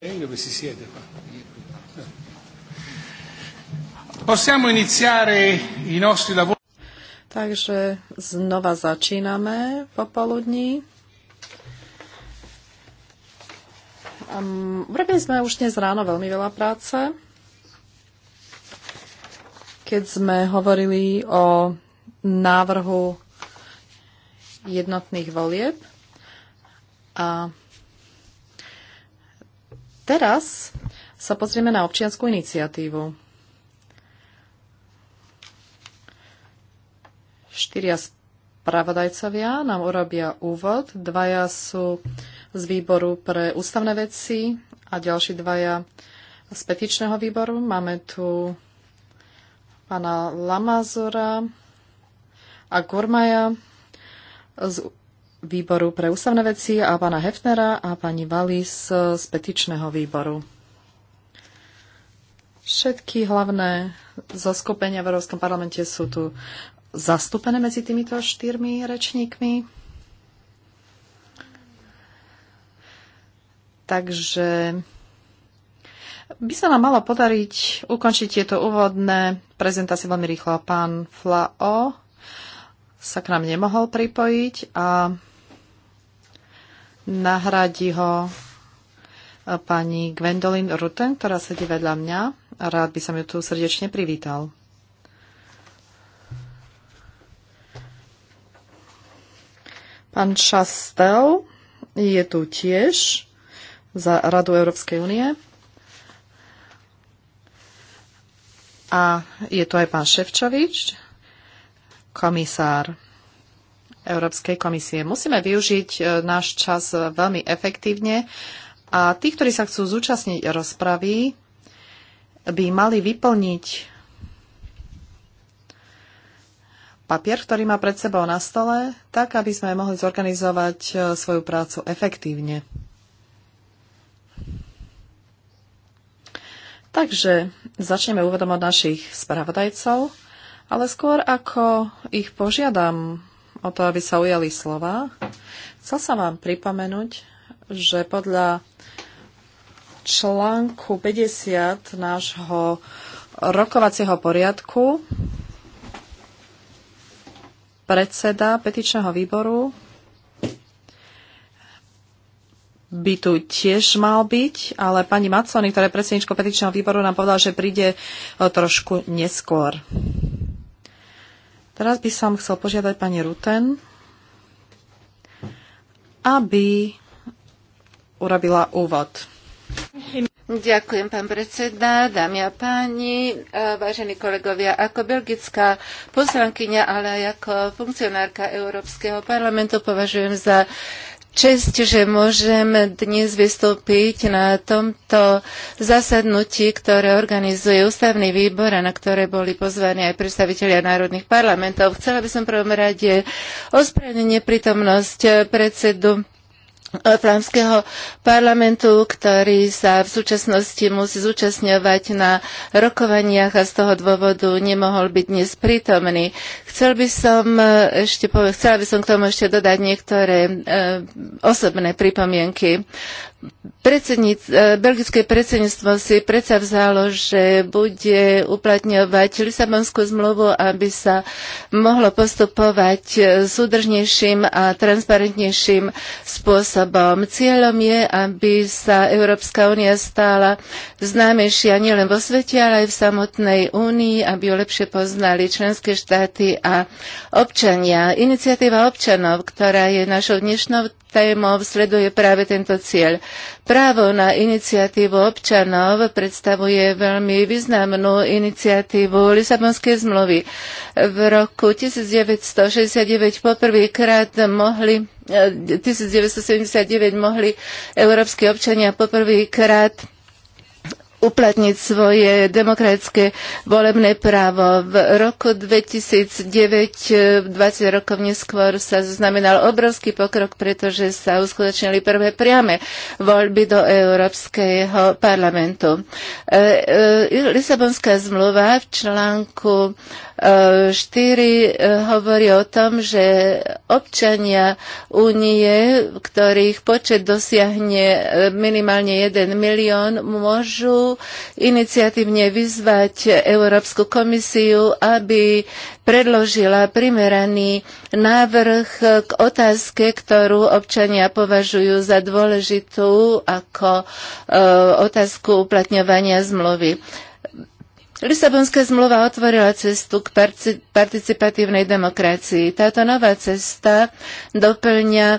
E dove si siede qua? Possiamo iniziare i nostri lavori. Takže znova začíname popoludní. Um, urobili sme už dnes ráno veľmi veľa práce. Keď sme hovorili o návrhu jednotných volieb a Teraz sa pozrieme na občianskú iniciatívu. Štyria spravodajcovia nám urobia úvod. Dvaja sú z výboru pre ústavné veci a ďalší dvaja z petičného výboru. Máme tu pána Lamazura a Gurmaja z výboru pre ústavné veci a pána Hefnera a pani Valis eh, z petičného výboru. Všetky hlavné zaskupenia v Európskom parlamente sú tu zastúpené medzi týmito štyrmi rečníkmi. Takže by sa nám malo podariť ukončiť tieto úvodné prezentácie veľmi rýchlo. Pán Flao sa k nám nemohol pripojiť a Nahradí ho e, pani Gwendolyn Rutten, ktorá sedí vedľa mňa. Rád by som ju tu srdečne privítal. Pán Šastel je tu tiež za Radu Európskej únie. A je tu aj pán Ševčovič, komisár Európskej komisie. Musíme využiť e, náš čas e, veľmi efektívne a tí, ktorí sa chcú zúčastniť rozpravy, by mali vyplniť papier, ktorý má pred sebou na stole, tak aby sme mohli zorganizovať e, svoju prácu efektívne. Takže začneme úvodom od našich spravodajcov, ale skôr ako ich požiadam, o to, aby sa ujali slova. Chcel sa vám pripomenúť, že podľa článku 50 nášho rokovacieho poriadku predseda petičného výboru by tu tiež mal byť, ale pani Maconi, ktorá je predsedničkou petičného výboru, nám povedala, že príde trošku neskôr. Teraz by som chcel požiadať pani Ruten, aby urobila úvod. Ďakujem, pán predseda, dámy a páni, vážení kolegovia. Ako belgická poslankyňa, ale aj ako funkcionárka Európskeho parlamentu považujem za čest, že môžem dnes vystúpiť na tomto zasadnutí, ktoré organizuje Ústavný výbor a na ktoré boli pozvaní aj predstavitelia národných parlamentov. Chcela by som prvom rade ospravedlniť neprítomnosť predsedu E, flámskeho parlamentu, ktorý sa v súčasnosti musí zúčastňovať na rokovaniach a z toho dôvodu nemohol byť dnes prítomný. Chcel by som e, ešte, chcela by som k tomu ešte dodať niektoré e, osobné pripomienky. E, belgické predsedníctvo si predsa vzalo, že bude uplatňovať Lisabonskú zmluvu, aby sa mohlo postupovať e, súdržnejším a transparentnejším spôsobom. Cieľom je, aby sa Európska únia stala známejšia nielen vo svete, ale aj v samotnej únii, aby ju lepšie poznali členské štáty a občania. Iniciatíva občanov, ktorá je našou dnešnou témov sleduje práve tento cieľ. Právo na iniciatívu občanov predstavuje veľmi významnú iniciatívu Lisabonskej zmluvy. V roku 1969 poprvýkrát mohli 1979 e, mohli európsky občania poprvýkrát uplatniť svoje demokratické volebné právo. V roku 2009, 20 e, rokov neskôr, sa znamenal obrovský pokrok, pretože sa uskutočnili prvé priame voľby do Európskeho parlamentu. E, e, Lisabonská zmluva v článku 4 eh, eh, hovorí o tom, že občania únie, ktorých počet dosiahne eh, minimálne 1 milión, môžu iniciatívne vyzvať Európsku komisiu, aby predložila primeraný návrh k otázke, ktorú občania považujú za dôležitú ako otázku uplatňovania zmluvy Lisabonská zmluva otvorila cestu k participatívnej demokracii. Táto nová cesta doplňa e,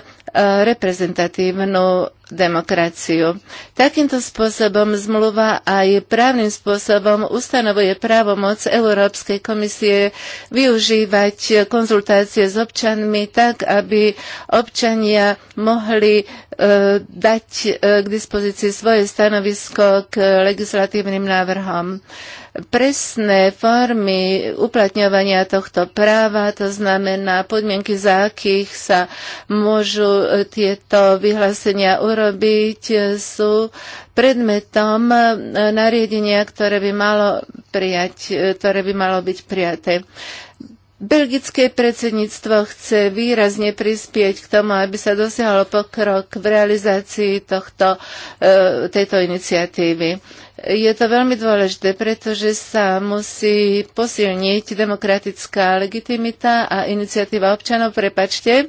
reprezentatívnu demokraciu. Takýmto spôsobom zmluva aj právnym spôsobom ustanovuje právomoc Európskej komisie využívať konzultácie s občanmi tak, aby občania mohli e, dať e, k dispozícii svoje stanovisko k legislatívnym návrhom. E, presné formy uplatňovania tohto práva, to znamená podmienky, za akých sa môžu tieto vyhlásenia urobiť, sú predmetom nariadenia, ktoré by malo, prijať, ktoré by malo byť prijaté. Belgické predsedníctvo chce výrazne prispieť k tomu, aby sa dosiahol pokrok v realizácii tohto, e, tejto iniciatívy. Je to veľmi dôležité, pretože sa musí posilniť demokratická legitimita a iniciatíva občanov. Prepačte, e,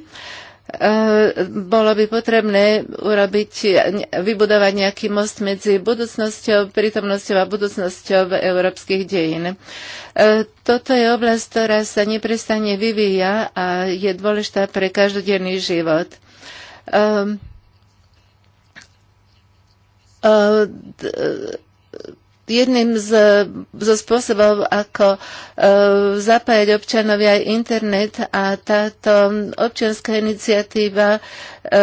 bolo by potrebné urobiť, vybudovať nejaký most medzi budúcnosťou, prítomnosťou a budúcnosťou európskych dejín. E, toto je oblasť, ktorá sa neprestane vyvíja a je dôležitá pre každodenný život. Uh, uh, Jedným z, zo spôsobov, ako e, zapájať občanov aj internet a táto občianská iniciatíva e,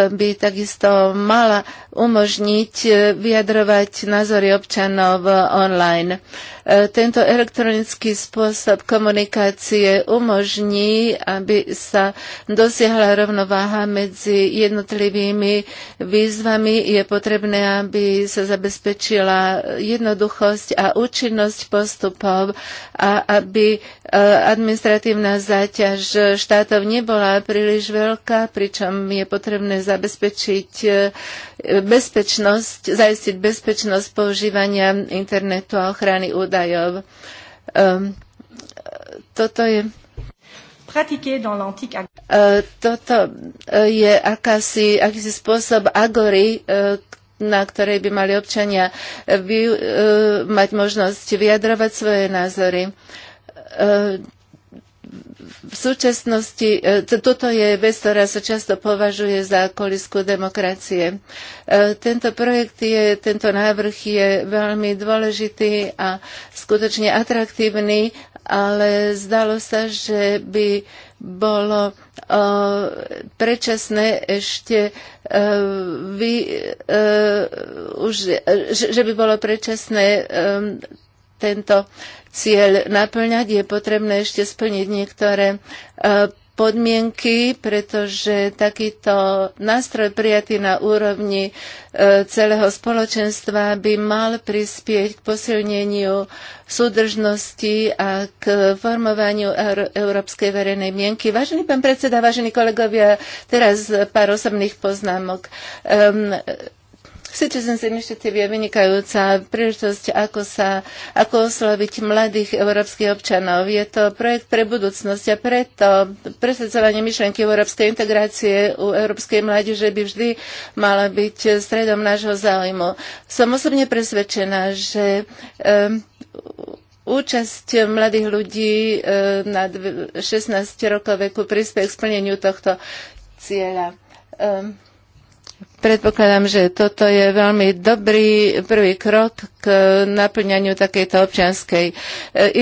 by takisto mala umožniť e, vyjadrovať názory občanov online. E, tento elektronický spôsob komunikácie umožní, aby sa dosiahla rovnováha medzi jednotlivými výzvami. Je potrebné, aby sa zabezpečila jednoduchosť a účinnosť postupov a aby administratívna záťaž štátov nebola príliš veľká, pričom je potrebné zabezpečiť e, bezpečnosť, zajistiť bezpečnosť používania internetu a ochrany údajov. Ehm, toto je e, toto e, je akási, akýsi spôsob agory, na ktorej by mali občania mať možnosť vyjadrovať svoje názory v súčasnosti, e, toto je vec, ktorá sa často považuje za kolisku demokracie. E, tento projekt je, tento návrh je veľmi dôležitý a skutočne atraktívny, ale zdalo sa, že by bolo e, predčasné ešte vy, už, že by bolo predčasné tento cieľ naplňať, je potrebné ešte splniť niektoré e, podmienky, pretože takýto nástroj prijatý na úrovni e, celého spoločenstva by mal prispieť k posilneniu súdržnosti a k formovaniu európskej verejnej mienky. Vážený pán predseda, vážení kolegovia, teraz pár osobných poznámok. Um, Citizens Initiative je vynikajúca príležitosť, ako, sa, ako osloviť mladých európskych občanov. Je to projekt pre budúcnosť a preto presadzovanie myšlenky európskej integrácie u európskej mládeže by vždy mala byť stredom nášho záujmu. Som osobne presvedčená, že um, účasť mladých ľudí na 16 rokov veku prispieje k splneniu tohto cieľa. Um, Predpokladám, že toto je veľmi dobrý prvý krok k naplňaniu takejto občianskej e,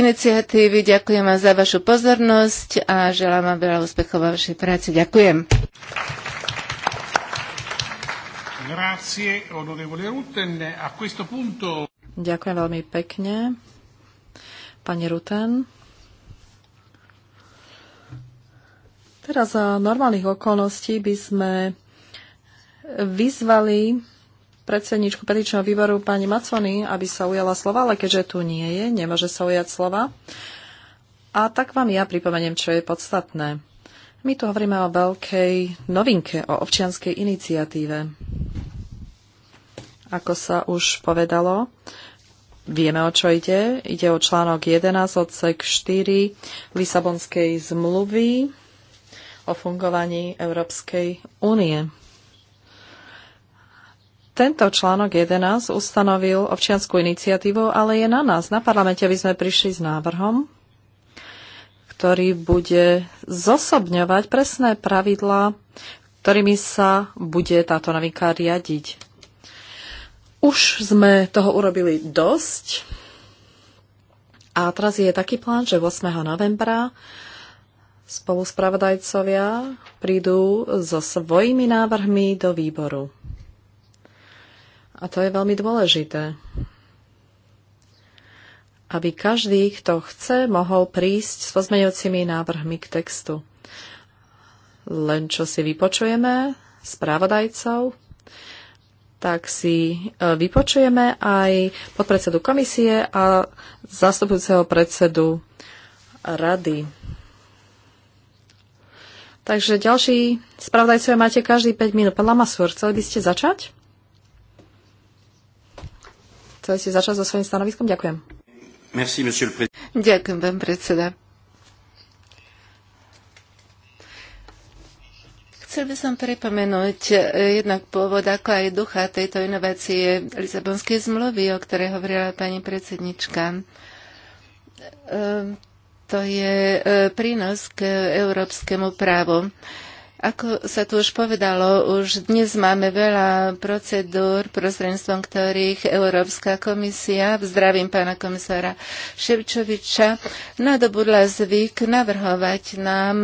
iniciatívy. Ďakujem vám za vašu pozornosť a želám vám veľa úspechov vo vašej práci. Ďakujem. Ďakujem veľmi pekne. Pani Ruten. Teraz za normálnych okolností by sme vyzvali predsedničku petičného výboru pani Macony, aby sa ujala slova, ale keďže tu nie je, nemôže sa ujať slova. A tak vám ja pripomeniem, čo je podstatné. My tu hovoríme o veľkej novinke, o občianskej iniciatíve. Ako sa už povedalo, vieme, o čo ide. Ide o článok 11 odsek 4 Lisabonskej zmluvy o fungovaní Európskej únie tento článok 11 ustanovil občianskú iniciatívu, ale je na nás, na parlamente, by sme prišli s návrhom, ktorý bude zosobňovať presné pravidlá, ktorými sa bude táto novinka riadiť. Už sme toho urobili dosť a teraz je taký plán, že 8. novembra spoluspravodajcovia prídu so svojimi návrhmi do výboru. A to je veľmi dôležité. Aby každý, kto chce, mohol prísť s pozmeňujúcimi návrhmi k textu. Len čo si vypočujeme právodajcov, tak si e, vypočujeme aj podpredsedu komisie a zastupujúceho predsedu rady. Takže ďalší spravodajcovia máte každý 5 minút. Pán Lamasur, chceli by ste začať? Chcete začať so svojím stanoviskom? Ďakujem. Merci, monsieur le Ďakujem, pán predseda. Chcel by som pripomenúť eh, jednak pôvod, ako aj ducha tejto inovácie Lisabonskej zmluvy, o ktorej hovorila pani predsednička. Ehm, to je eh, prínos k európskemu právu. Ako sa tu už povedalo, už dnes máme veľa procedúr, prostredstvom ktorých Európska komisia, zdravím pána komisára Ševčoviča, nadobudla zvyk navrhovať nám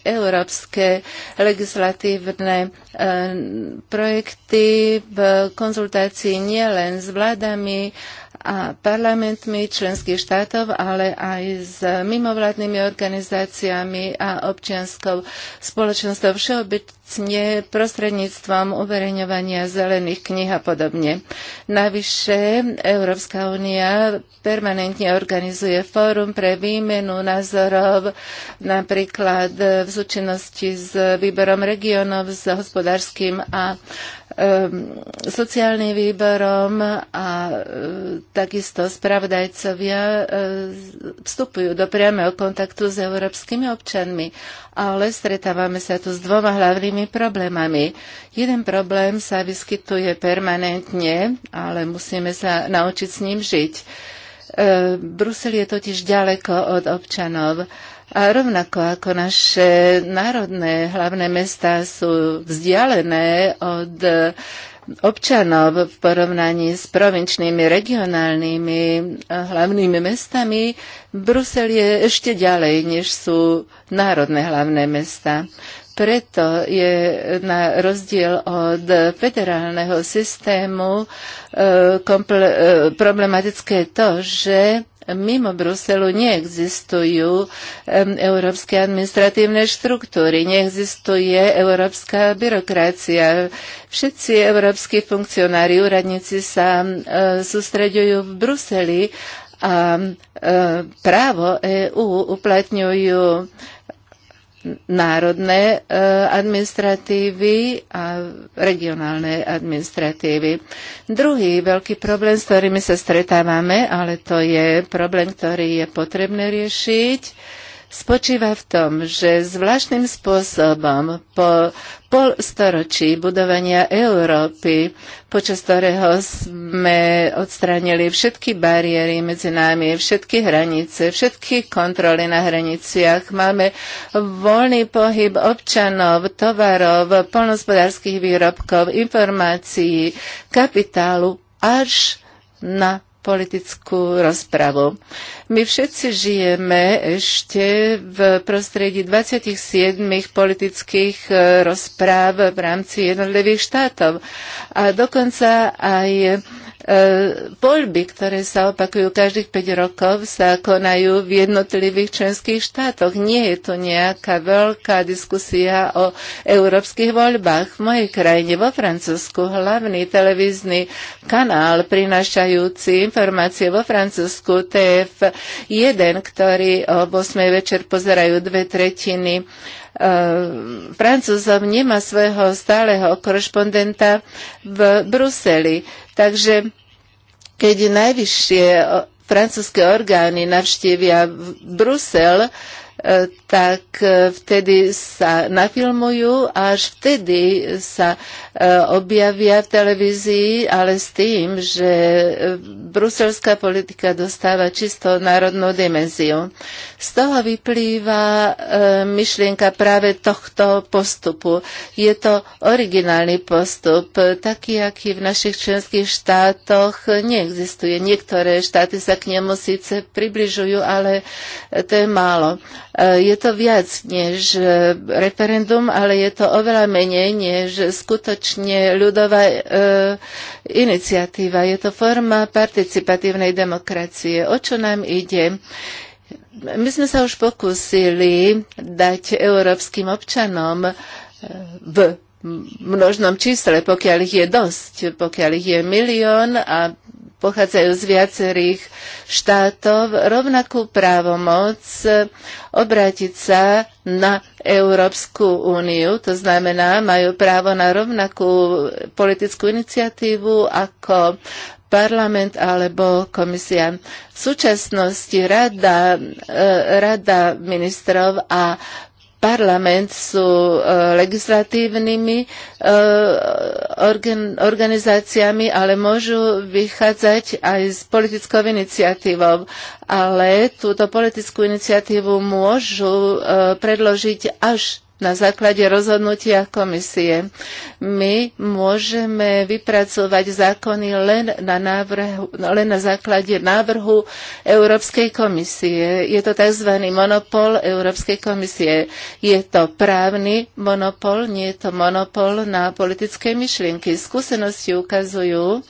európske legislatívne e, projekty v konzultácii nielen s vládami, a parlamentmi členských štátov, ale aj s mimovládnymi organizáciami a občianskou spoločnosťou. všeobecne obecne prostredníctvom uverejňovania zelených kníh a podobne. Navyše Európska únia permanentne organizuje fórum pre výmenu názorov napríklad v súčinnosti s výborom regionov, s hospodárským a sociálnym výborom a e, takisto spravodajcovia e, vstupujú do priameho kontaktu s európskymi občanmi ale stretávame sa tu s dvoma hlavnými problémami. Jeden problém sa vyskytuje permanentne, ale musíme sa naučiť s ním žiť. E, Brusel je totiž ďaleko od občanov. A rovnako ako naše národné hlavné mesta sú vzdialené od občanov v porovnaní s provinčnými, regionálnymi eh, hlavnými mestami, Brusel je ešte ďalej, než sú národné hlavné mesta. Preto je na rozdiel od federálneho systému eh, eh, problematické to, že mimo Bruselu neexistujú európske administratívne štruktúry, neexistuje európska byrokracia. Všetci európsky funkcionári, úradníci sa e, sústreďujú v Bruseli a e, právo EÚ uplatňujú národné e, administratívy a regionálne administratívy. Druhý veľký problém, s ktorými sa stretávame, ale to je problém, ktorý je potrebné riešiť, spočíva v tom, že zvláštnym spôsobom po pol storočí budovania Európy, počas ktorého sme odstránili všetky bariéry medzi nami, všetky hranice, všetky kontroly na hraniciach. Máme voľný pohyb občanov, tovarov, polnospodárských výrobkov, informácií, kapitálu až na politickú rozpravu. My všetci žijeme ešte v prostredí 27 politických e, rozpráv v rámci jednotlivých štátov a dokonca aj E, voľby, ktoré sa opakujú každých 5 rokov, sa konajú v jednotlivých členských štátoch. Nie je to nejaká veľká diskusia o európskych voľbách. V mojej krajine, vo Francúzsku, hlavný televízny kanál prinášajúci informácie vo Francúzsku, TF1, ktorý o 8 večer pozerajú dve tretiny E, Francúzom nemá svojho stáleho korešpondenta v Bruseli. Takže keď najvyššie francúzske orgány navštívia Brusel, tak e, vtedy sa nafilmujú a až vtedy sa e, objavia v televízii, ale s tým, že e, bruselská politika dostáva čisto národnú dimenziu. Z toho vyplýva myšlienka práve tohto postupu. Je to originálny postup, taký, aký v našich členských štátoch neexistuje. Niektoré štáty sa k nemu síce približujú, ale to je málo. Eh, je to viac než eh, referendum, ale je to oveľa menej než skutočne ľudová eh, iniciatíva. Je to forma participatívnej demokracie. O čo nám ide? My sme sa už pokúsili dať európskym občanom v množnom čísle, pokiaľ ich je dosť, pokiaľ ich je milión a pochádzajú z viacerých štátov, rovnakú právomoc obrátiť sa na Európsku úniu. To znamená, majú právo na rovnakú politickú iniciatívu ako parlament alebo komisia. V súčasnosti rada, eh, rada ministrov a parlament sú e, legislatívnymi e, organizáciami, ale môžu vychádzať aj s politickou iniciatívou. Ale túto politickú iniciatívu môžu e, predložiť až na základe rozhodnutia komisie. My môžeme vypracovať zákony len na, návrhu, len na základe návrhu Európskej komisie. Je to tzv. monopol Európskej komisie. Je to právny monopol, nie je to monopol na politické myšlienky. Skúsenosti ukazujú,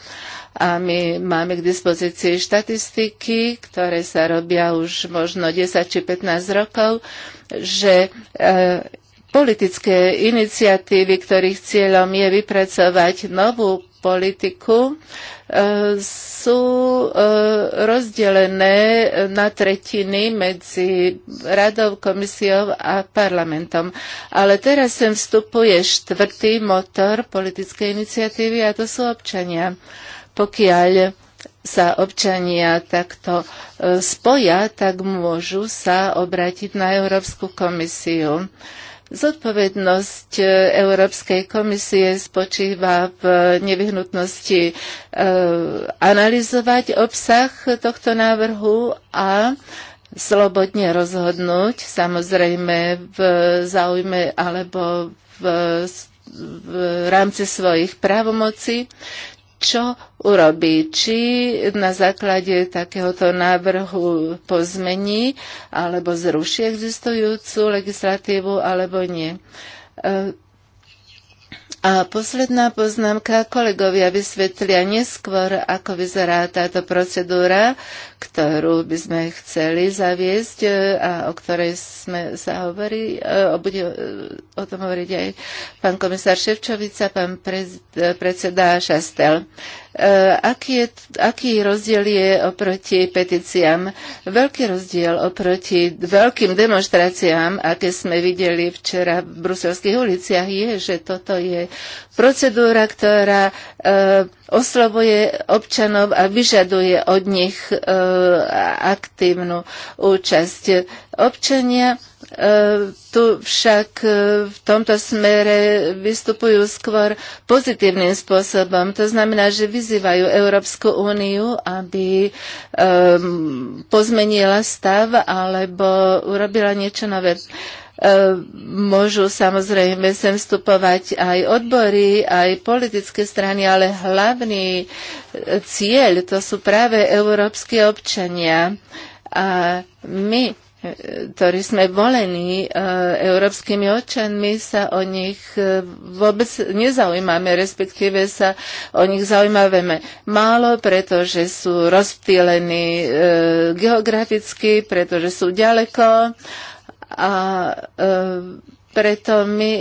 a my máme k dispozícii štatistiky, ktoré sa robia už možno 10 či 15 rokov, že e, politické iniciatívy, ktorých cieľom je vypracovať novú politiku, e, sú e, rozdelené na tretiny medzi radou, komisiou a parlamentom. Ale teraz sem vstupuje štvrtý motor politickej iniciatívy a to sú občania. Pokiaľ sa občania takto e, spoja, tak môžu sa obrátiť na Európsku komisiu. Zodpovednosť e, Európskej komisie spočíva v nevyhnutnosti e, analyzovať obsah tohto návrhu a slobodne rozhodnúť, samozrejme v záujme alebo v v rámci svojich právomocí čo urobí, či na základe takéhoto návrhu pozmení alebo zruší existujúcu legislatívu alebo nie. E, a posledná poznámka, kolegovia vysvetlia neskôr, ako vyzerá táto procedúra, ktorú by sme chceli zaviesť e, a o ktorej sme sa hovorí, e, o, bude e, o tom hovoriť aj pán komisár Ševčovica, pán pred, predseda Šastel. E, aký, je, aký rozdiel je oproti petíciám? Veľký rozdiel oproti veľkým demonstráciám, aké sme videli včera v bruselských uliciach, je, že toto je procedúra, ktorá e, oslovuje občanov a vyžaduje od nich e, aktívnu účasť. Občania E, tu však e, v tomto smere vystupujú skôr pozitívnym spôsobom. To znamená, že vyzývajú Európsku úniu, aby pozmenila stav alebo urobila niečo nové e, môžu samozrejme sem vstupovať aj odbory, aj politické strany, ale hlavný cieľ to sú práve európske občania. A my ktorí sme volení e, európskymi občanmi, sa o nich e, vôbec nezaujímame, respektíve sa o nich zaujímaveme málo, pretože sú rozptýlení e, geograficky, pretože sú ďaleko a preto my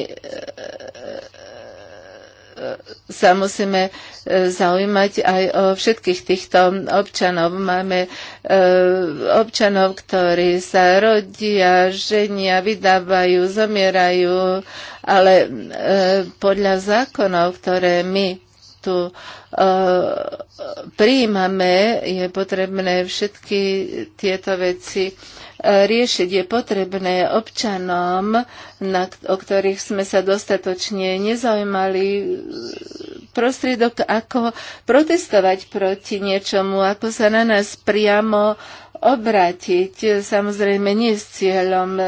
E, sa musíme e, zaujímať aj o všetkých týchto občanov. Máme e, občanov, ktorí sa rodia, ženia, vydávajú, zomierajú, ale podľa zákonov, ktoré my tu prijímame, je potrebné všetky tieto veci riešiť. Je potrebné občanom, na, o ktorých sme sa dostatočne nezaujímali, prostriedok, ako protestovať proti niečomu, ako sa na nás priamo obrátiť, samozrejme nie s cieľom e,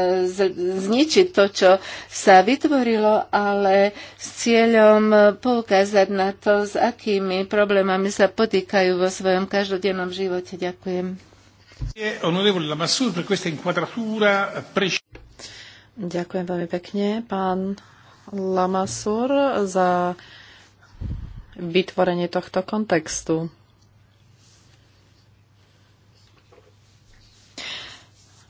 zničiť to, čo sa vytvorilo, ale s cieľom e, poukázať na to, s akými problémami sa potýkajú vo svojom každodennom živote. Ďakujem. E, Ďakujem veľmi pekne, pán Lamasur, za vytvorenie tohto kontextu.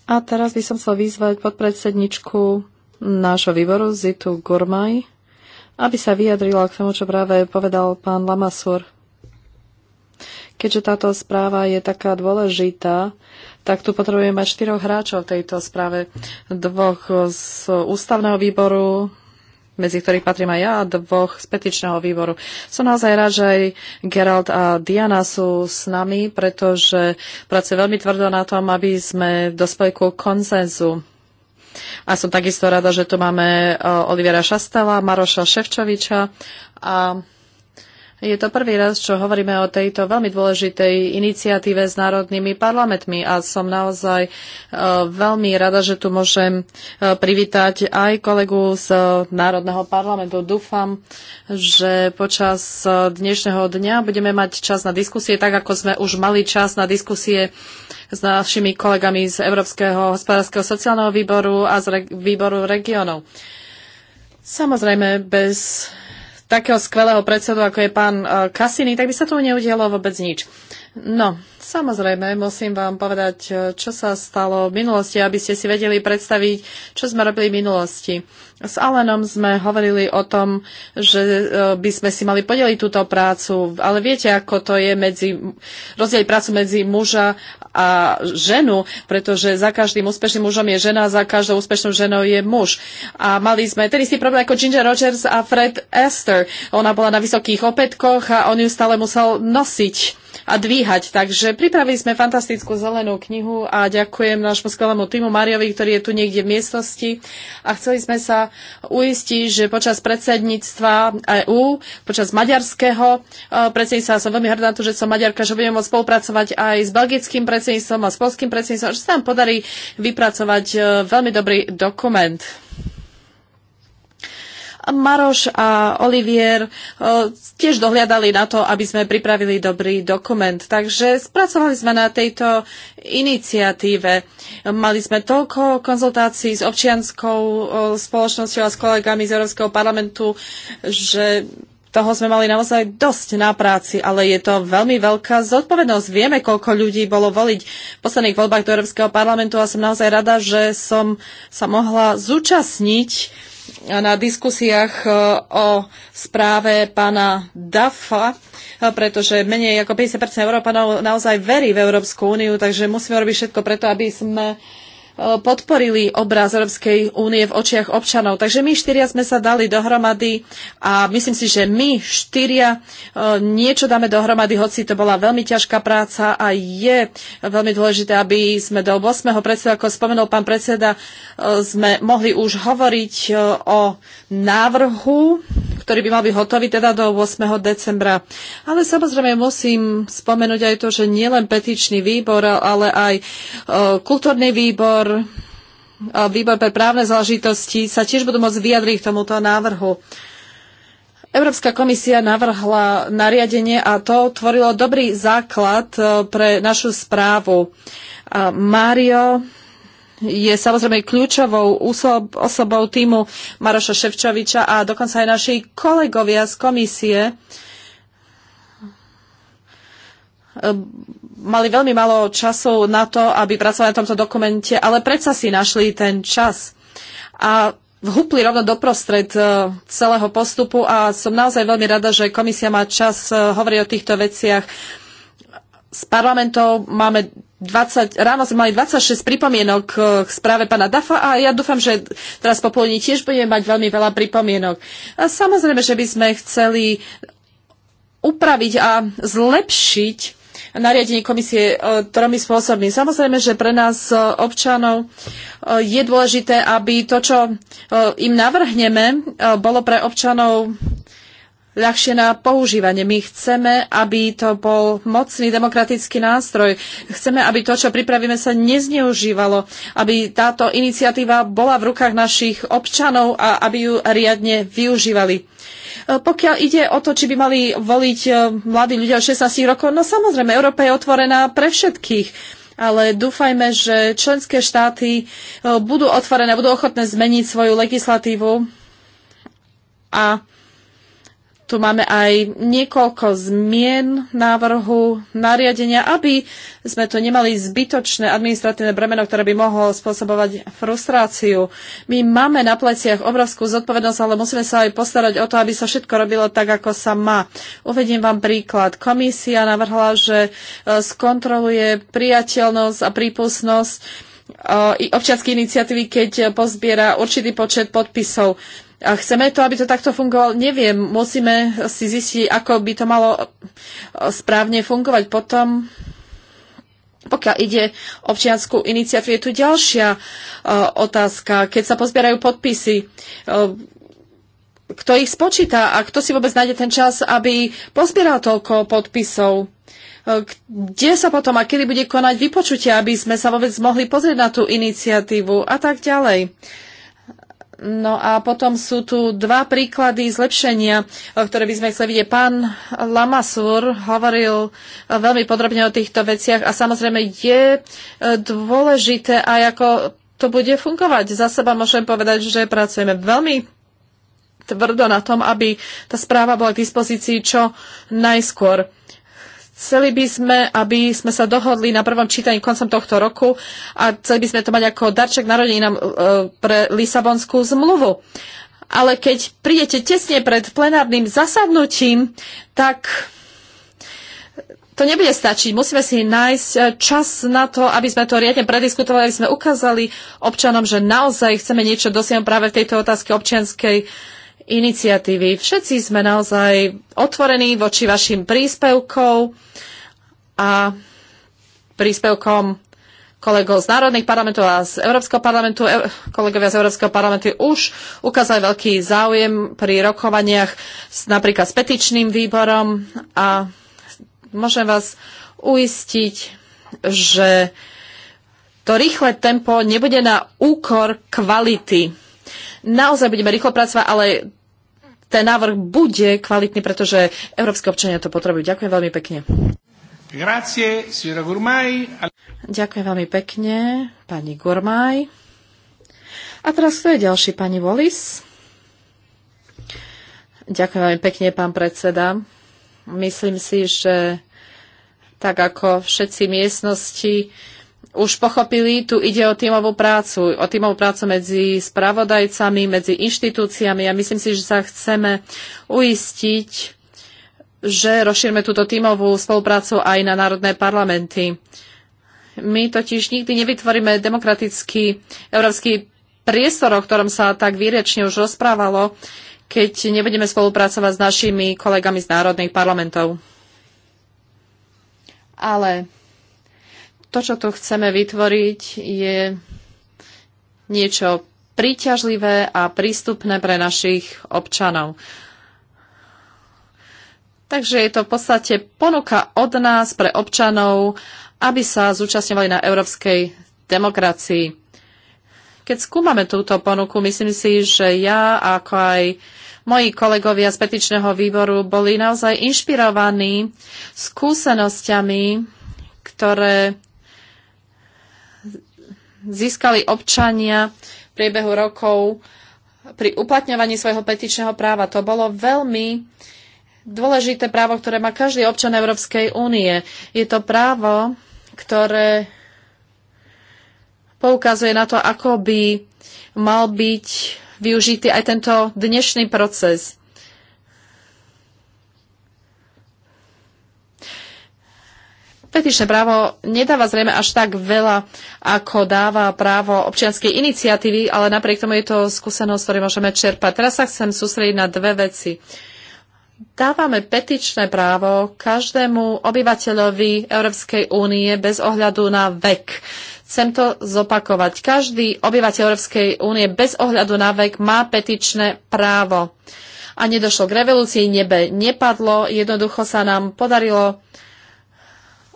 A teraz by som chcel vyzvať podpredsedničku nášho výboru Zitu Gurmaj, aby sa vyjadrila k tomu, čo práve povedal pán Lamasur. Keďže táto správa je taká dôležitá, tak tu potrebujeme mať štyroch hráčov v tejto správe. Dvoch z ústavného výboru, medzi ktorých patrím aj ja, a dvoch z petičného výboru. Som naozaj rád, že aj Gerald a Diana sú s nami, pretože pracuje veľmi tvrdo na tom, aby sme dospeli ku konsenzu. A som takisto rada, že tu máme eh, Olivera Šastela, Maroša Ševčoviča a je to prvý raz, čo hovoríme o tejto veľmi dôležitej iniciatíve s národnými parlamentmi a som naozaj e, veľmi rada, že tu môžem e, privítať aj kolegu z Národného parlamentu. Dúfam, že počas dnešného dňa budeme mať čas na diskusie, tak ako sme už mali čas na diskusie s našimi kolegami z Európskeho hospodárskeho sociálneho výboru a z re- výboru regionov. Samozrejme, bez takého skvelého predsedu, ako je pán Kasiny, eh, tak by sa tu neudialo vôbec nič. No, samozrejme, musím vám povedať, eh, čo sa stalo v minulosti, aby ste si vedeli predstaviť, čo sme robili v minulosti. S Alenom sme hovorili o tom, že eh, by sme si mali podeliť túto prácu, ale viete, ako to je medzi, rozdeliť prácu medzi muža a ženu, pretože za každým úspešným mužom je žena, za každou úspešnou ženou je muž. A mali sme ten istý problém ako Ginger Rogers a Fred Esther. Ona bola na vysokých opätkoch a on ju stále musel nosiť a dvíhať. Takže pripravili sme fantastickú zelenú knihu a ďakujem nášmu skvelému týmu Mariovi, ktorý je tu niekde v miestnosti a chceli sme sa uistiť, že počas predsedníctva EÚ, počas maďarského e, predsedníctva, som veľmi hrdá na to, že som Maďarka, že budeme môcť spolupracovať aj s belgickým predsedníctvom a s polským predsedníctvom, že sa nám podarí vypracovať e, veľmi dobrý dokument. Maroš a Olivier e, tiež dohliadali na to, aby sme pripravili dobrý dokument. Takže spracovali sme na tejto iniciatíve. Mali sme toľko konzultácií s občianskou e, spoločnosťou a s kolegami z Európskeho parlamentu, že toho sme mali naozaj dosť na práci, ale je to veľmi veľká zodpovednosť. Vieme, koľko ľudí bolo voliť v posledných voľbách do Európskeho parlamentu a som naozaj rada, že som sa mohla zúčastniť na diskusiách e, o správe pána Dafa, e, pretože menej ako 50% Európanov naozaj verí v Európsku úniu, takže musíme robiť všetko preto, aby sme Eh, podporili obraz Európskej únie v očiach občanov. Takže my štyria sme sa dali dohromady a myslím si, že my štyria eh, niečo dáme dohromady, hoci to bola veľmi ťažká práca a je veľmi dôležité, aby sme do 8. predseda, ako spomenul pán predseda, eh, sme mohli už hovoriť o návrhu, ktorý by mal byť hotový teda do 8. decembra. Ale samozrejme musím spomenúť aj to, že nielen petičný výbor, ale aj kultúrny výbor, výbor, výbor pre právne záležitosti sa tiež budú môcť vyjadriť k tomuto návrhu. Európska komisia navrhla nariadenie a to tvorilo dobrý základ e, pre našu správu. Mário je samozrejme kľúčovou osobou týmu Maroša Ševčoviča a dokonca aj naši kolegovia z komisie uh, Ehm, mali veľmi malo času na to, aby pracovali na tomto dokumente, ale predsa si našli ten čas. A vhupli rovno doprostred e, celého postupu a som naozaj veľmi rada, že komisia má čas e, hovoriť o týchto veciach. S parlamentou. máme 20, ráno sme mali 26 pripomienok e, k správe pána Dafa a ja dúfam, že teraz popoludní tiež budeme mať veľmi veľa pripomienok. A samozrejme, že by sme chceli upraviť a zlepšiť nariadení komisie e, tromi spôsobmi. Samozrejme, že pre nás e, občanov e, je dôležité, aby to, čo im navrhneme, bolo pre občanov ľahšie na používanie. My chceme, aby to bol mocný demokratický nástroj. Chceme, aby to, čo pripravíme, sa nezneužívalo, aby táto iniciatíva bola v rukách našich občanov a aby ju riadne využívali. E, pokiaľ ide o to, či by mali voliť e, mladí ľudia od 16 rokov, no samozrejme, Európa je otvorená pre všetkých ale dúfajme, že členské štáty e, budú otvorené, budú ochotné zmeniť svoju legislatívu a tu máme aj niekoľko zmien návrhu nariadenia, aby sme tu nemali zbytočné administratívne bremeno, ktoré by mohlo spôsobovať frustráciu. My máme na pleciach obrovskú zodpovednosť, ale musíme sa aj postarať o to, aby sa všetko robilo tak, ako sa má. Uvediem vám príklad. Komisia navrhla, že e, skontroluje priateľnosť a prípustnosť e, občianskej iniciatívy, keď pozbiera určitý počet podpisov. A Chceme to, aby to takto fungovalo? Neviem, musíme si zistiť, ako by to malo e, správne fungovať. Potom, pokiaľ ide občianskú iniciatívu, je tu ďalšia e, otázka. Keď sa pozbierajú podpisy, e, kto ich spočíta a kto si vôbec nájde ten čas, aby pozbieral toľko podpisov? kde sa potom a kedy bude konať vypočutie, aby sme sa vôbec mohli pozrieť na tú iniciatívu a tak ďalej. No a potom sú tu dva príklady zlepšenia, ktoré by sme chceli vidieť. Pán Lamasur hovoril veľmi podrobne o týchto veciach a samozrejme je e, dôležité aj ako to bude fungovať. Za seba môžem povedať, že pracujeme veľmi tvrdo na tom, aby tá správa bola k dispozícii čo najskôr. Chceli by sme, aby sme sa dohodli na prvom čítaní koncom tohto roku a chceli by sme to mať ako darček narodeninám e, pre Lisabonskú zmluvu. Ale keď prídete tesne pred plenárnym zasadnutím, tak to nebude stačiť. Musíme si nájsť e, čas na to, aby sme to riadne prediskutovali, aby sme ukázali občanom, že naozaj chceme niečo dosiahnuť práve v tejto otázke občianskej iniciatívy. Všetci sme naozaj otvorení voči vašim príspevkom a príspevkom kolegov z národných parlamentov a z Európskeho parlamentu. E kolegovia z Európskeho parlamentu už ukázali veľký záujem pri rokovaniach s, napríklad s petičným výborom a môžem vás uistiť, že to rýchle tempo nebude na úkor kvality naozaj budeme rýchlo pracovať, ale ten návrh bude kvalitný, pretože európske občania to potrebujú. Ďakujem veľmi pekne. Grazie, signora Gurmai. Ďakujem veľmi pekne, pani Gurmaj. A teraz kto je ďalší, pani Wallis? Ďakujem veľmi pekne, pán predseda. Myslím si, že tak ako všetci miestnosti, už pochopili, tu ide o tímovú prácu, o tímovú prácu medzi spravodajcami, medzi inštitúciami a myslím si, že sa chceme uistiť, že rozšírme túto tímovú spoluprácu aj na národné parlamenty. My totiž nikdy nevytvoríme demokratický európsky priestor, o ktorom sa tak výrečne už rozprávalo, keď nebudeme spolupracovať s našimi kolegami z národných parlamentov. Ale to, čo tu chceme vytvoriť, je niečo príťažlivé a prístupné pre našich občanov. Takže je to v podstate ponuka od nás pre občanov, aby sa zúčastňovali na európskej demokracii. Keď skúmame túto ponuku, myslím si, že ja ako aj moji kolegovia z petičného výboru boli naozaj inšpirovaní skúsenosťami, ktoré získali občania v priebehu rokov pri uplatňovaní svojho petičného práva. To bolo veľmi dôležité právo, ktoré má každý občan Európskej únie. Je to právo, ktoré poukazuje na to, ako by mal byť využitý aj tento dnešný proces. Petičné právo nedáva zrejme až tak veľa, ako dáva právo občianskej iniciatívy, ale napriek tomu je to skúsenosť, ktorú môžeme čerpať. Teraz sa chcem sústrediť na dve veci. Dávame petičné právo každému obyvateľovi Európskej únie bez ohľadu na vek. Chcem to zopakovať. Každý obyvateľ Európskej únie bez ohľadu na vek má petičné právo. A nedošlo k revolúcii, nebe nepadlo, jednoducho sa nám podarilo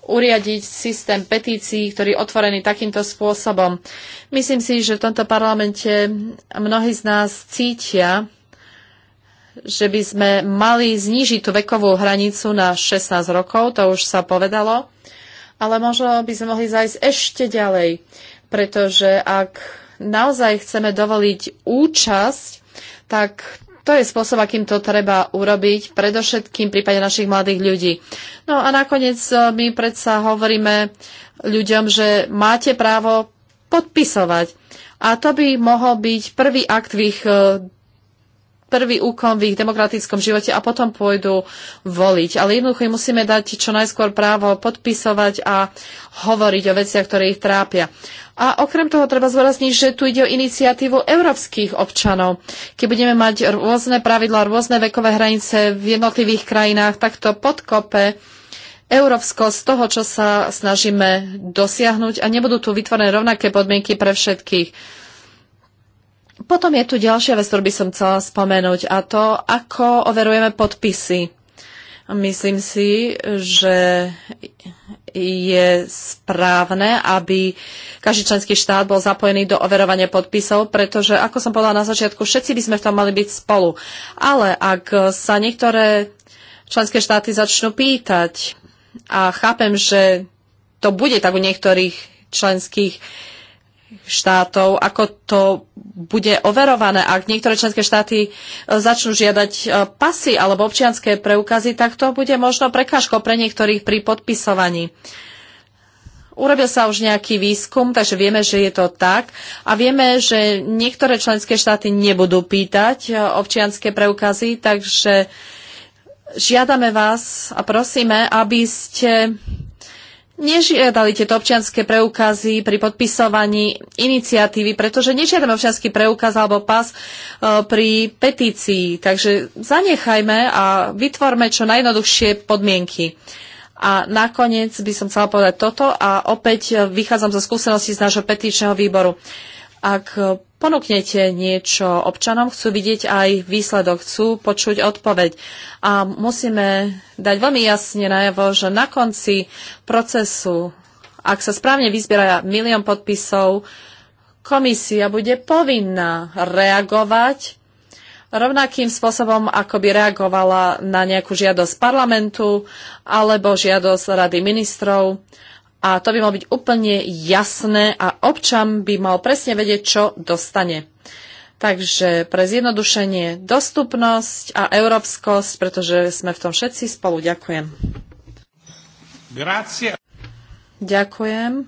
uriadiť systém petícií, ktorý je otvorený takýmto spôsobom. Myslím si, že v tomto parlamente mnohí z nás cítia, že by sme mali znížiť tú vekovú hranicu na 16 rokov, to už sa povedalo, ale možno by sme mohli zajsť ešte ďalej, pretože ak naozaj chceme dovoliť účasť, tak to je spôsob, akým to treba urobiť, predovšetkým v prípade našich mladých ľudí. No a nakoniec e, my predsa hovoríme ľuďom, že máte právo podpisovať. A to by mohol byť prvý akt v ich e, prvý úkon v ich demokratickom živote a potom pôjdu voliť. Ale jednoducho im musíme dať čo najskôr právo podpisovať a hovoriť o veciach, ktoré ich trápia. A okrem toho treba zvorazniť, že tu ide o iniciatívu európskych občanov. Keď budeme mať rôzne pravidlá, rôzne vekové hranice v jednotlivých krajinách, tak to podkope Európsko z toho, čo sa snažíme dosiahnuť a nebudú tu vytvorené rovnaké podmienky pre všetkých. Potom je tu ďalšia vec, ktorú by som chcela spomenúť a to, ako overujeme podpisy. Myslím si, že je správne, aby každý členský štát bol zapojený do overovania podpisov, pretože, ako som povedala na začiatku, všetci by sme v tom mali byť spolu. Ale ak sa niektoré členské štáty začnú pýtať, a chápem, že to bude tak u niektorých členských štátov, ako to bude overované. Ak niektoré členské štáty e, začnú žiadať e, pasy alebo občianské preukazy, tak to bude možno prekážko pre niektorých pri podpisovaní. Urobil sa už nejaký výskum, takže vieme, že je to tak. A vieme, že niektoré členské štáty nebudú pýtať e, občianské preukazy, takže žiadame vás a prosíme, aby ste nežiadali tieto občianské preukazy pri podpisovaní iniciatívy, pretože nežiadame občianský preukaz alebo pas e, pri petícii. Takže zanechajme a vytvorme čo najjednoduchšie podmienky. A nakoniec by som chcela povedať toto a opäť vychádzam zo skúseností z nášho petičného výboru. Ak ponúknete niečo občanom, chcú vidieť aj výsledok, chcú počuť odpoveď. A musíme dať veľmi jasne najavo, že na konci procesu, ak sa správne vyzbiera milión podpisov, komisia bude povinná reagovať rovnakým spôsobom, ako by reagovala na nejakú žiadosť parlamentu alebo žiadosť rady ministrov a to by malo byť úplne jasné a občan by mal presne vedieť, čo dostane. Takže pre zjednodušenie dostupnosť a európskosť, pretože sme v tom všetci spolu. Ďakujem. Grazie. Ďakujem.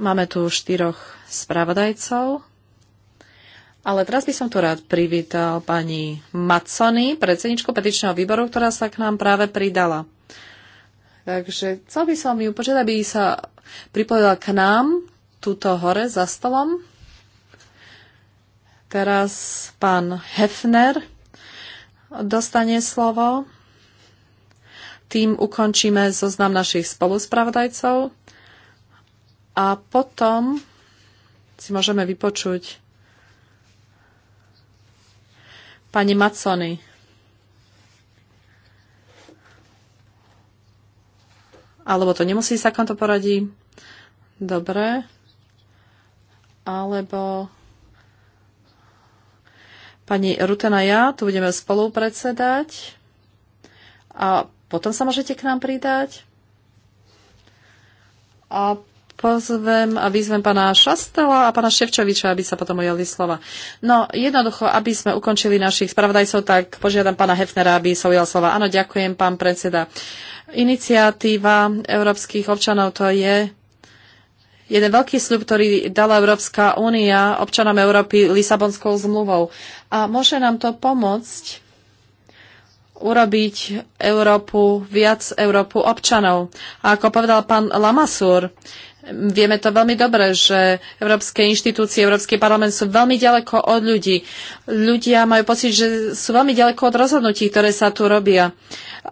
Máme tu štyroch spravodajcov. Ale teraz by som tu rád privítal pani Macony, predsedničku petičného výboru, ktorá sa k nám práve pridala. Takže chcel by som ju požiadať, aby sa pripojila k nám, túto hore za stolom. Teraz pán Hefner dostane slovo. Tým ukončíme zoznam našich spoluspravodajcov a potom si môžeme vypočuť pani Macony Alebo to nemusí sa akom to poradí? Dobre. Alebo pani Rutena a ja tu budeme spolu predsedať a potom sa môžete k nám pridať. A pozvem a vyzvem pána Šastela a pána Ševčoviča, aby sa potom ujali slova. No, jednoducho, aby sme ukončili našich spravodajcov, tak požiadam pána Hefnera, aby sa ujal slova. Áno, ďakujem, pán predseda. Uh, iniciatíva európskych občanov to je jeden veľký sľub, ktorý dala Európska únia občanom Európy Lisabonskou zmluvou. A môže nám to pomôcť urobiť Európu viac Európu občanov. A ako povedal pán Lamasur, Vieme to veľmi dobre, že európske inštitúcie, Európsky parlament sú veľmi ďaleko od ľudí. Ľudia majú pocit, že sú veľmi ďaleko od rozhodnutí, ktoré sa tu robia.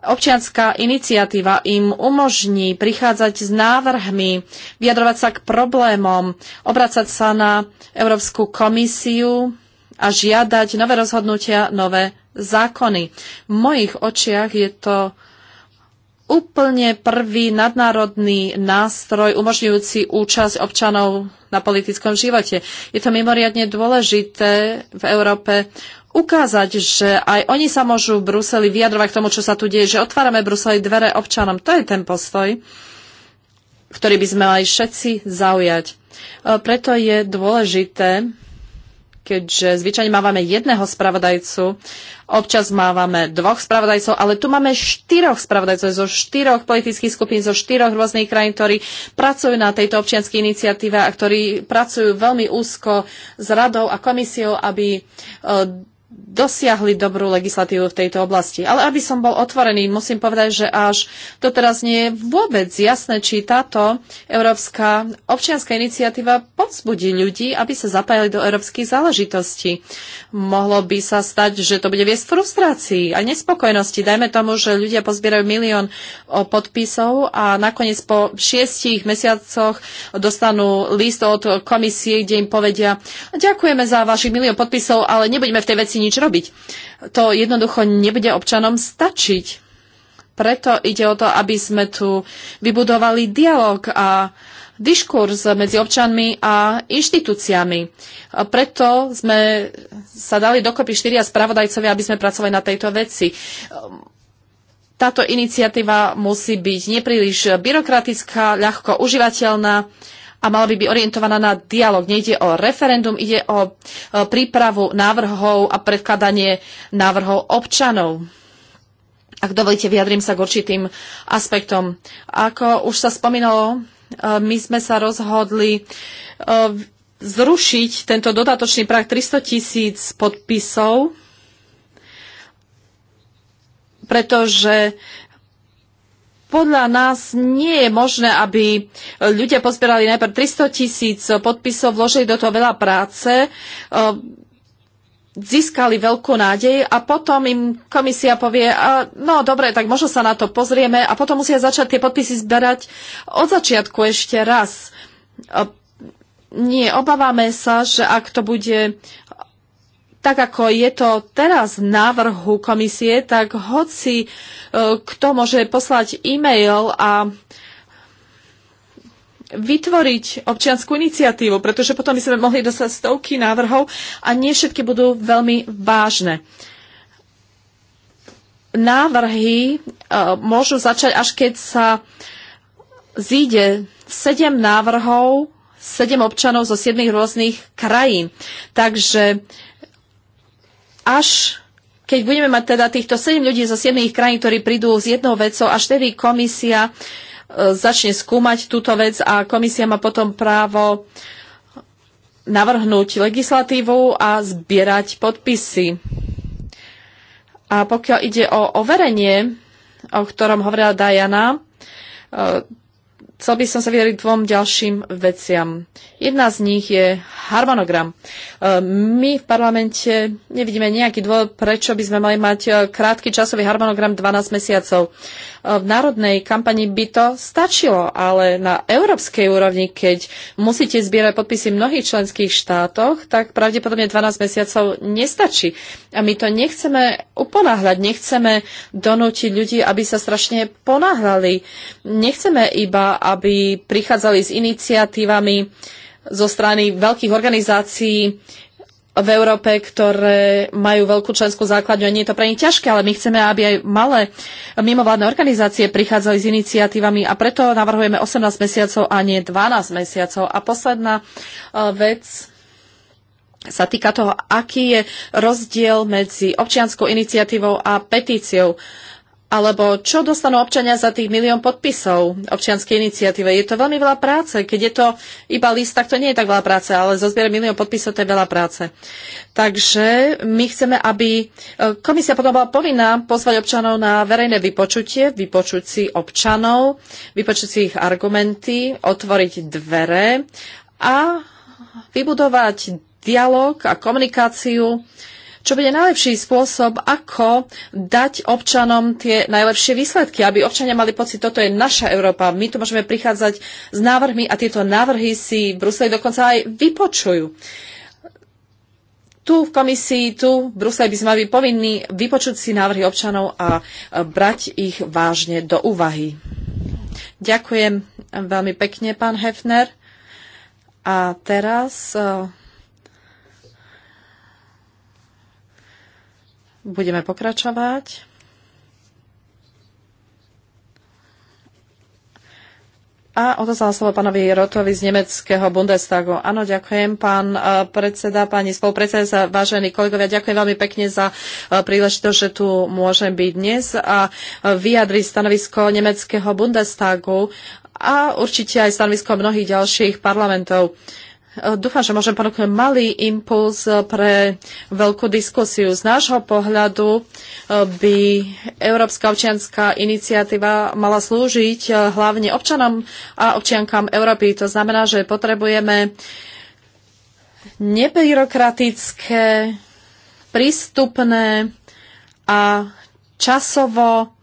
Občianská iniciatíva im umožní prichádzať s návrhmi, vyjadrovať sa k problémom, obracať sa na Európsku komisiu a žiadať nové rozhodnutia, nové zákony. V mojich očiach je to úplne prvý nadnárodný nástroj umožňujúci účasť občanov na politickom živote. Je to mimoriadne dôležité v Európe ukázať, že aj oni sa môžu v Bruseli vyjadrovať k tomu, čo sa tu deje, že otvárame Bruseli dvere občanom. To je ten postoj, ktorý by sme mali všetci zaujať. E, preto je dôležité keďže zvyčajne mávame jedného spravodajcu, občas mávame dvoch spravodajcov, ale tu máme štyroch spravodajcov zo štyroch politických skupín, zo štyroch rôznych krajín, ktorí pracujú na tejto občianskej iniciatíve a ktorí pracujú veľmi úzko s radou a komisiou, aby e, dosiahli dobrú legislatívu v tejto oblasti. Ale aby som bol otvorený, musím povedať, že až to teraz nie je vôbec jasné, či táto európska občianská iniciatíva povzbudí ľudí, aby sa zapájali do európskych záležitostí. Mohlo by sa stať, že to bude viesť frustrácii a nespokojnosti. Dajme tomu, že ľudia pozbierajú milión podpisov a nakoniec po šiestich mesiacoch dostanú list od komisie, kde im povedia, ďakujeme za vašich milión podpisov, ale nebudeme v tej veci nič robiť. To jednoducho nebude občanom stačiť. Preto ide o to, aby sme tu vybudovali dialog a diskurs medzi občanmi a inštitúciami. Preto sme sa dali dokopy štyria spravodajcovia, aby sme pracovali na tejto veci. Táto iniciatíva musí byť nepríliš byrokratická, ľahko užívateľná a mala by byť orientovaná na dialog. Nejde o referendum, ide o e, prípravu návrhov a predkladanie návrhov občanov. Ak dovolíte, vyjadrím sa k určitým aspektom. Ako už sa spomínalo, e, my sme sa rozhodli e, zrušiť tento dodatočný prak 300 tisíc podpisov, pretože podľa nás nie je možné, aby ľudia pozbierali najprv 300 tisíc podpisov, vložili do toho veľa práce, eh, získali veľkú nádej a potom im komisia povie, a no dobre, tak možno sa na to pozrieme a potom musia začať tie podpisy zberať od začiatku ešte raz. Eh, nie, obávame sa, že ak to bude tak ako je to teraz v návrhu komisie, tak hoci e, kto môže poslať e-mail a vytvoriť občianskú iniciatívu, pretože potom by sme mohli dostať stovky návrhov a nie všetky budú veľmi vážne. Návrhy e, môžu začať až keď sa zíde sedem návrhov sedem občanov zo siedmých rôznych krajín. Takže až keď budeme mať teda týchto 7 ľudí zo 7 krajín, ktorí prídu s jednou vecou, až tedy komisia e, začne skúmať túto vec a komisia má potom právo navrhnúť legislatívu a zbierať podpisy. A pokiaľ ide o overenie, o ktorom hovorila Diana, e, Chcel by som sa vyjadriť dvom ďalším veciam. Jedna z nich je harmonogram. E, my v parlamente nevidíme nejaký dôvod, prečo by sme mali mať e, krátky časový harmonogram 12 mesiacov v národnej kampani by to stačilo, ale na európskej úrovni, keď musíte zbierať podpisy v mnohých členských štátoch, tak pravdepodobne 12 mesiacov nestačí. A my to nechceme uponáhľať, nechceme donútiť ľudí, aby sa strašne ponáhľali. Nechceme iba, aby prichádzali s iniciatívami zo strany veľkých organizácií v Európe, ktoré majú veľkú členskú základňu a nie je to pre nich ťažké, ale my chceme, aby aj malé mimovládne organizácie prichádzali s iniciatívami a preto navrhujeme 18 mesiacov a nie 12 mesiacov. A posledná e, vec sa týka toho, aký je rozdiel medzi občianskou iniciatívou a petíciou. Uh, alebo čo dostanú občania za tých milión podpisov občianskej iniciatíve? Je to veľmi veľa práce. Keď je to iba list, tak to nie je tak veľa práce, ale zozbierať milión podpisov to je veľa práce. Takže my chceme, aby e, komisia potom bola povinná pozvať občanov na verejné vypočutie, vypočuť si občanov, vypočuť si ich argumenty, otvoriť dvere a vybudovať dialog a komunikáciu čo bude najlepší spôsob, ako dať občanom tie najlepšie výsledky, aby občania mali pocit, toto je naša Európa, my tu môžeme prichádzať s návrhmi a tieto návrhy si v Bruseli dokonca aj vypočujú. Tu v komisii, tu v Bruseli by sme mali povinní vypočuť si návrhy občanov a brať ich vážne do úvahy. Ďakujem veľmi pekne, pán Hefner. A teraz e, Budeme pokračovať. A odozvala slovo pánovi Rotovi z nemeckého Bundestagu. Áno, ďakujem, pán e, predseda, pani spolupredsedajúca, vážení kolegovia, ďakujem veľmi pekne za e, príležitosť, že tu môžem byť dnes a e, vyjadriť stanovisko nemeckého Bundestagu a určite aj stanovisko mnohých ďalších parlamentov. E, dúfam, že môžem ponúknuť malý impuls e, pre veľkú diskusiu. Z nášho pohľadu e, by Európska občianská iniciatíva mala slúžiť hlavne občanom a občiankám Európy. To znamená, že potrebujeme nebyrokratické, prístupné a časovo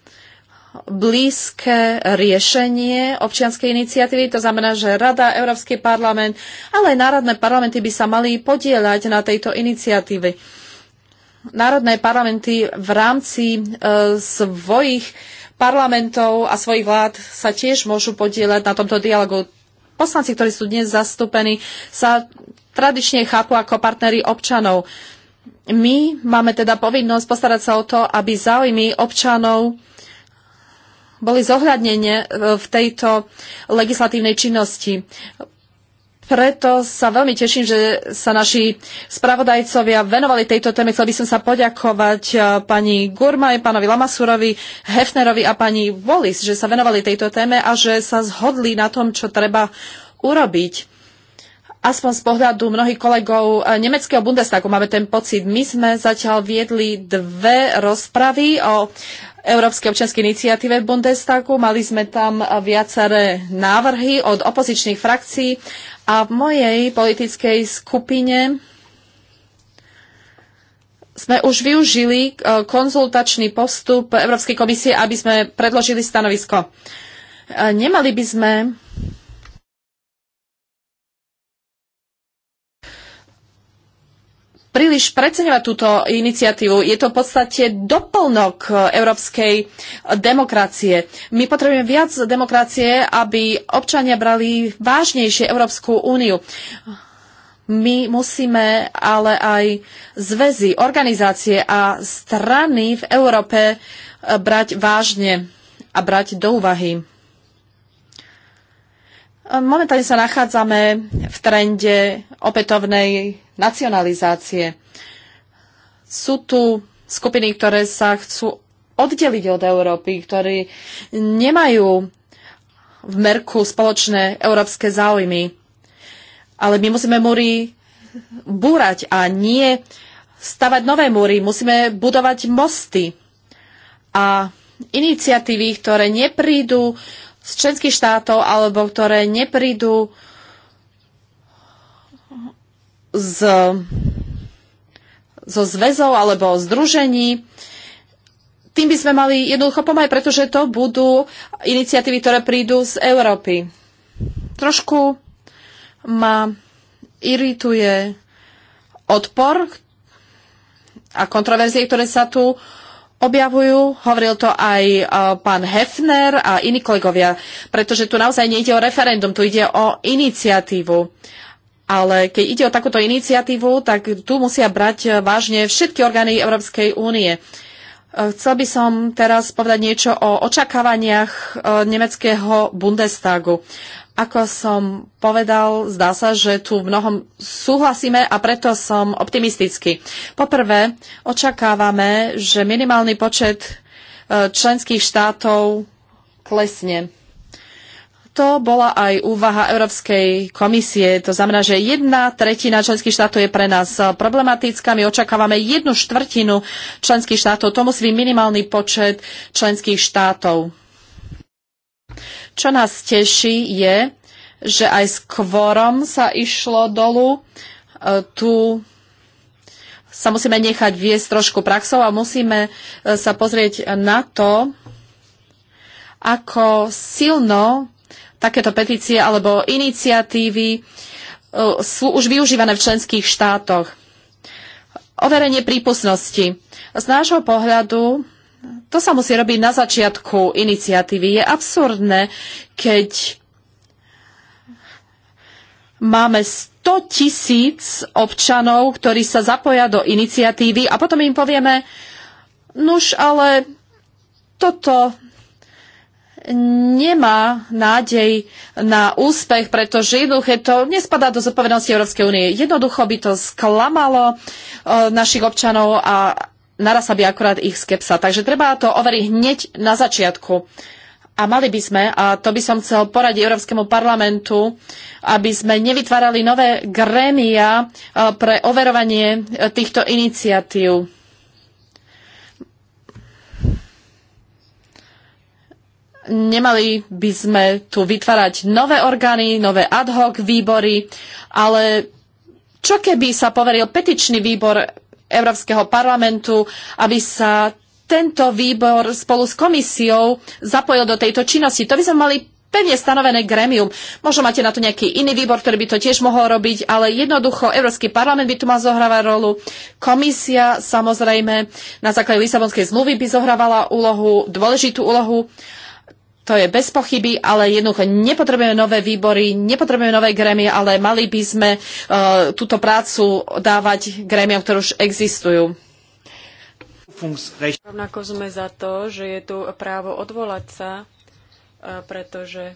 blízke riešenie občianskej iniciatívy. To znamená, že Rada, Európsky parlament, ale aj národné parlamenty by sa mali podieľať na tejto iniciatíve. Národné parlamenty v rámci e, svojich parlamentov a svojich vlád sa tiež môžu podielať na tomto dialogu. Poslanci, ktorí sú dnes zastúpení, sa tradične chápu ako partnery občanov. My máme teda povinnosť postarať sa o to, aby záujmy občanov boli zohľadnené e, v tejto legislatívnej činnosti. Preto sa veľmi teším, že sa naši spravodajcovia venovali tejto téme. Chcel by som sa poďakovať e, pani Gurmaj, pánovi Lamasurovi, Hefnerovi a pani Wallis, že sa venovali tejto téme a že sa zhodli na tom, čo treba urobiť aspoň z pohľadu mnohých kolegov e, nemeckého Bundestagu máme ten pocit. My sme zatiaľ viedli dve rozpravy o Európskej občianskej iniciatíve v Bundestagu. Mali sme tam viaceré návrhy od opozičných frakcií a v mojej politickej skupine sme už využili e, konzultačný postup Európskej komisie, aby sme predložili stanovisko. E, nemali by sme príliš preceňovať túto iniciatívu. Je to v podstate doplnok európskej demokracie. My potrebujeme viac demokracie, aby občania brali vážnejšie Európsku úniu. My musíme ale aj zväzy, organizácie a strany v Európe brať vážne a brať do úvahy. Momentálne sa nachádzame v trende opätovnej nacionalizácie. Sú tu skupiny, ktoré sa chcú oddeliť od Európy, ktorí nemajú v merku spoločné európske záujmy. Ale my musíme múry búrať a nie stavať nové múry. Musíme budovať mosty a iniciatívy, ktoré neprídu z členských štátov alebo ktoré neprídu z, zo zväzov alebo združení. Tým by sme mali jednoducho pomáhať, pretože to budú iniciatívy, ktoré prídu z Európy. Trošku ma irituje odpor a kontroverzie, ktoré sa tu uh, objavujú. Hovoril to aj e, pán Hefner a iní kolegovia, pretože tu naozaj nejde o referendum, tu ide o iniciatívu. Ale keď ide o takúto iniciatívu, tak tu musia brať vážne všetky orgány Európskej únie. E, chcel by som teraz povedať niečo o očakávaniach e, nemeckého Bundestagu. Ako som povedal, zdá sa, že tu v mnohom súhlasíme a preto som optimistický. Poprvé, očakávame, že minimálny počet e, členských štátov klesne. To bola aj úvaha Európskej komisie. To znamená, že jedna tretina členských štátov je pre nás problematická. My očakávame jednu štvrtinu členských štátov. To musí byť minimálny počet členských štátov čo nás teší je, že aj s kvorom sa išlo dolu. E, tu sa musíme nechať viesť trošku praxou a musíme e, sa pozrieť na to, ako silno takéto petície alebo iniciatívy e, sú už využívané v členských štátoch. Overenie prípustnosti. Z nášho pohľadu to sa musí robiť na začiatku iniciatívy. Je absurdné, keď máme 100 tisíc občanov, ktorí sa zapoja do iniciatívy a potom im povieme, nuž, ale toto nemá nádej na úspech, pretože jednoduché to nespadá do zodpovednosti Európskej únie. Jednoducho by to sklamalo eh, našich občanov a naraz by akorát ich skepsa. Takže treba to overiť hneď na začiatku. A mali by sme, a to by som chcel poradiť Európskemu parlamentu, aby sme nevytvárali nové grémia e, pre overovanie e, týchto iniciatív. nemali by sme tu vytvárať nové orgány, nové ad hoc výbory, ale čo keby sa poveril petičný výbor Európskeho parlamentu, aby sa tento výbor spolu s komisiou zapojil do tejto činnosti. To by sme mali pevne stanovené gremium. Možno máte na to nejaký iný výbor, ktorý by to tiež mohol robiť, ale jednoducho Európsky parlament by tu mal zohrávať rolu. Komisia samozrejme na základe Lisabonskej zmluvy by zohrávala úlohu, dôležitú úlohu to je bez pochyby, ale jednoducho nepotrebujeme nové výbory, nepotrebujeme nové grémie, ale mali by sme uh, túto prácu dávať grémiam, ktoré už existujú. Rovnako sme za to, že je tu právo odvolať sa, e, pretože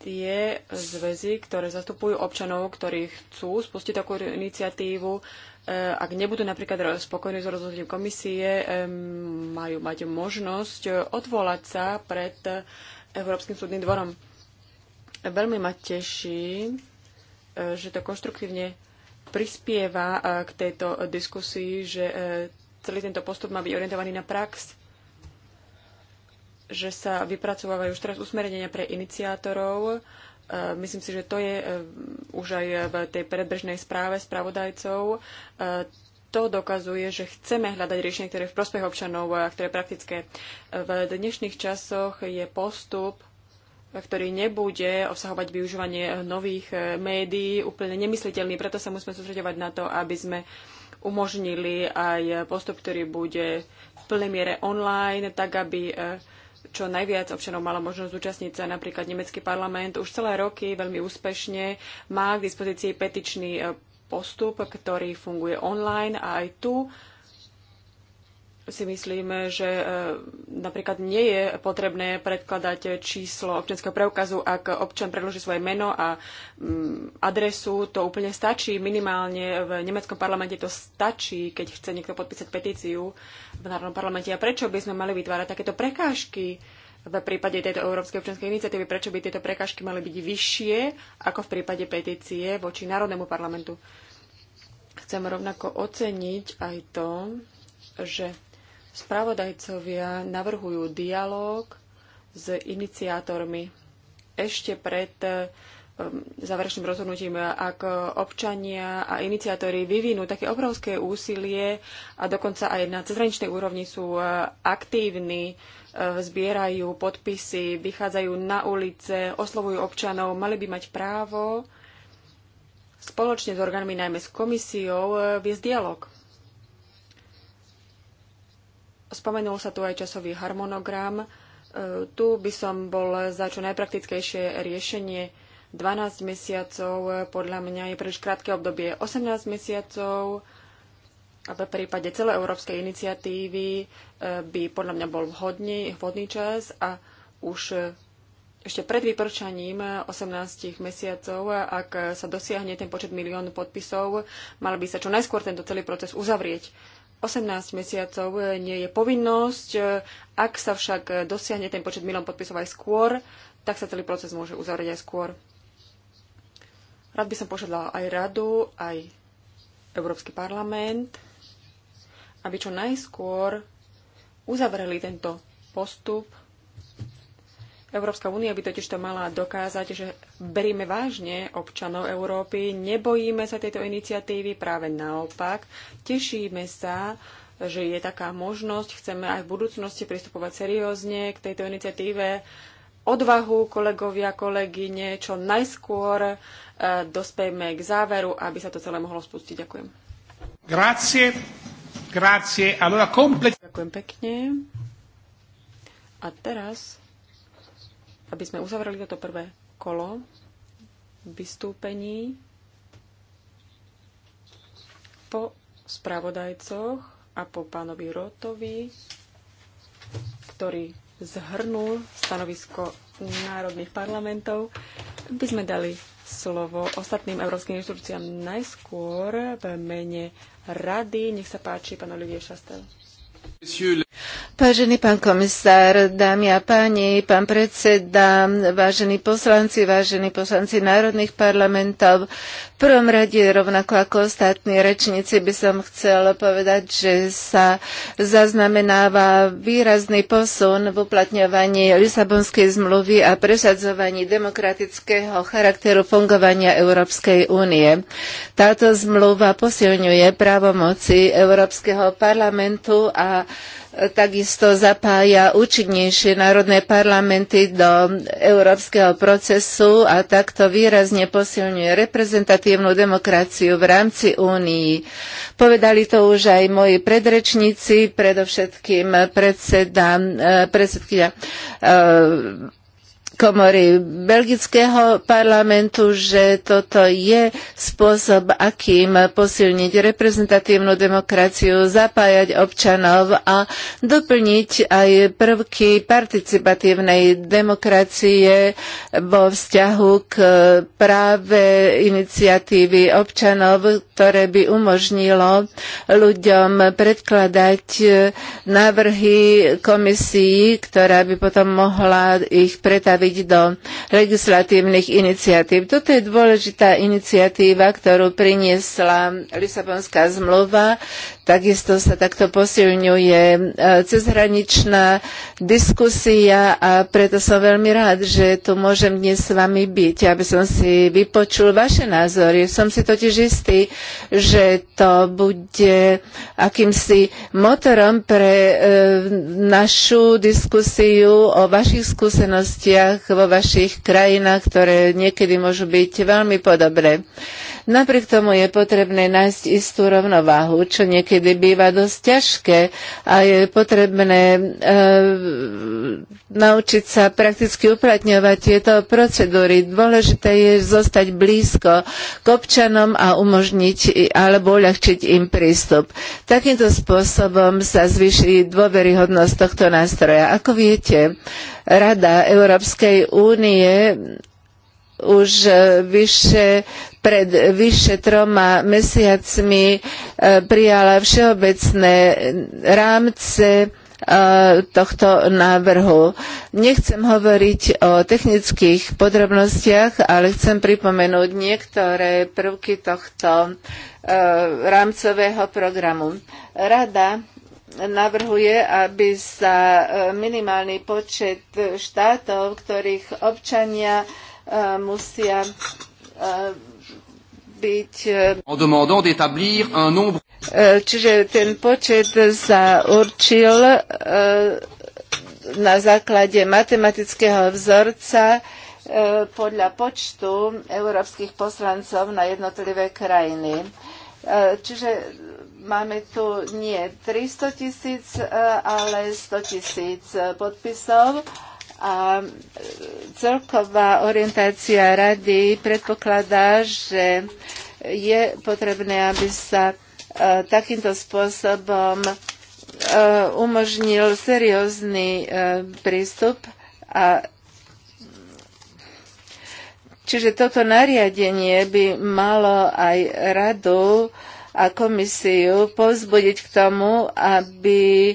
tie zväzy, ktoré zastupujú občanov, ktorí chcú spustiť takú iniciatívu, ak nebudú napríklad spokojní s rozhodnutím komisie, majú mať možnosť odvolať sa pred Európskym súdnym dvorom. Veľmi ma teší, e, že to konštruktívne prispieva e, k tejto diskusii, že e, celý tento postup má byť orientovaný na prax, že sa vypracovávajú už teraz usmerenia pre iniciátorov, E, myslím si, že to je e, už aj v tej predbežnej správe spravodajcov. E, to dokazuje, že chceme hľadať riešenie, ktoré je v prospech občanov a ktoré je praktické. V dnešných časoch je postup, ktorý nebude obsahovať využívanie nových médií, úplne nemysliteľný. Preto sa musíme sústredovať na to, aby sme umožnili aj postup, ktorý bude v plnej miere online, tak aby čo najviac občanov mala možnosť zúčastniť sa. Napríklad nemecký parlament už celé roky veľmi úspešne má k dispozícii petičný e, postup, ktorý funguje online a aj tu si myslím, že e, napríklad nie je potrebné predkladať číslo občianského preukazu, ak občan predloží svoje meno a mm, adresu, to úplne stačí. Minimálne v nemeckom parlamente to stačí, keď chce niekto podpísať petíciu v Národnom parlamente. A prečo by sme mali vytvárať takéto prekážky v prípade tejto Európskej občianskej iniciatívy? Prečo by tieto prekážky mali byť vyššie ako v prípade petície voči Národnému parlamentu? Chcem rovnako oceniť aj to, že Spravodajcovia navrhujú dialog s iniciátormi ešte pred um, záverečným rozhodnutím, ak občania a iniciátori vyvinú také obrovské úsilie a dokonca aj na cezhraničnej úrovni sú uh, aktívni, uh, zbierajú podpisy, vychádzajú na ulice, oslovujú občanov, mali by mať právo spoločne s orgánmi, najmä s komisiou, uh, viesť dialog. Spomenul sa tu aj časový harmonogram. E, tu by som bol za čo najpraktickejšie riešenie. 12 mesiacov e, podľa mňa je príliš krátke obdobie. 18 mesiacov a v prípade celoeurópskej iniciatívy e, by podľa mňa bol vhodný, vhodný čas a už ešte pred vypršaním 18 mesiacov, ak sa dosiahne ten počet milión podpisov, mal by sa čo najskôr tento celý proces uzavrieť. 18 mesiacov eh, nie je povinnosť. Eh, ak sa však eh, dosiahne ten počet milom podpisov aj skôr, tak sa celý proces môže uzavrieť aj skôr. Rád by som požiadala aj radu, aj Európsky parlament, aby čo najskôr uzavreli tento postup Európska únia by totiž to mala dokázať, že beríme vážne občanov Európy, nebojíme sa tejto iniciatívy, práve naopak, tešíme sa, že je taká možnosť, chceme aj v budúcnosti pristupovať seriózne k tejto iniciatíve, odvahu kolegovia, kolegyne, čo najskôr e, dospejme k záveru, aby sa to celé mohlo spustiť. Ďakujem. Grazie. Grazie. Allora, komple- Ďakujem pekne. A teraz aby sme uzavreli toto prvé kolo vystúpení po spravodajcoch a po pánovi Rotovi, ktorý zhrnul stanovisko národných parlamentov, by sme dali slovo ostatným európskym inštitúciám najskôr v mene rady. Nech sa páči, pán Olivier Šastel. Vážený pán komisár, dámy a páni, pán predseda, vážení poslanci, vážení poslanci národných parlamentov, v prvom rade rovnako ako ostatní rečníci by som chcel povedať, že sa zaznamenáva výrazný posun v uplatňovaní Lisabonskej zmluvy a presadzovaní demokratického charakteru fungovania Európskej únie. Táto zmluva posilňuje právomoci Európskeho parlamentu a takisto zapája účinnejšie národné parlamenty do európskeho procesu a takto výrazne posilňuje reprezentatívnu demokraciu v rámci Únii. Povedali to už aj moji predrečníci, predovšetkým predseda, eh, predsedkynia eh, komory belgického parlamentu, že toto je spôsob, akým posilniť reprezentatívnu demokraciu, zapájať občanov a doplniť aj prvky participatívnej demokracie vo vzťahu k práve iniciatívy občanov, ktoré by umožnilo ľuďom predkladať návrhy komisii, ktorá by potom mohla ich pretaviť pretaviť do legislatívnych iniciatív. Toto je dôležitá iniciatíva, ktorú priniesla Lisabonská zmluva. Takisto sa takto posilňuje e, cezhraničná diskusia a preto som veľmi rád, že tu môžem dnes s vami byť, aby som si vypočul vaše názory. Som si totiž istý, že to bude akýmsi motorom pre e, našu diskusiu o vašich skúsenostiach vo vašich krajinách, ktoré niekedy môžu byť veľmi podobné. Napriek tomu je potrebné nájsť istú rovnováhu, čo niekedy býva dosť ťažké a je potrebné e, naučiť sa prakticky uplatňovať tieto procedúry. Dôležité je zostať blízko k občanom a umožniť alebo uľahčiť im prístup. Takýmto spôsobom sa zvýši dôveryhodnosť tohto nástroja. Ako viete, Rada Európskej únie už eh, vyše pred vyše troma mesiacmi eh, prijala všeobecné rámce eh, tohto návrhu. Nechcem hovoriť o technických podrobnostiach, ale chcem pripomenúť niektoré prvky tohto rámcového programu. Rada navrhuje, aby sa minimálny počet štátov, ktorých občania E, musia e, byť... E, en demandant d'établir un nombre... Čiže ten počet sa určil na základe matematického vzorca podľa počtu európskych poslancov na jednotlivé krajiny. Čiže máme tu nie 300 tisíc, ale 100 tisíc podpisov a e, celková orientácia rady predpokladá, že je potrebné, aby sa e, takýmto spôsobom e, umožnil seriózny prístup a Čiže toto nariadenie by malo aj radu a komisiu povzbudiť k tomu, aby e,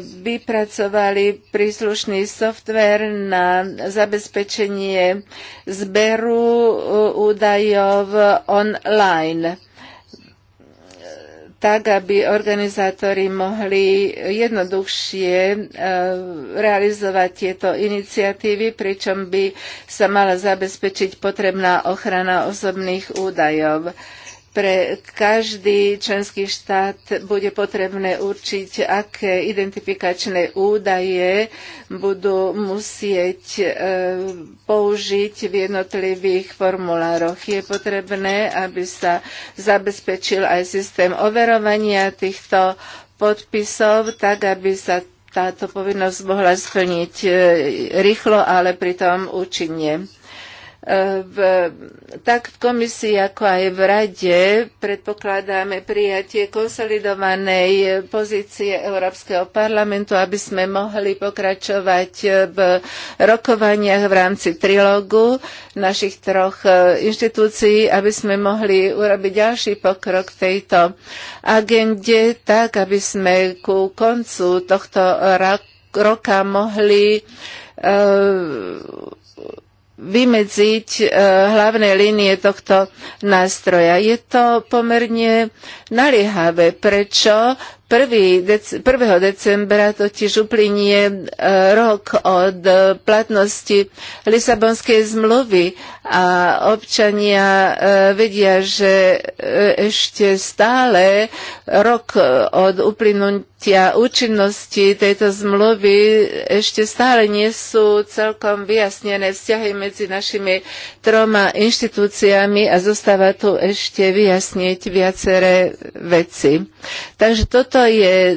vypracovali príslušný software na zabezpečenie zberu e, údajov online tak, aby organizátori mohli jednoduchšie e, realizovať tieto iniciatívy, pričom by sa mala zabezpečiť potrebná ochrana osobných údajov. Pre každý členský štát bude potrebné určiť, aké identifikačné údaje budú musieť e, použiť v jednotlivých formulároch. Je potrebné, aby sa zabezpečil aj systém overovania týchto podpisov, tak aby sa táto povinnosť mohla splniť e, rýchlo, ale pritom účinne. V, tak v komisii, ako aj v rade predpokladáme prijatie konsolidovanej pozície Európskeho parlamentu, aby sme mohli pokračovať v rokovaniach v rámci trilógu našich troch e, inštitúcií, aby sme mohli urobiť ďalší pokrok v tejto agende, tak aby sme ku koncu tohto roka mohli uh, vymedziť e, hlavné línie tohto nástroja. Je to pomerne naliehavé. Prečo? 1. decembra totiž uplynie e, rok od platnosti Lisabonskej zmluvy a občania e, vedia, že e, ešte stále rok od uplynutia účinnosti tejto zmluvy ešte stále nie sú celkom vyjasnené vzťahy medzi našimi troma inštitúciami a zostáva tu ešte vyjasniť viaceré veci. Takže toto toto je e,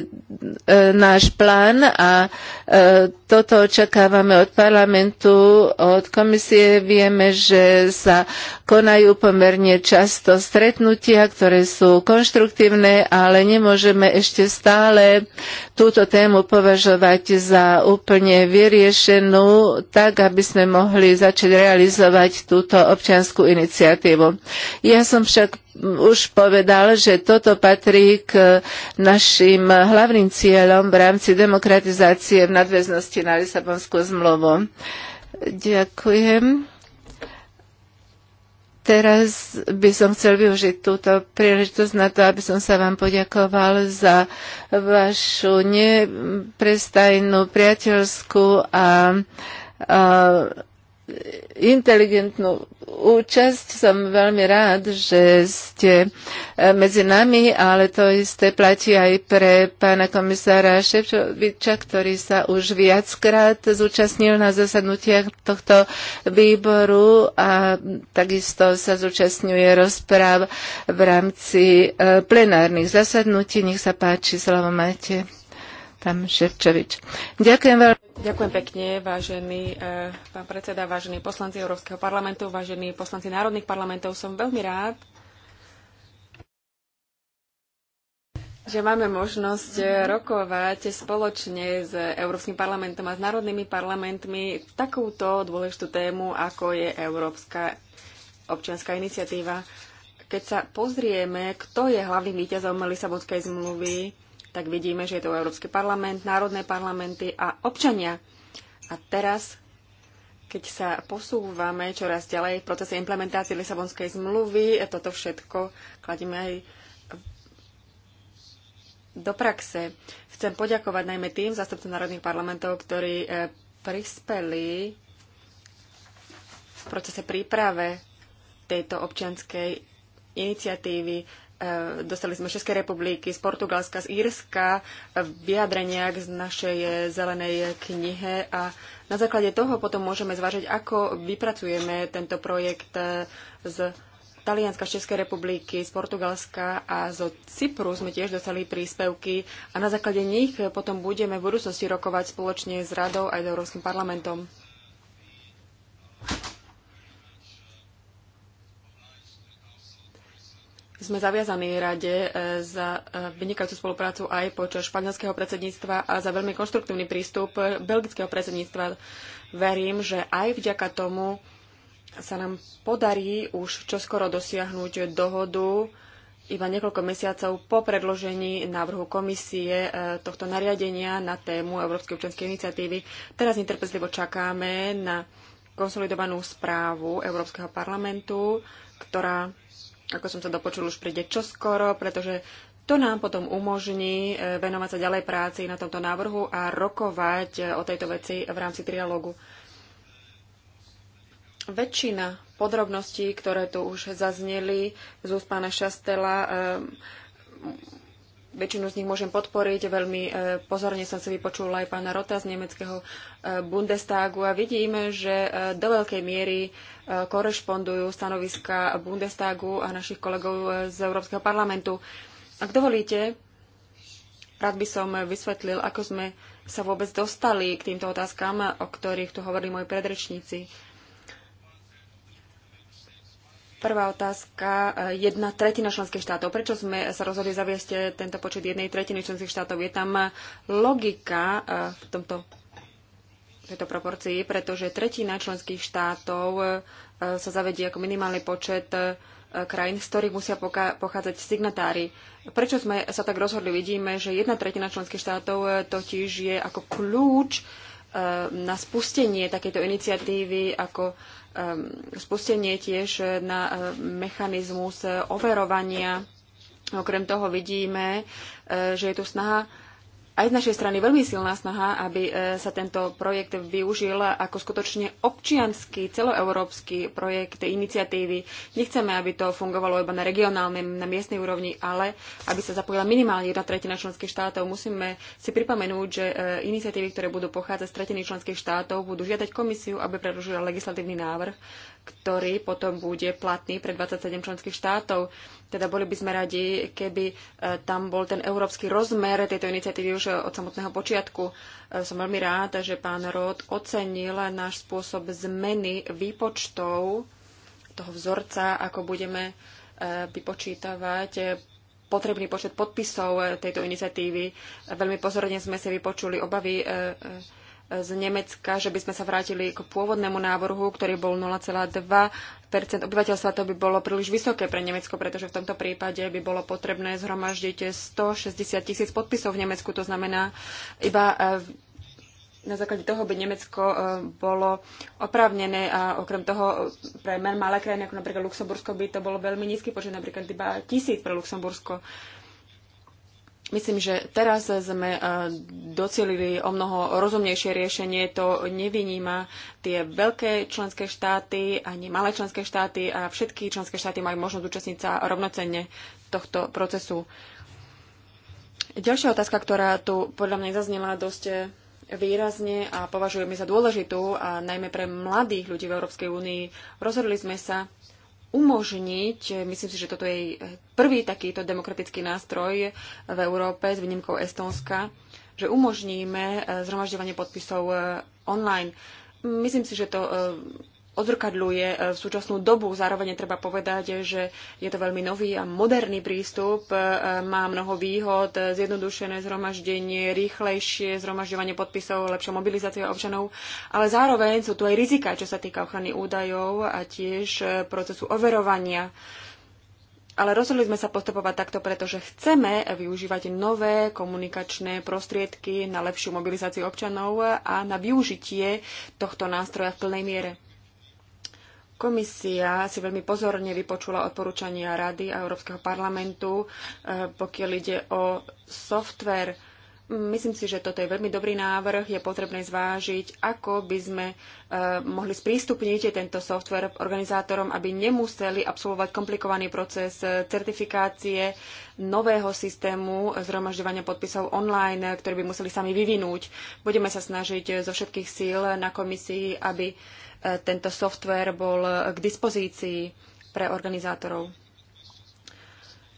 náš plán a e, toto očakávame od parlamentu, od komisie. Vieme, že sa konajú pomerne často stretnutia, ktoré sú konštruktívne, ale nemôžeme ešte stále túto tému považovať za úplne vyriešenú, tak aby sme mohli začať realizovať túto občianskú iniciatívu. Ja som však už povedal, že toto patrí k našim hlavným cieľom v rámci demokratizácie v nadväznosti na Lisabonskú zmluvu. Ďakujem. Teraz by som chcel využiť túto príležitosť na to, aby som sa vám poďakoval za vašu neprestajnú priateľskú a, a inteligentnú účasť. Som veľmi rád, že ste e, medzi nami, ale to isté platí aj pre pána komisára Ševčoviča, ktorý sa už viackrát zúčastnil na zasadnutiach tohto výboru a takisto sa zúčastňuje rozpráv v rámci e, plenárnych zasadnutí. Nech sa páči, slovo máte. Pán Ševčovič. Ďakujem veľmi Ďakujem pekne, vážený e, pán predseda, vážení poslanci Európskeho parlamentu, vážení poslanci národných parlamentov. Som veľmi rád, že máme možnosť e, rokovať spoločne s Európskym parlamentom a s národnými parlamentmi takúto dôležitú tému, ako je Európska občianská iniciatíva. Keď sa pozrieme, kto je hlavným víťazom Lisabonskej zmluvy, tak vidíme, že je to Európsky parlament, národné parlamenty a občania. A teraz, keď sa posúvame čoraz ďalej v procese implementácie Lisabonskej zmluvy, toto všetko kladíme aj do praxe. Chcem poďakovať najmä tým zastupcom národných parlamentov, ktorí e, prispeli v procese príprave tejto občianskej iniciatívy. E, dostali sme z Českej republiky, z Portugalska, z Írska e, vyjadrenia k našej e, zelenej knihe a na základe toho potom môžeme zvážiť, ako vypracujeme tento projekt z Talianska, z Českej republiky, z Portugalska a zo Cypru sme tiež dostali príspevky a na základe nich potom budeme v budúcnosti rokovať spoločne s Radou aj s Európskym parlamentom. sme zaviazaní rade e, za e, vynikajúcu spoluprácu aj počas španielského predsedníctva a za veľmi konštruktívny prístup belgického predsedníctva. Verím, že aj vďaka tomu sa nám podarí už čoskoro dosiahnuť dohodu iba niekoľko mesiacov po predložení návrhu komisie e, tohto nariadenia na tému Európskej občianskej iniciatívy. Teraz netrpezlivo čakáme na konsolidovanú správu Európskeho parlamentu, ktorá ako som sa dopočul, už príde čoskoro, pretože to nám potom umožní e, venovať sa ďalej práci na tomto návrhu a rokovať e, o tejto veci v rámci trialógu. Väčšina podrobností, ktoré tu už zazneli z úst pána Šastela, e, väčšinu z nich môžem podporiť. Veľmi pozorne som si vypočula aj pána Rota z nemeckého Bundestagu a vidíme, že do veľkej miery korešpondujú stanoviska Bundestagu a našich kolegov z Európskeho parlamentu. Ak dovolíte, rád by som vysvetlil, ako sme sa vôbec dostali k týmto otázkam, o ktorých tu hovorili moji predrečníci. Prvá otázka, jedna tretina členských štátov. Prečo sme sa rozhodli zaviesť tento počet jednej tretiny členských štátov? Je tam logika eh, v tomto tejto proporcii, pretože tretina členských štátov e, sa zavedie ako minimálny počet e, krajín, z ktorých musia pochádzať signatári. Prečo sme sa tak rozhodli? Vidíme, že jedna tretina členských štátov e, totiž je ako kľúč na spustenie takejto iniciatívy, ako spustenie tiež na mechanizmus overovania. Okrem toho vidíme, že je tu snaha aj z našej strany veľmi silná snaha, aby e, sa tento projekt využil ako skutočne občianský, celoeurópsky projekt iniciatívy. Nechceme, aby to fungovalo iba na regionálnej, na miestnej úrovni, ale aby sa zapojila minimálne jedna tretina členských štátov. Musíme si pripomenúť, že e, iniciatívy, ktoré budú pochádzať z tretiny členských štátov, budú žiadať komisiu, aby predložila legislatívny návrh, ktorý potom bude platný pre 27 členských štátov. Teda boli by sme radi, keby e, tam bol ten európsky rozmer tejto iniciatívy už od samotného počiatku. E, som veľmi rád, že pán Rod ocenil náš spôsob zmeny výpočtov toho vzorca, ako budeme e, vypočítavať potrebný počet podpisov tejto iniciatívy. Veľmi pozorne sme si vypočuli obavy z Nemecka, že by sme sa vrátili k pôvodnému návrhu, ktorý bol 0,2 obyvateľstva, to by bolo príliš vysoké pre Nemecko, pretože v tomto prípade by bolo potrebné zhromaždiť 160 tisíc podpisov v Nemecku. To znamená, iba eh, na základe toho by Nemecko eh, bolo oprávnené a okrem toho eh, pre malé krajiny, ako napríklad Luxembursko, by to bolo veľmi nízky počet, napríklad iba tisíc pre Luxembursko. Myslím, že teraz sme e, docelili o mnoho rozumnejšie riešenie. To nevyníma tie veľké členské štáty, ani malé členské štáty a všetky členské štáty majú možnosť účastniť sa rovnocenne tohto procesu. Ďalšia otázka, ktorá tu podľa mňa zaznela dosť výrazne a považujeme za dôležitú, a najmä pre mladých ľudí v Európskej únii, rozhodli sme sa umožniť, eh, myslím si, že toto je prvý takýto demokratický nástroj v Európe s výnimkou Estónska, že umožníme eh, zhromažďovanie podpisov eh, online. Myslím si, že to odrkadľuje e, v súčasnú dobu. Zároveň treba povedať, že je to veľmi nový a moderný prístup. E, má mnoho výhod, zjednodušené zhromaždenie, rýchlejšie zhromažďovanie podpisov, lepšia mobilizácia občanov, ale zároveň sú tu aj rizika, čo sa týka ochrany údajov a tiež e, procesu overovania. Ale rozhodli sme sa postupovať takto, pretože chceme využívať nové komunikačné prostriedky na lepšiu mobilizáciu občanov a na využitie tohto nástroja v plnej miere. Komisia si veľmi pozorne vypočula odporúčania Rady a Európskeho parlamentu, eh, pokiaľ ide o software. Myslím si, že toto je veľmi dobrý návrh. Je potrebné zvážiť, ako by sme eh, mohli sprístupniť tento software organizátorom, aby nemuseli absolvovať komplikovaný proces eh, certifikácie nového systému zhromažďovania podpisov online, ktorý by museli sami vyvinúť. Budeme sa snažiť zo všetkých síl na komisii, aby tento software bol k dispozícii pre organizátorov.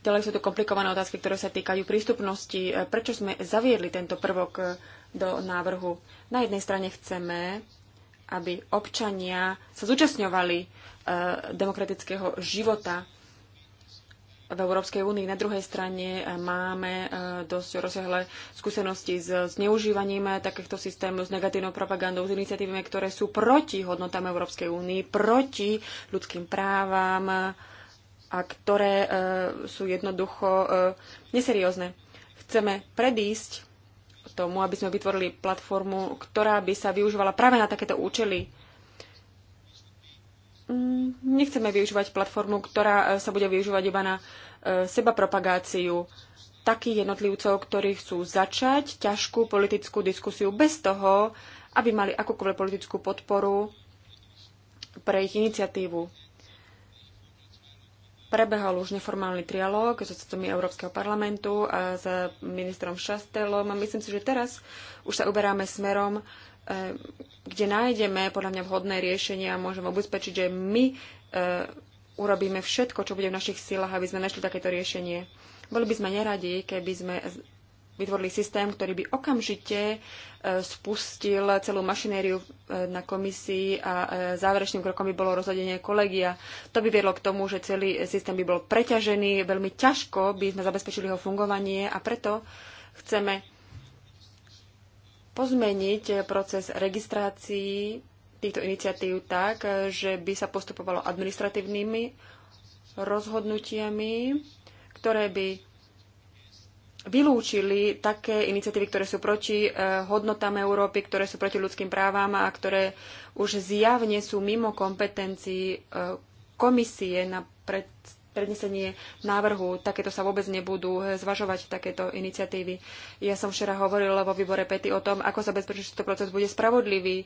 Ďalej sú tu komplikované otázky, ktoré sa týkajú prístupnosti. Prečo sme zaviedli tento prvok do návrhu? Na jednej strane chceme, aby občania sa zúčastňovali eh, demokratického života v Európskej únii. Na druhej strane eh, máme eh, dosť rozsiahle skúsenosti s zneužívaním eh, takýchto systémov, s negatívnou propagandou, s iniciatívami, ktoré sú proti hodnotám Európskej únii, proti ľudským právam a ktoré sú jednoducho neseriózne. Chceme predísť tomu, aby sme vytvorili platformu, ktorá by sa využívala práve na takéto účely Mm, nechceme využívať platformu, ktorá e, sa bude využívať iba na e, seba propagáciu takých jednotlivcov, ktorí chcú začať ťažkú politickú diskusiu bez toho, aby mali akúkoľvek politickú podporu pre ich iniciatívu. Prebehol už neformálny trialóg s odstupmi Európskeho parlamentu a s ministrom Šastelom. Myslím si, že teraz už sa uberáme smerom, Eh, kde nájdeme podľa mňa vhodné riešenie a môžem obezpečiť, že my eh, urobíme všetko, čo bude v našich silách, aby sme našli takéto riešenie. Boli by sme neradi, keby sme vytvorili systém, ktorý by okamžite eh, spustil celú mašinériu na komisii a záverečným krokom by bolo rozhodenie kolegia. To by viedlo k tomu, že celý systém by bol preťažený, veľmi ťažko by sme zabezpečili jeho fungovanie a preto chceme pozmeniť eh, proces registrácií týchto iniciatív tak, eh, že by sa postupovalo administratívnymi rozhodnutiami, ktoré by vylúčili také iniciatívy, ktoré sú proti eh, hodnotám Európy, ktoré sú proti ľudským právam a ktoré už zjavne sú mimo kompetencií komisie na predstavenie prednesenie návrhu. Takéto sa vôbec nebudú zvažovať takéto iniciatívy. Ja som včera hovorila vo výbore pety o tom, ako zabezpečiť, že tento proces bude spravodlivý.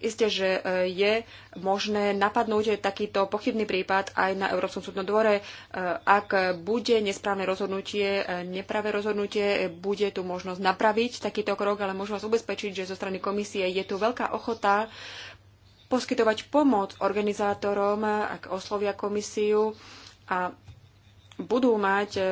Isté, že e, je možné napadnúť takýto pochybný prípad aj na Európskom súdnom dvore. E, ak bude nesprávne rozhodnutie, e, nepravé rozhodnutie, bude tu možnosť napraviť takýto krok, ale môžem vás ubezpečiť, že zo strany komisie je tu veľká ochota poskytovať pomoc organizátorom, ak oslovia komisiu a budú mať e,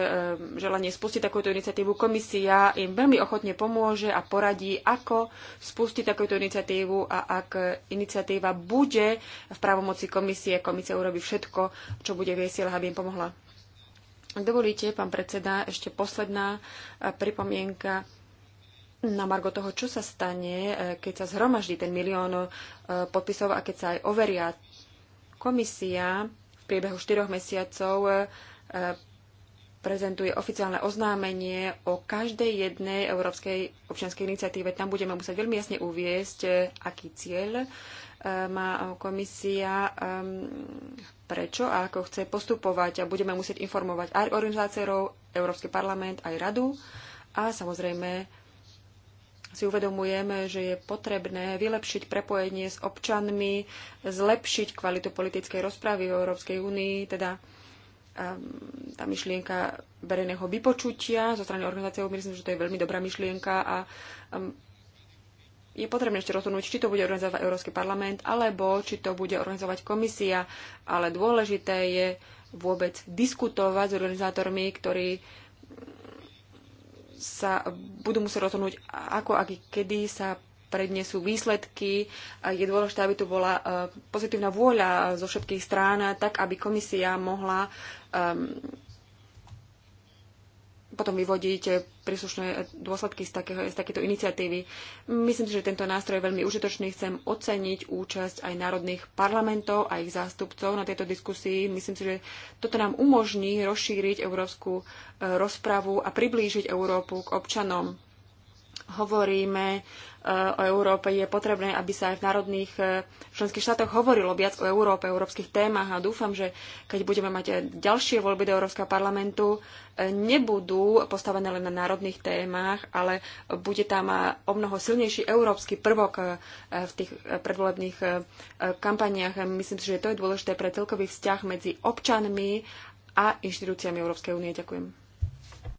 želanie spustiť takúto iniciatívu, komisia im veľmi ochotne pomôže a poradí, ako spustiť takúto iniciatívu a ak iniciatíva bude v právomoci komisie, komisia urobí všetko, čo bude v jej silách, aby im pomohla. Ak dovolíte, pán predseda, ešte posledná e, pripomienka na margo toho, čo sa stane, e, keď sa zhromaždí ten milión podpisov a keď sa aj overia komisia priebehu štyroch mesiacov e, prezentuje oficiálne oznámenie o každej jednej európskej občianskej iniciatíve. Tam budeme musieť veľmi jasne uviesť, e, aký cieľ e, má komisia, prečo a ako chce postupovať. A budeme musieť informovať aj organizátorov, Európsky parlament, aj radu a samozrejme si uvedomujeme, že je potrebné vylepšiť prepojenie s občanmi, zlepšiť kvalitu politickej rozpravy v Európskej únii, teda ehm, tá myšlienka verejného vypočutia zo strany organizácie. myslím, že to je veľmi dobrá myšlienka a ehm, je potrebné ešte rozhodnúť, či to bude organizovať Európsky parlament, alebo či to bude organizovať komisia, ale dôležité je vôbec diskutovať s organizátormi, ktorí sa budú musieť rozhodnúť, ako a kedy sa prednesú výsledky. Je dôležité, aby tu bola e, pozitívna vôľa zo všetkých strán, tak aby komisia mohla potom vyvodiť príslušné dôsledky z, takého, z takéto iniciatívy. Myslím si, že tento nástroj je veľmi užitočný. Chcem oceniť účasť aj národných parlamentov a ich zástupcov na tejto diskusii. Myslím si, že toto nám umožní rozšíriť európsku e, rozpravu a priblížiť Európu k občanom hovoríme e, o Európe, je potrebné, aby sa aj v národných e, členských štátoch hovorilo viac o Európe, o európskych témach a dúfam, že keď budeme mať ďalšie voľby do Európskeho parlamentu, e, nebudú postavené len na národných témach, ale bude tam o mnoho silnejší európsky prvok v tých predvolebných kampaniách. Myslím si, že to je dôležité pre celkový vzťah medzi občanmi a inštitúciami Európskej únie. Ďakujem.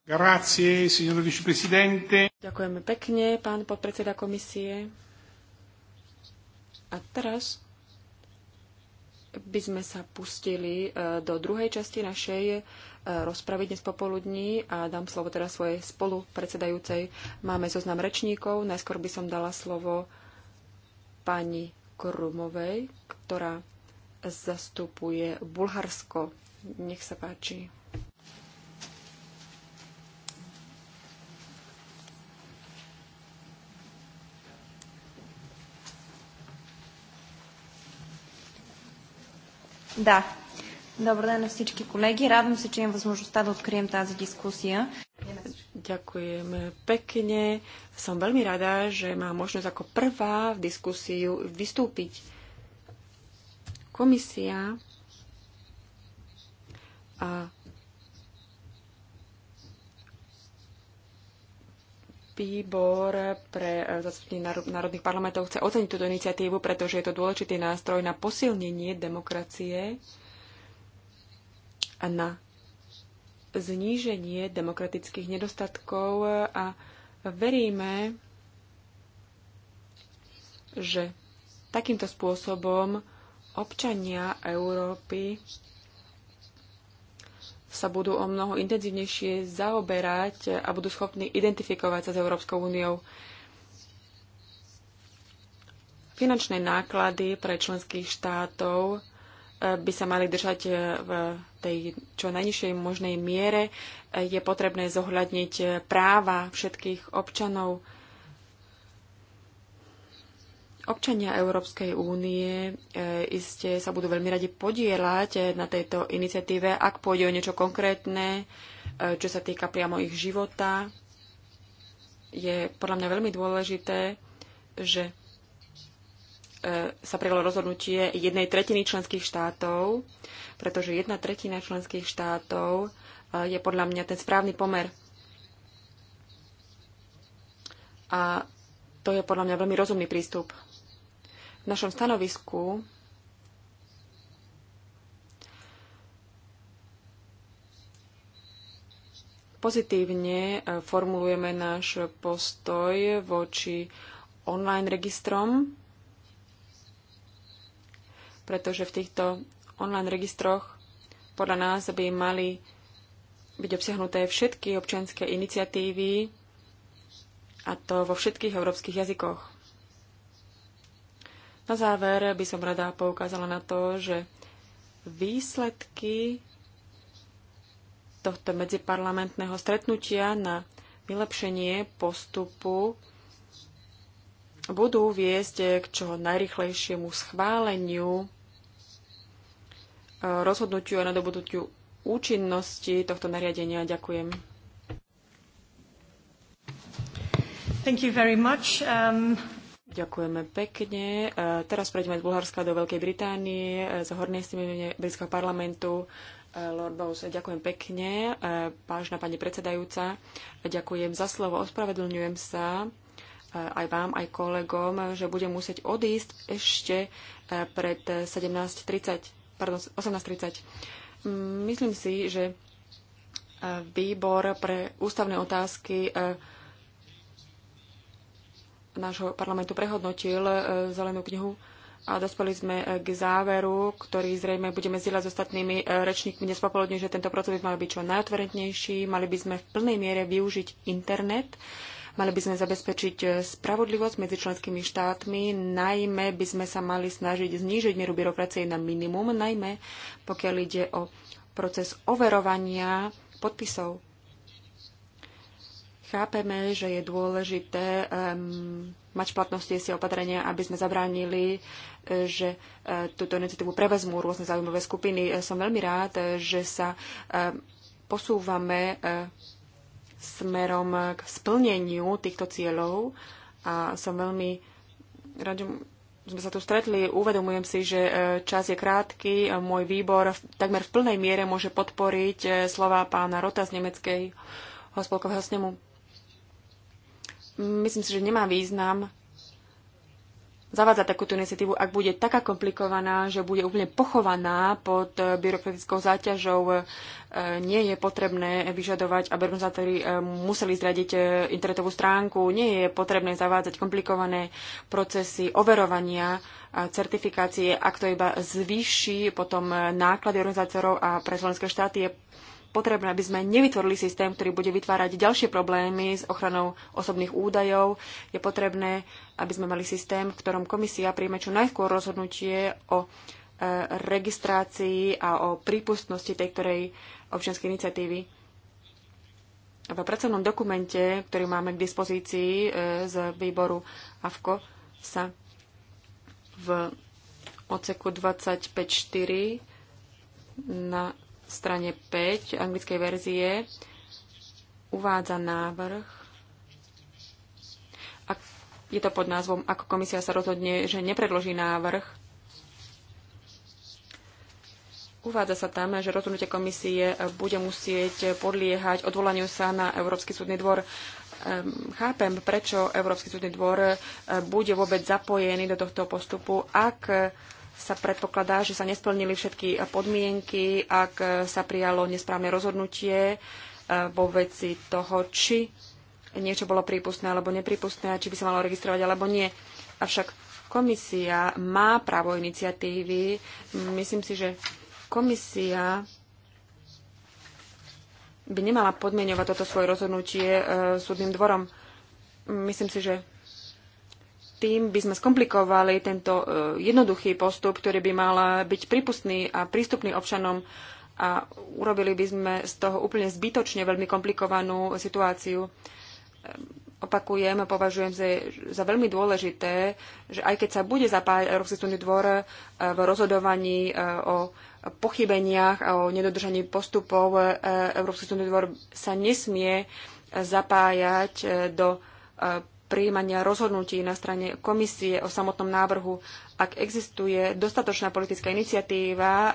Grazie, signor Ďakujeme pekne, pán podpredseda komisie. A teraz by sme sa pustili e, do druhej časti našej e, rozpravy dnes popoludní a dám slovo teraz svojej spolu predsedajúcej. Máme zoznam rečníkov. Najskôr by som dala slovo pani Krumovej, ktorá zastupuje Bulharsko. Nech sa páči. Да. Добър ден на всички колеги. Радвам се, че имам възможността да открием тази дискусия. Ďakujem pekne. Som veľmi rada, že mám možnosť ako prvá v diskusiu vystúpiť. Komisia Výbor pre e, zastupenie národných parlamentov chce oceniť túto iniciatívu, pretože je to dôležitý nástroj na posilnenie demokracie a na zníženie demokratických nedostatkov a veríme, že takýmto spôsobom občania Európy sa budú o mnoho intenzívnejšie zaoberať a budú schopní identifikovať sa s Európskou úniou. Finančné náklady pre členských štátov eh, by sa mali držať eh, v tej čo najnižšej možnej miere. Eh, je potrebné zohľadniť práva všetkých občanov Občania Európskej únie e, iste sa budú veľmi radi podielať e, na tejto iniciatíve, ak pôjde o niečo konkrétne, e, čo sa týka priamo ich života. Je podľa mňa veľmi dôležité, že sa prijalo rozhodnutie jednej tretiny členských štátov, pretože jedna tretina členských štátov je podľa mňa ten správny pomer. A to je podľa mňa veľmi rozumný prístup. V našom stanovisku pozitívne e, formulujeme náš postoj voči online registrom, pretože v týchto online registroch podľa nás by mali byť obsiahnuté všetky občianské iniciatívy, a to vo všetkých európskych jazykoch. Na záver by som rada poukázala na to, že výsledky tohto medziparlamentného stretnutia na vylepšenie postupu budú viesť k čo najrychlejšiemu schváleniu e, rozhodnutiu a nadobudnutiu účinnosti tohto nariadenia. Ďakujem. Thank you very much. Um... Ďakujeme pekne. E, teraz prejdeme z Bulharska do Veľkej Británie, e, z hornej stimenie britského parlamentu. E, Lord Bowes, ďakujem pekne. Vážna pani predsedajúca, ďakujem za slovo. Ospravedlňujem sa aj vám, aj kolegom, že budem musieť odísť ešte pred 17.30, pardon, 18.30. Myslím si, že výbor pre ústavné otázky nášho parlamentu prehodnotil e, zelenú knihu a dospeli sme e, k záveru, ktorý zrejme budeme zdieľať s ostatnými e, rečníkmi dnes popoludne, že tento proces by mal byť čo najotvorentnejší, mali by sme v plnej miere využiť internet, mali by sme zabezpečiť spravodlivosť medzi členskými štátmi, najmä by sme sa mali snažiť znížiť mieru byrokracie na minimum, najmä pokiaľ ide o proces overovania podpisov Chápeme, že je dôležité um, mať platnosti si opatrenia, aby sme zabránili, eh, že uh, túto iniciatívu prevezmú rôzne zaujímavé skupiny. Eh, som veľmi rád, že sa uh, posúvame uh, smerom k splneniu týchto cieľov a som veľmi rád, sme sa tu stretli, uvedomujem si, že čas je krátky. Môj výbor takmer v plnej miere môže podporiť slova pána Rota z nemeckej hospolkového snemu myslím si, že nemá význam zavádzať takúto iniciatívu, ak bude taká komplikovaná, že bude úplne pochovaná pod eh, byrokratickou záťažou. Eh, nie je potrebné vyžadovať, aby organizátori eh, museli zradiť internetovú stránku. Nie je potrebné zavádzať komplikované procesy overovania a certifikácie, ak to iba zvýši potom náklady organizátorov a pre slovenské štáty je potrebné, aby sme nevytvorili systém, ktorý bude vytvárať ďalšie problémy s ochranou osobných údajov. Je potrebné, aby sme mali systém, v ktorom komisia príjme čo najskôr rozhodnutie o e, registrácii a o prípustnosti tej ktorej občianskej iniciatívy. V pracovnom dokumente, ktorý máme k dispozícii e, z výboru AFKO, sa v odseku 25.4 na strane 5 anglickej verzie uvádza návrh, ak je to pod názvom, ako komisia sa rozhodne, že nepredloží návrh, uvádza sa tam, že rozhodnutie komisie bude musieť podliehať odvolaniu sa na Európsky súdny dvor. Ehm, chápem, prečo Európsky súdny dvor eh, bude vôbec zapojený do tohto postupu, ak sa predpokladá, že sa nesplnili všetky podmienky, ak sa prijalo nesprávne rozhodnutie e, vo veci toho, či niečo bolo prípustné alebo nepripustné, či by sa malo registrovať alebo nie. Avšak komisia má právo iniciatívy. Myslím si, že komisia by nemala podmienovať toto svoje rozhodnutie e, súdnym dvorom. Myslím si, že tým by sme skomplikovali tento e, jednoduchý postup, ktorý by mal byť prípustný a prístupný občanom a urobili by sme z toho úplne zbytočne veľmi komplikovanú situáciu. E, opakujem, a považujem za, za veľmi dôležité, že aj keď sa bude zapájať Európsky súdny dvor e, v rozhodovaní o pochybeniach a o nedodržaní postupov, Európsky súdny dvor sa nesmie zapájať do prijímania rozhodnutí na strane komisie o samotnom návrhu. Ak existuje dostatočná politická iniciatíva e,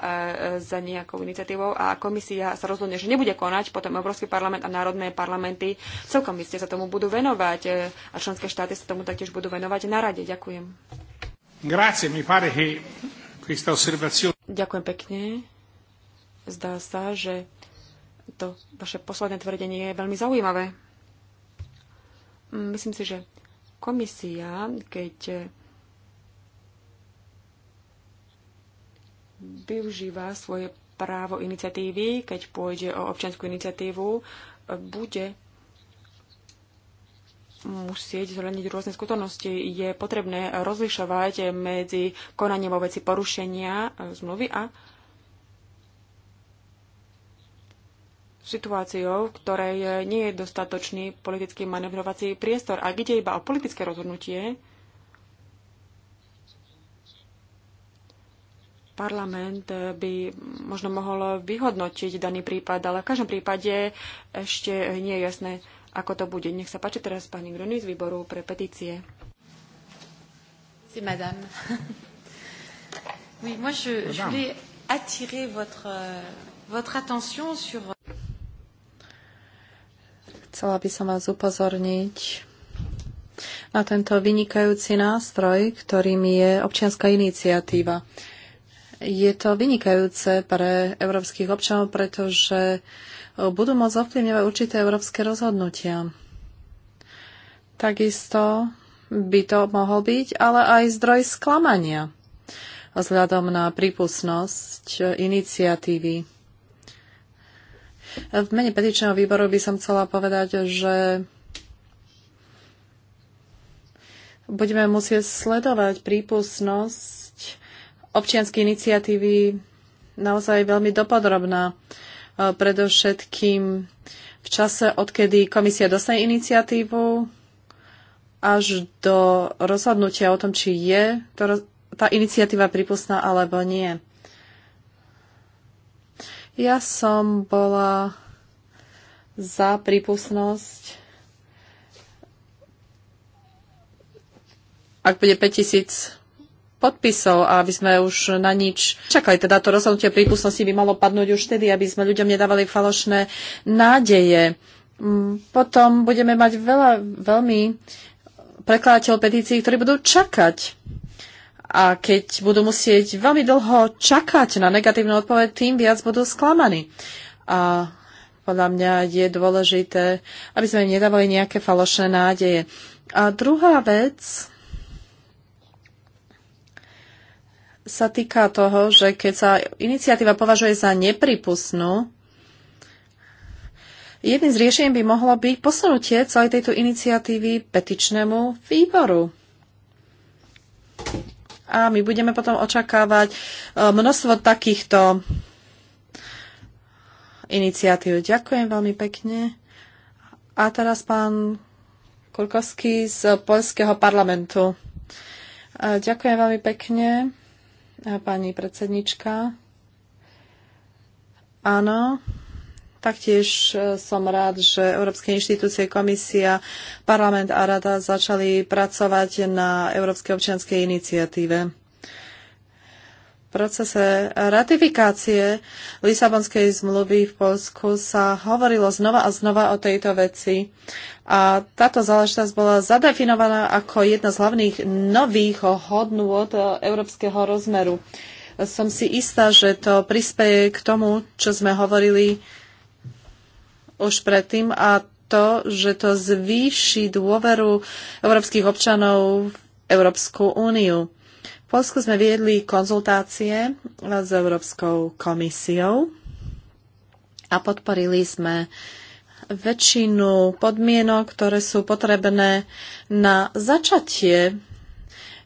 za nejakou iniciatívou a komisia sa rozhodne, že nebude konať, potom Európsky parlament a národné parlamenty celkom iste sa tomu budú venovať e, a členské štáty sa tomu taktiež budú venovať na rade. Ďakujem. Grazie, mi pare che questa osservazione... Ďakujem pekne. Zdá sa, že to vaše posledné tvrdenie je veľmi zaujímavé. Mm, myslím si, že komisia, keď využíva svoje právo iniciatívy, keď pôjde o občianskú iniciatívu, bude musieť zhľadniť rôzne skutočnosti. Je potrebné rozlišovať medzi konaním vo veci porušenia e, zmluvy a situáciou, v ktorej eh, nie je dostatočný politický manevrovací priestor. Ak ide iba o politické rozhodnutie, parlament eh, by možno mohol vyhodnotiť daný prípad, ale v každom prípade ešte nie je jasné, ako to bude. Nech sa páči teraz pani Gruny z výboru pre petície. Si, madame. Oui, moi je, je voulais attirer votre, euh, votre attention sur... Chcela by som vás upozorniť na tento vynikajúci nástroj, ktorým je občianská iniciatíva. Je to vynikajúce pre európskych občanov, pretože budú môcť ovplyvňovať určité európske rozhodnutia. Takisto by to mohol byť, ale aj zdroj sklamania vzhľadom na prípustnosť iniciatívy v mene petičného výboru by som chcela povedať, že budeme musieť sledovať prípustnosť občianskej iniciatívy naozaj veľmi dopodrobná. E, predovšetkým v čase, odkedy komisia dostane iniciatívu, až do rozhodnutia o tom, či je to, tá iniciatíva prípustná alebo nie. Ja som bola za prípustnosť ak bude 5000 podpisov a aby sme už na nič čakali. Teda to rozhodnutie prípustnosti by malo padnúť už vtedy, aby sme ľuďom nedávali falošné nádeje. Mm, potom budeme mať veľa, veľmi prekladateľ petícií, ktorí budú čakať a keď budú musieť veľmi dlho čakať na negatívnu odpoveď, tým viac budú sklamaní. A podľa mňa je dôležité, aby sme im nedávali nejaké falošné nádeje. A druhá vec sa týka toho, že keď sa iniciatíva považuje za nepripustnú, jedným z riešení by mohlo byť posunutie celej tejto iniciatívy petičnému výboru a my budeme potom očakávať e, množstvo takýchto iniciatív. Ďakujem veľmi pekne. A teraz pán Kulkovský z Polského parlamentu. E, ďakujem veľmi pekne, e, pani predsednička. Áno, Taktiež e, som rád, že Európske inštitúcie, komisia, parlament a rada začali pracovať na Európskej občianskej iniciatíve. V procese ratifikácie Lisabonskej zmluvy v Polsku sa hovorilo znova a znova o tejto veci a táto záležitosť bola zadefinovaná ako jedna z hlavných nových od európskeho rozmeru. Som si istá, že to prispieje k tomu, čo sme hovorili už predtým a to, že to zvýši dôveru európskych občanov v Európsku úniu. V Polsku sme viedli konzultácie s Európskou komisiou a podporili sme väčšinu podmienok, ktoré sú potrebné na začatie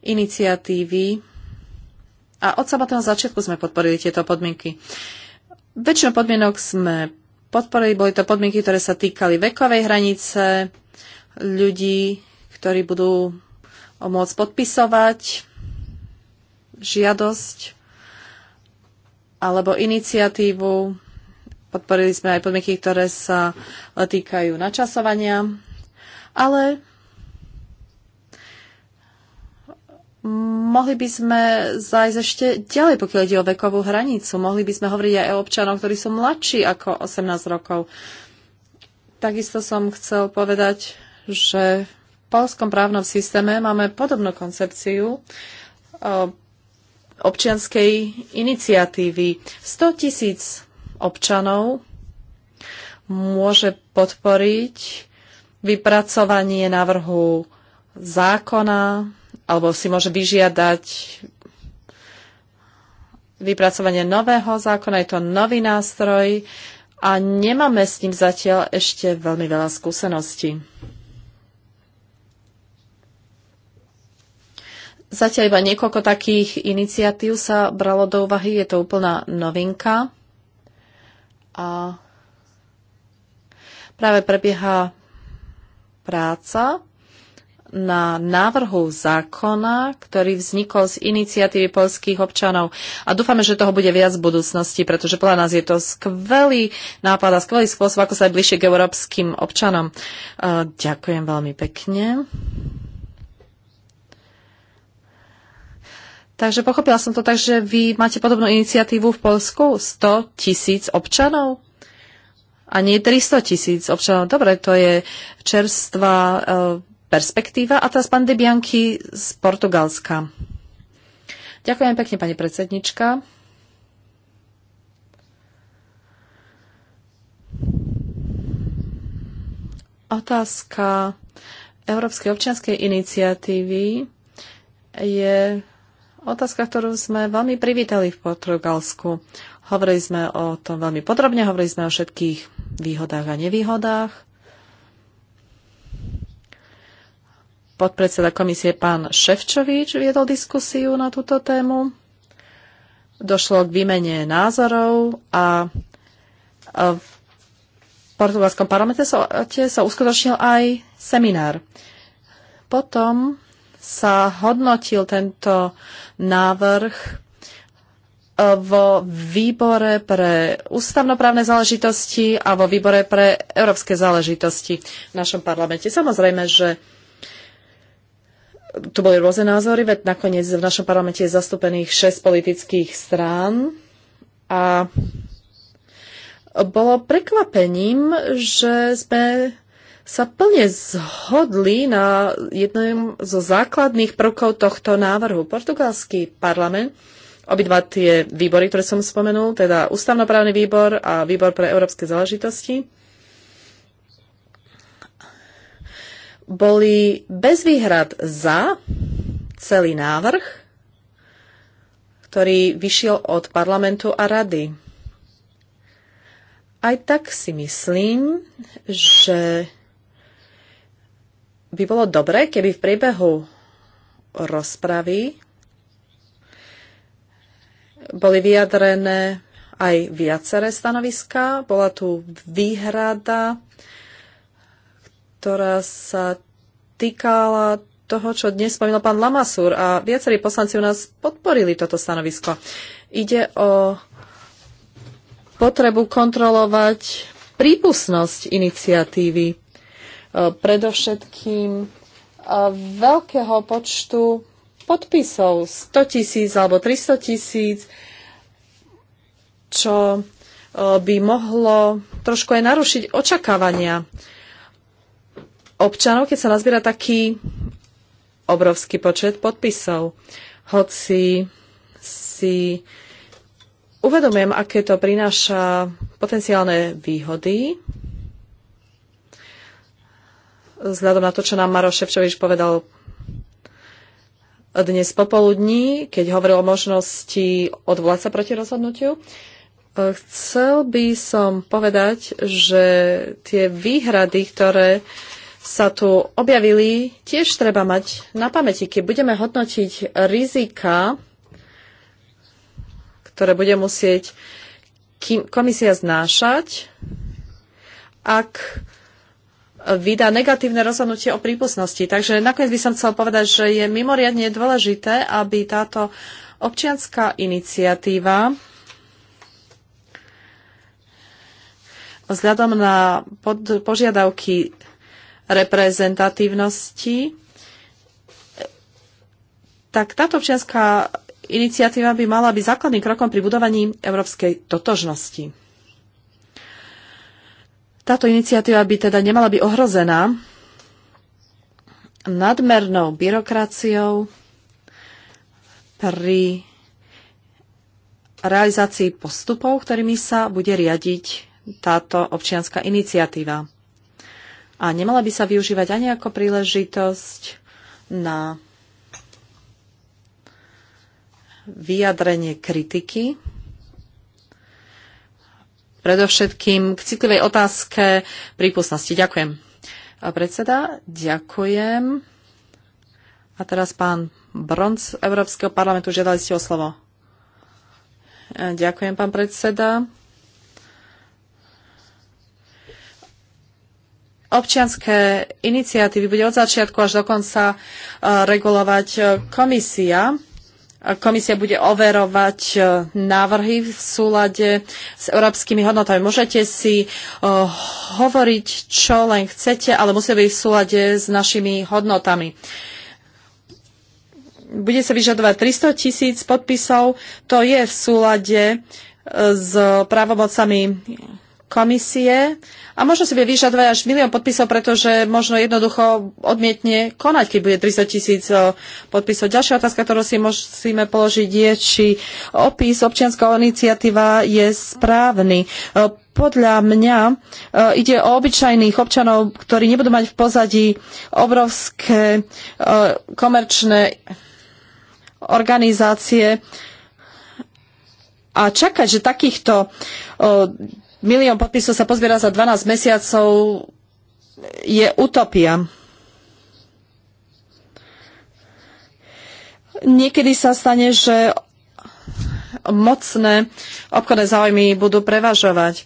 iniciatívy. A od samotného začiatku sme podporili tieto podmienky. Väčšinu podmienok sme podporili. Boli to podmienky, ktoré sa týkali vekovej hranice, ľudí, ktorí budú môcť podpisovať žiadosť alebo iniciatívu. Podporili sme aj podmienky, ktoré sa týkajú načasovania, ale Mohli by sme zájsť ešte ďalej, pokiaľ ide o vekovú hranicu. Mohli by sme hovoriť aj o občanov, ktorí sú mladší ako 18 rokov. Takisto som chcel povedať, že v polskom právnom systéme máme podobnú koncepciu občianskej iniciatívy. 100 tisíc občanov môže podporiť vypracovanie návrhu zákona, alebo si môže vyžiadať vypracovanie nového zákona, je to nový nástroj a nemáme s ním zatiaľ ešte veľmi veľa skúseností. Zatiaľ iba niekoľko takých iniciatív sa bralo do úvahy, je to úplná novinka. A práve prebieha práca na návrhu zákona, ktorý vznikol z iniciatívy polských občanov. A dúfame, že toho bude viac v budúcnosti, pretože podľa nás je to skvelý nápad a skvelý spôsob, ako sa aj bližšie k európskym občanom. Ďakujem veľmi pekne. Takže pochopila som to tak, že vy máte podobnú iniciatívu v Polsku 100 tisíc občanov a nie 300 tisíc občanov. Dobre, to je čerstvá eh, perspektíva. A teraz pán Debianky z Portugalska. Ďakujem pekne, pani predsednička. Otázka Európskej občianskej iniciatívy je otázka, ktorú sme veľmi privítali v Portugalsku. Hovorili sme o tom veľmi podrobne, hovorili sme o všetkých výhodách a nevýhodách. podpredseda komisie pán Ševčovič viedol diskusiu na túto tému. Došlo k výmene názorov a v portugalskom parlamente sa, uskutočnil aj seminár. Potom sa hodnotil tento návrh e, vo výbore pre ústavnoprávne záležitosti a vo výbore pre európske záležitosti v našom parlamente. Samozrejme, že tu boli rôzne názory, veď nakoniec v našom parlamente je zastúpených 6 politických strán a bolo prekvapením, že sme sa plne zhodli na jednom zo základných prvkov tohto návrhu. Portugalský parlament, obidva tie výbory, ktoré som spomenul, teda ústavnoprávny výbor a výbor pre európske záležitosti, boli bez výhrad za celý návrh, ktorý vyšiel od parlamentu a rady. Aj tak si myslím, že by bolo dobré, keby v priebehu rozpravy boli vyjadrené aj viaceré stanoviská. Bola tu výhrada ktorá sa týkala toho, čo dnes spomínal pán Lamasur a viacerí poslanci u nás podporili toto stanovisko. Ide o potrebu kontrolovať prípustnosť iniciatívy, e, predovšetkým e, veľkého počtu podpisov, 100 tisíc alebo 300 tisíc, čo e, by mohlo trošku aj narušiť očakávania občanov, keď sa nazbiera taký obrovský počet podpisov. Hoci si uvedomujem, aké to prináša potenciálne výhody, vzhľadom na to, čo nám Maro Ševčovič povedal dnes popoludní, keď hovoril o možnosti odvolať sa proti rozhodnutiu. Chcel by som povedať, že tie výhrady, ktoré sa tu objavili, tiež treba mať na pamäti, keď budeme hodnotiť rizika, ktoré bude musieť komisia znášať, ak vydá negatívne rozhodnutie o prípustnosti. Takže nakoniec by som chcel povedať, že je mimoriadne dôležité, aby táto občianská iniciatíva vzhľadom na požiadavky reprezentatívnosti, tak táto občianská iniciatíva by mala byť základným krokom pri budovaní európskej totožnosti. Táto iniciatíva by teda nemala byť ohrozená nadmernou byrokraciou pri realizácii postupov, ktorými sa bude riadiť táto občianská iniciatíva a nemala by sa využívať ani ako príležitosť na vyjadrenie kritiky, predovšetkým k citlivej otázke prípustnosti. Ďakujem. A predseda, ďakujem. A teraz pán Bronc Európskeho parlamentu, žiadali ste o slovo. Ďakujem, pán predseda. občianské iniciatívy bude od začiatku až do konca eh, regulovať eh, komisia. Komisia bude overovať eh, návrhy v súlade s európskymi hodnotami. Môžete si hovoriť, čo len chcete, ale musí byť v súlade s našimi hodnotami. Bude sa vyžadovať 300 tisíc podpisov. To je v súlade s právomocami komisie a možno si bude vyžadovať až milión podpisov, pretože možno jednoducho odmietne konať, keď bude 300 tisíc podpisov. Ďalšia otázka, ktorú si musíme položiť, je, či opis občianská iniciatíva je správny. Podľa mňa ide o obyčajných občanov, ktorí nebudú mať v pozadí obrovské komerčné organizácie, a čakať, že takýchto milión podpisov sa pozbiera za 12 mesiacov, je utopia. Niekedy sa stane, že mocné obchodné záujmy budú prevažovať.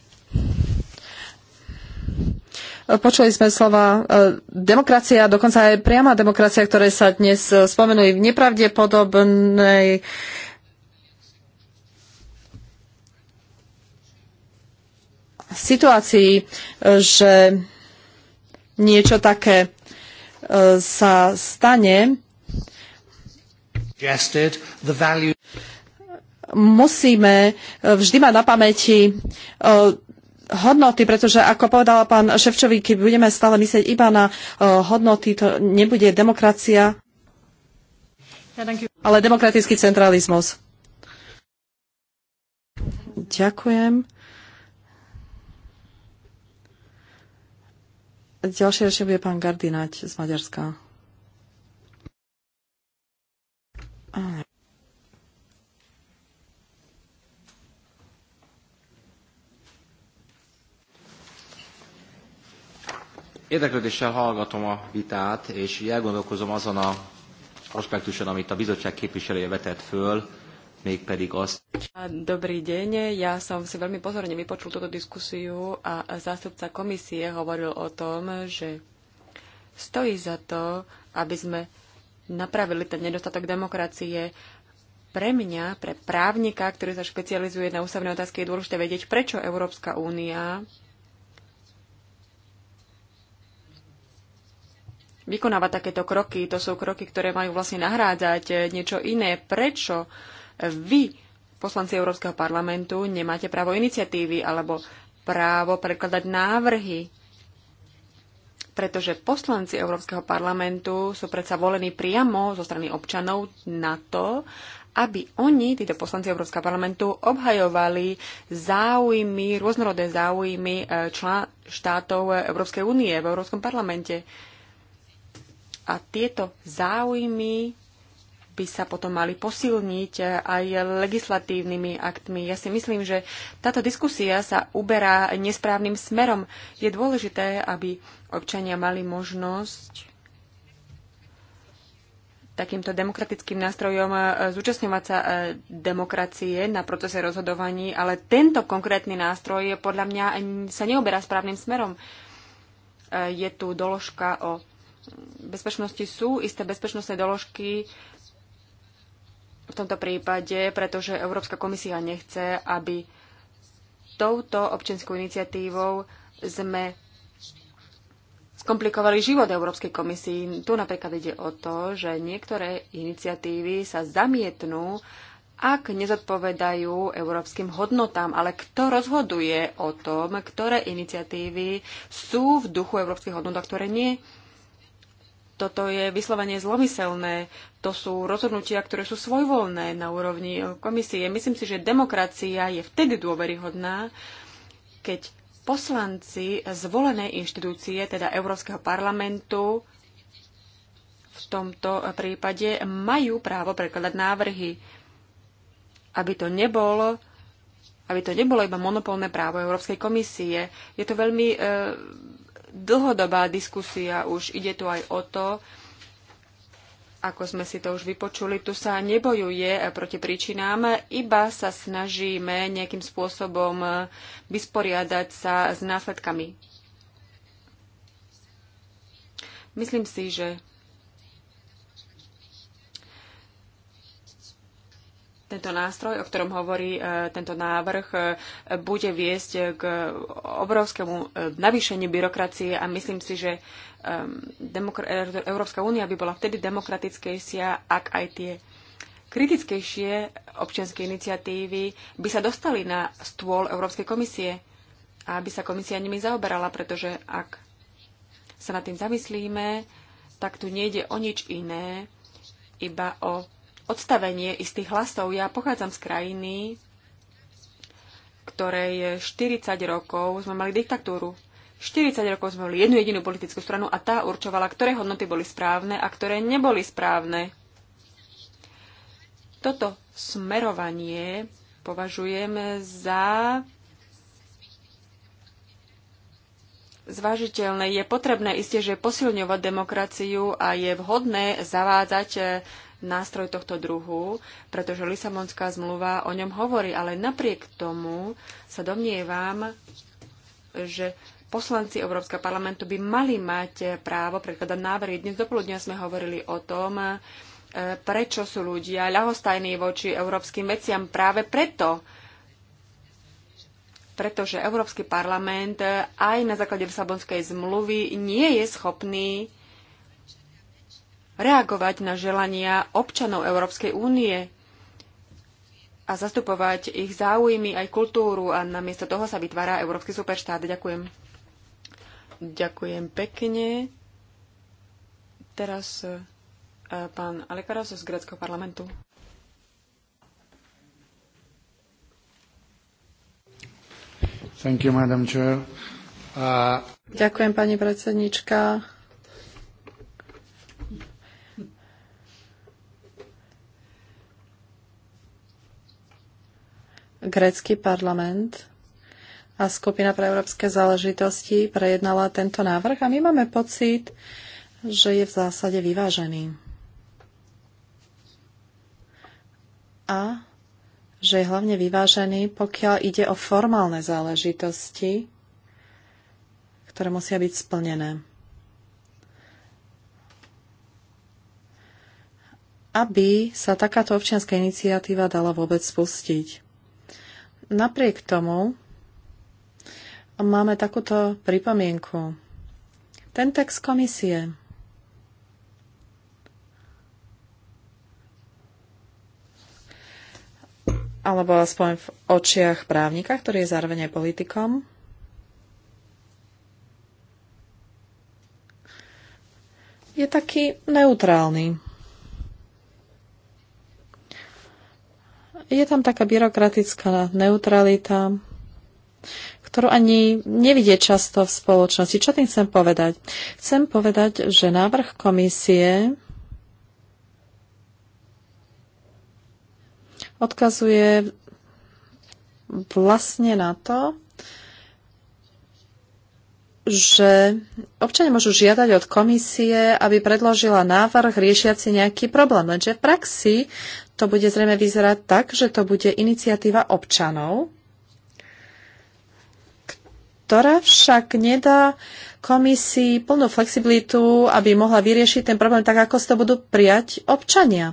Počuli sme slova e, demokracia, dokonca aj priama demokracia, ktoré sa dnes e, spomenuli v nepravdepodobnej V situácii, e, že niečo také e, sa stane, musíme e, vždy mať na pamäti hodnoty, pretože ako povedal pán Ševčovík, keď budeme stále myslieť iba na hodnoty, to nebude demokracia, ale demokratický centralizmus. Ďakujem. Ďalšie rečne bude pán Gardinať z Maďarska. Érdeklődéssel hallgatom a vitát, és elgondolkozom azon a aspektuson, amit a bizottság képviselője vetett föl, azt. Dobrý deň, ja som si veľmi pozorne vypočul túto diskusiu a zástupca komisie hovoril o tom, že stojí za to, aby sme napravili ten nedostatok demokracie. Pre mňa, pre právnika, ktorý sa špecializuje na ústavné otázky, je dôležité vedieť, prečo Európska únia vykonáva takéto kroky. To sú kroky, ktoré majú vlastne nahrádzať niečo iné. Prečo vy, poslanci Európskeho parlamentu, nemáte právo iniciatívy alebo právo prekladať návrhy, pretože poslanci Európskeho parlamentu sú predsa volení priamo zo strany občanov na to, aby oni, títo poslanci Európskeho parlamentu, obhajovali záujmy, rôznorodé záujmy e, člán, štátov Európskej únie v Európskom parlamente. A tieto záujmy by sa potom mali posilniť eh, aj legislatívnymi aktmi. Ja si myslím, že táto diskusia sa uberá nesprávnym smerom. Je dôležité, aby občania mali možnosť takýmto demokratickým nástrojom eh, zúčastňovať sa eh, demokracie na procese rozhodovaní, ale tento konkrétny nástroj podľa mňa sa neoberá správnym smerom. Je tu doložka o bezpečnosti. Sú isté bezpečnostné doložky, v tomto prípade, pretože Európska komisia nechce, aby touto občianskou iniciatívou sme skomplikovali život Európskej komisii. Tu napríklad ide o to, že niektoré iniciatívy sa zamietnú, ak nezodpovedajú európskym hodnotám. Ale kto rozhoduje o tom, ktoré iniciatívy sú v duchu európskych hodnot a ktoré nie? Toto je vyslovene zlomyselné. To sú rozhodnutia, ktoré sú svojvoľné na úrovni komisie. Myslím si, že demokracia je vtedy dôveryhodná, keď poslanci zvolenej inštitúcie, teda Európskeho parlamentu, v tomto prípade majú právo prekladať návrhy, aby to nebolo aby to nebolo iba monopolné právo Európskej komisie. Je to veľmi e, dlhodobá diskusia už. Ide tu aj o to, ako sme si to už vypočuli, tu sa nebojuje proti príčinám, iba sa snažíme nejakým spôsobom vysporiadať sa s následkami. Myslím si, že tento nástroj, o ktorom hovorí e, tento návrh, e, bude viesť k obrovskému e, navýšeniu byrokracie a myslím si, že Európska únia by bola vtedy demokratickejšia, ak aj tie kritickejšie občianske iniciatívy by sa dostali na stôl Európskej komisie a aby sa komisia nimi zaoberala, pretože ak sa nad tým zamyslíme, tak tu nejde o nič iné, iba o odstavenie istých hlasov. Ja pochádzam z krajiny, ktorej 40 rokov sme mali diktatúru. 40 rokov sme mali jednu jedinú politickú stranu a tá určovala, ktoré hodnoty boli správne a ktoré neboli správne. Toto smerovanie považujeme za zvážiteľné. Je potrebné isté, že posilňovať demokraciu a je vhodné zavádzať nástroj tohto druhu, pretože Lisabonská zmluva o ňom hovorí, ale napriek tomu sa domnievam, že poslanci Európskeho parlamentu by mali mať právo predkladať návrhy. Dnes dopoludnia sme hovorili o tom, e, prečo sú ľudia ľahostajní voči európskym veciam práve preto, pretože Európsky parlament aj na základe Lisabonskej zmluvy nie je schopný reagovať na želania občanov Európskej únie a zastupovať ich záujmy aj kultúru a namiesto toho sa vytvára Európsky superštát. Ďakujem. Ďakujem pekne. Teraz e, pán Alekaros z Gréckého parlamentu. Thank you, Madam Chair. Uh... Ďakujem, pani predsednička. Grécky parlament a skupina pre európske záležitosti prejednala tento návrh a my máme pocit, že je v zásade vyvážený. A že je hlavne vyvážený, pokiaľ ide o formálne záležitosti, ktoré musia byť splnené. Aby sa takáto občianská iniciatíva dala vôbec spustiť. Napriek tomu máme takúto pripomienku. Ten text komisie alebo aspoň v očiach právnika, ktorý je zároveň aj politikom, je taký neutrálny. Je tam taká byrokratická neutralita, ktorú ani nevidie často v spoločnosti. Čo tým chcem povedať? Chcem povedať, že návrh komisie odkazuje vlastne na to, že občania môžu žiadať od komisie, aby predložila návrh riešiaci nejaký problém, lenže v praxi to bude zrejme vyzerať tak, že to bude iniciatíva občanov, ktorá však nedá komisii plnú flexibilitu, aby mohla vyriešiť ten problém tak, ako sa to budú prijať občania.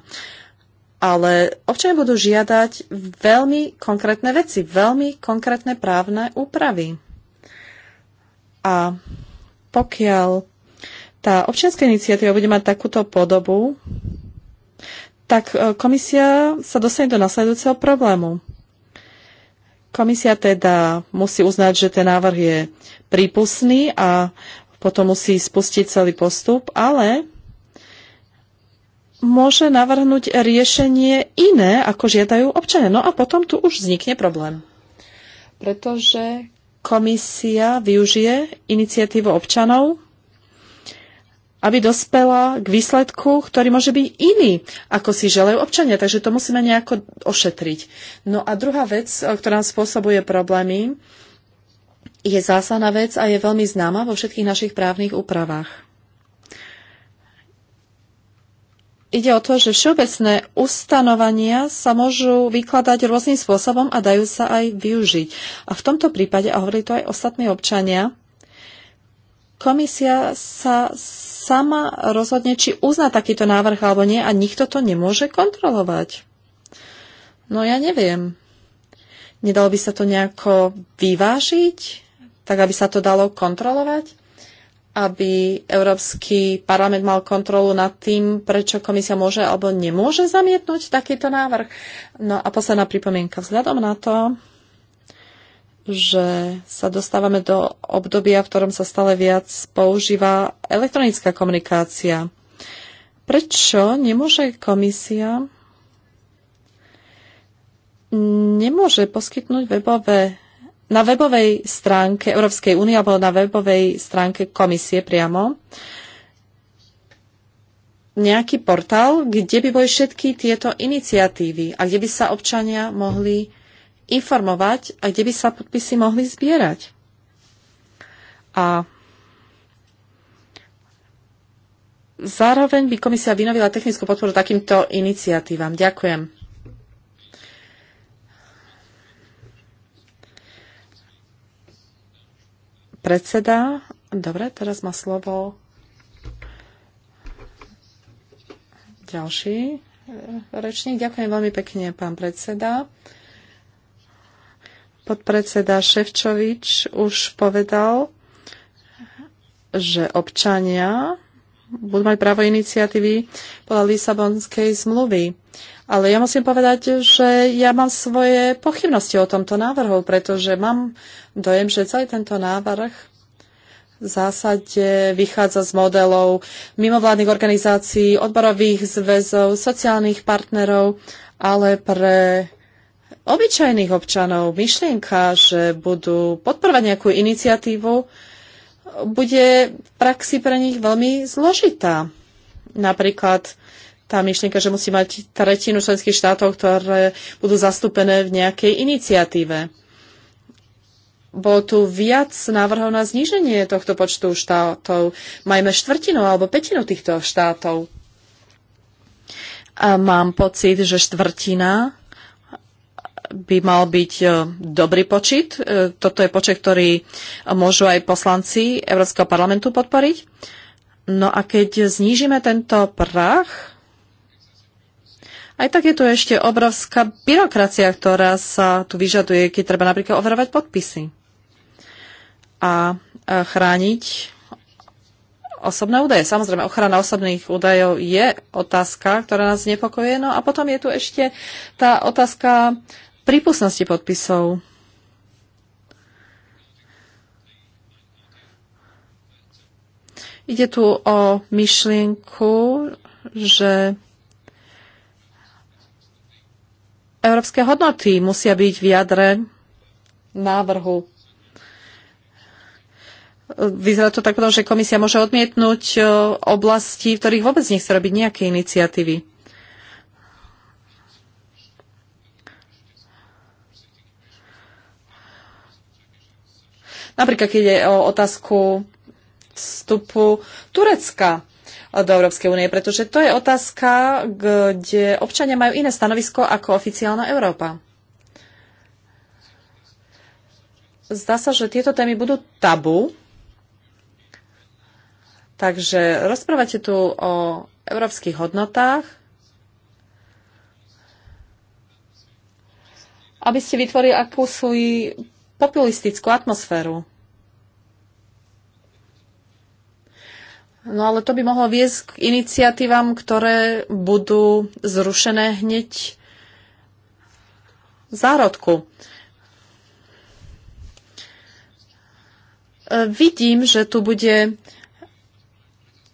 Ale občania budú žiadať veľmi konkrétne veci, veľmi konkrétne právne úpravy. A pokiaľ tá občianská iniciatíva bude mať takúto podobu, tak e, komisia sa dostane do nasledujúceho problému. Komisia teda musí uznať, že ten návrh je prípustný a potom musí spustiť celý postup, ale môže navrhnúť riešenie iné, ako žiadajú občania. No a potom tu už vznikne problém. Pretože komisia využije iniciatívu občanov, aby dospela k výsledku, ktorý môže byť iný, ako si želajú občania. Takže to musíme nejako ošetriť. No a druhá vec, ktorá nám spôsobuje problémy, je zásadná vec a je veľmi známa vo všetkých našich právnych úpravách. ide o to, že všeobecné ustanovania sa môžu vykladať rôznym spôsobom a dajú sa aj využiť. A v tomto prípade, a hovorili to aj ostatní občania, komisia sa sama rozhodne, či uzná takýto návrh alebo nie a nikto to nemôže kontrolovať. No ja neviem. Nedalo by sa to nejako vyvážiť, tak aby sa to dalo kontrolovať? aby Európsky parlament mal kontrolu nad tým, prečo komisia môže alebo nemôže zamietnúť takýto návrh. No a posledná pripomienka vzhľadom na to, že sa dostávame do obdobia, v ktorom sa stále viac používa elektronická komunikácia. Prečo nemôže komisia nemôže poskytnúť webové na webovej stránke Európskej únie alebo na webovej stránke komisie priamo nejaký portál, kde by boli všetky tieto iniciatívy a kde by sa občania mohli informovať a kde by sa podpisy mohli zbierať. A zároveň by komisia vynovila technickú podporu takýmto iniciatívam. Ďakujem. Predseda, dobre, teraz má slovo ďalší eh, rečník. Ďakujem veľmi pekne, pán predseda. Podpredseda Ševčovič už povedal, že občania budú mať právo iniciatívy podľa Lisabonskej zmluvy. Ale ja musím povedať, že ja mám svoje pochybnosti o tomto návrhu, pretože mám dojem, že celý tento návrh v zásade vychádza z modelov mimovládnych organizácií, odborových zväzov, sociálnych partnerov, ale pre obyčajných občanov myšlienka, že budú podporovať nejakú iniciatívu, bude v praxi pre nich veľmi zložitá. Napríklad tá myšlienka, že musí mať tretinu členských štátov, ktoré budú zastúpené v nejakej iniciatíve. Bolo tu viac návrhov na zníženie tohto počtu štátov. Majme štvrtinu alebo petinu týchto štátov. A mám pocit, že štvrtina by mal byť e, dobrý počet. E, toto je počet, ktorý môžu aj poslanci Európskeho parlamentu podporiť. No a keď znížime tento prach, aj tak je tu ešte obrovská byrokracia, ktorá sa tu vyžaduje, keď treba napríklad overovať podpisy a e, chrániť osobné údaje. Samozrejme, ochrana osobných údajov je otázka, ktorá nás znepokoje. No a potom je tu ešte tá otázka prípustnosti podpisov. Ide tu o myšlienku, že európske hodnoty musia byť v jadre návrhu. Vyzerá to tak, že komisia môže odmietnúť oblasti, v ktorých vôbec nechce robiť nejaké iniciatívy. Napríklad, keď ide o otázku vstupu Turecka do Európskej únie, pretože to je otázka, kde občania majú iné stanovisko ako oficiálna Európa. Zdá sa, že tieto témy budú tabu, takže rozprávate tu o európskych hodnotách, aby ste vytvorili akúsi populistickú atmosféru. No ale to by mohlo viesť k iniciatívam, ktoré budú zrušené hneď v zárodku. E, vidím, že tu bude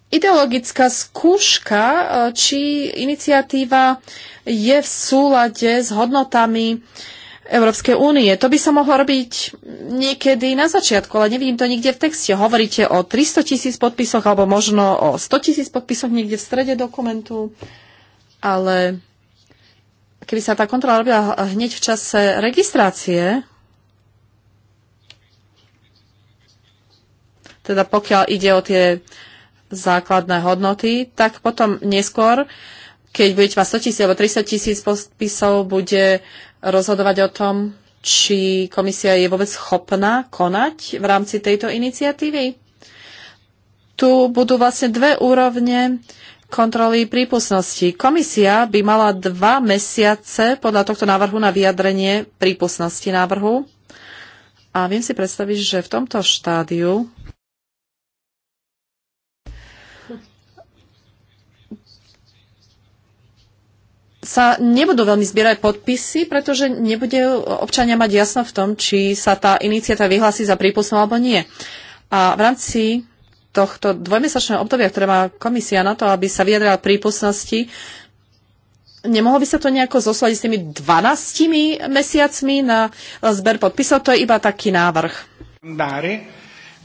ideologická skúška, e, či iniciatíva je v súlade s hodnotami Európskej únie. To by sa mohlo robiť niekedy na začiatku, ale nevidím to nikde v texte. Hovoríte o 300 tisíc podpisoch alebo možno o 100 tisíc podpisoch niekde v strede dokumentu, ale keby sa tá kontrola robila hneď v čase registrácie, teda pokiaľ ide o tie základné hodnoty, tak potom neskôr, keď budete mať 100 tisíc alebo 300 tisíc podpisov, bude rozhodovať o tom, či komisia je vôbec schopná konať v rámci tejto iniciatívy. Tu budú vlastne dve úrovne kontroly prípustnosti. Komisia by mala dva mesiace podľa tohto návrhu na vyjadrenie prípustnosti návrhu. A viem si predstaviť, že v tomto štádiu sa nebudú veľmi zbierať podpisy, pretože nebude občania mať jasno v tom, či sa tá iniciatíva vyhlási za prípustnú alebo nie. A v rámci tohto dvojmesačného obdobia, ktoré má komisia na to, aby sa vyjadrala prípustnosti, nemohlo by sa to nejako zosladiť s tými 12 mesiacmi na zber podpisov? To je iba taký návrh. Dáre.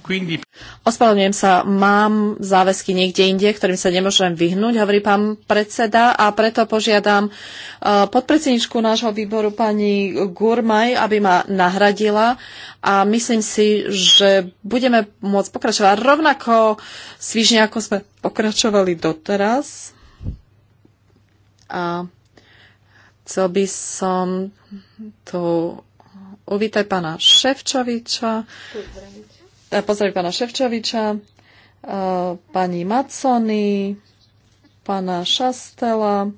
Quindi... Ospravedlňujem sa, mám záväzky niekde inde, ktorým sa nemôžem vyhnúť, hovorí pán predseda a preto požiadam uh, podpredsedničku nášho výboru pani Gurmaj, aby ma nahradila a myslím si, že budeme môcť pokračovať rovnako svižne, ako sme pokračovali doteraz. A chcel by som tu uvítať pána Ševčoviča. Pozdraviť. E, pozdraví pána Ševčoviča, e, pani Macony, pána Šastela.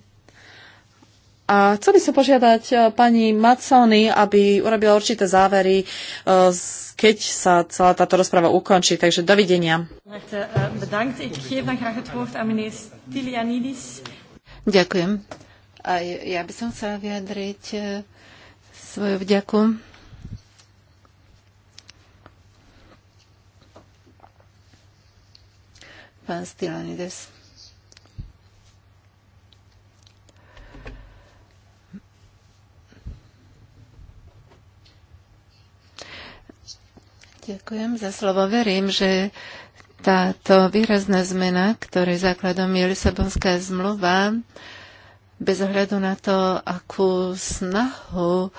A chcel by som požiadať e, pani Macony, aby urobila určité závery, keď sa celá táto rozpráva ukončí. Takže dovidenia. Ďakujem. A ja by som chcela vyjadriť svoju vďaku pán Stylanides. Ďakujem za slovo. Verím, že táto výrazná zmena, ktorej základom je Lisabonská zmluva, bez ohľadu na to, akú snahu e,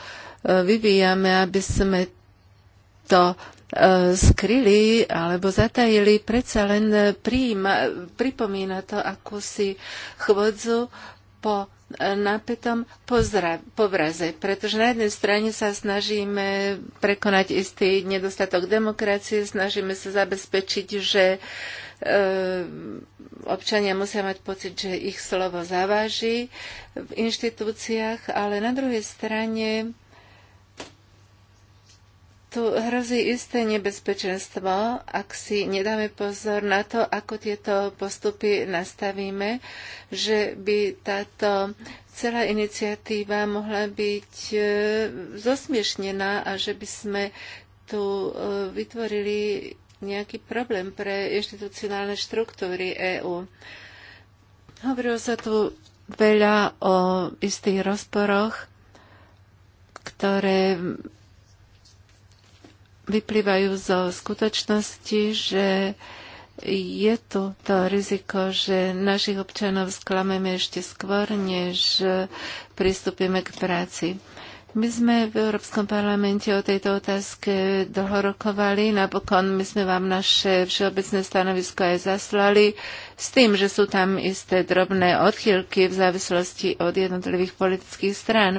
vyvíjame, aby sme to E, skryli alebo zatajili, predsa len prijíma, pripomína to akúsi chvodzu po napätom povraze, pretože na jednej strane sa snažíme prekonať istý nedostatok demokracie, snažíme sa zabezpečiť, že e, občania musia mať pocit, že ich slovo zaváži v inštitúciách, ale na druhej strane tu hrozí isté nebezpečenstvo, ak si nedáme pozor na to, ako tieto postupy nastavíme, že by táto celá iniciatíva mohla byť e, zosmiešnená a že by sme tu e, vytvorili nejaký problém pre inštitucionálne štruktúry EÚ. Hovorilo sa tu veľa o istých rozporoch, ktoré vyplývajú zo skutočnosti, že je tu to riziko, že našich občanov sklameme ešte skôr, než pristúpime k práci. My sme v Európskom parlamente o tejto otázke dlhorokovali. Napokon my sme vám naše všeobecné stanovisko aj zaslali s tým, že sú tam isté drobné odchýlky v závislosti od jednotlivých politických strán.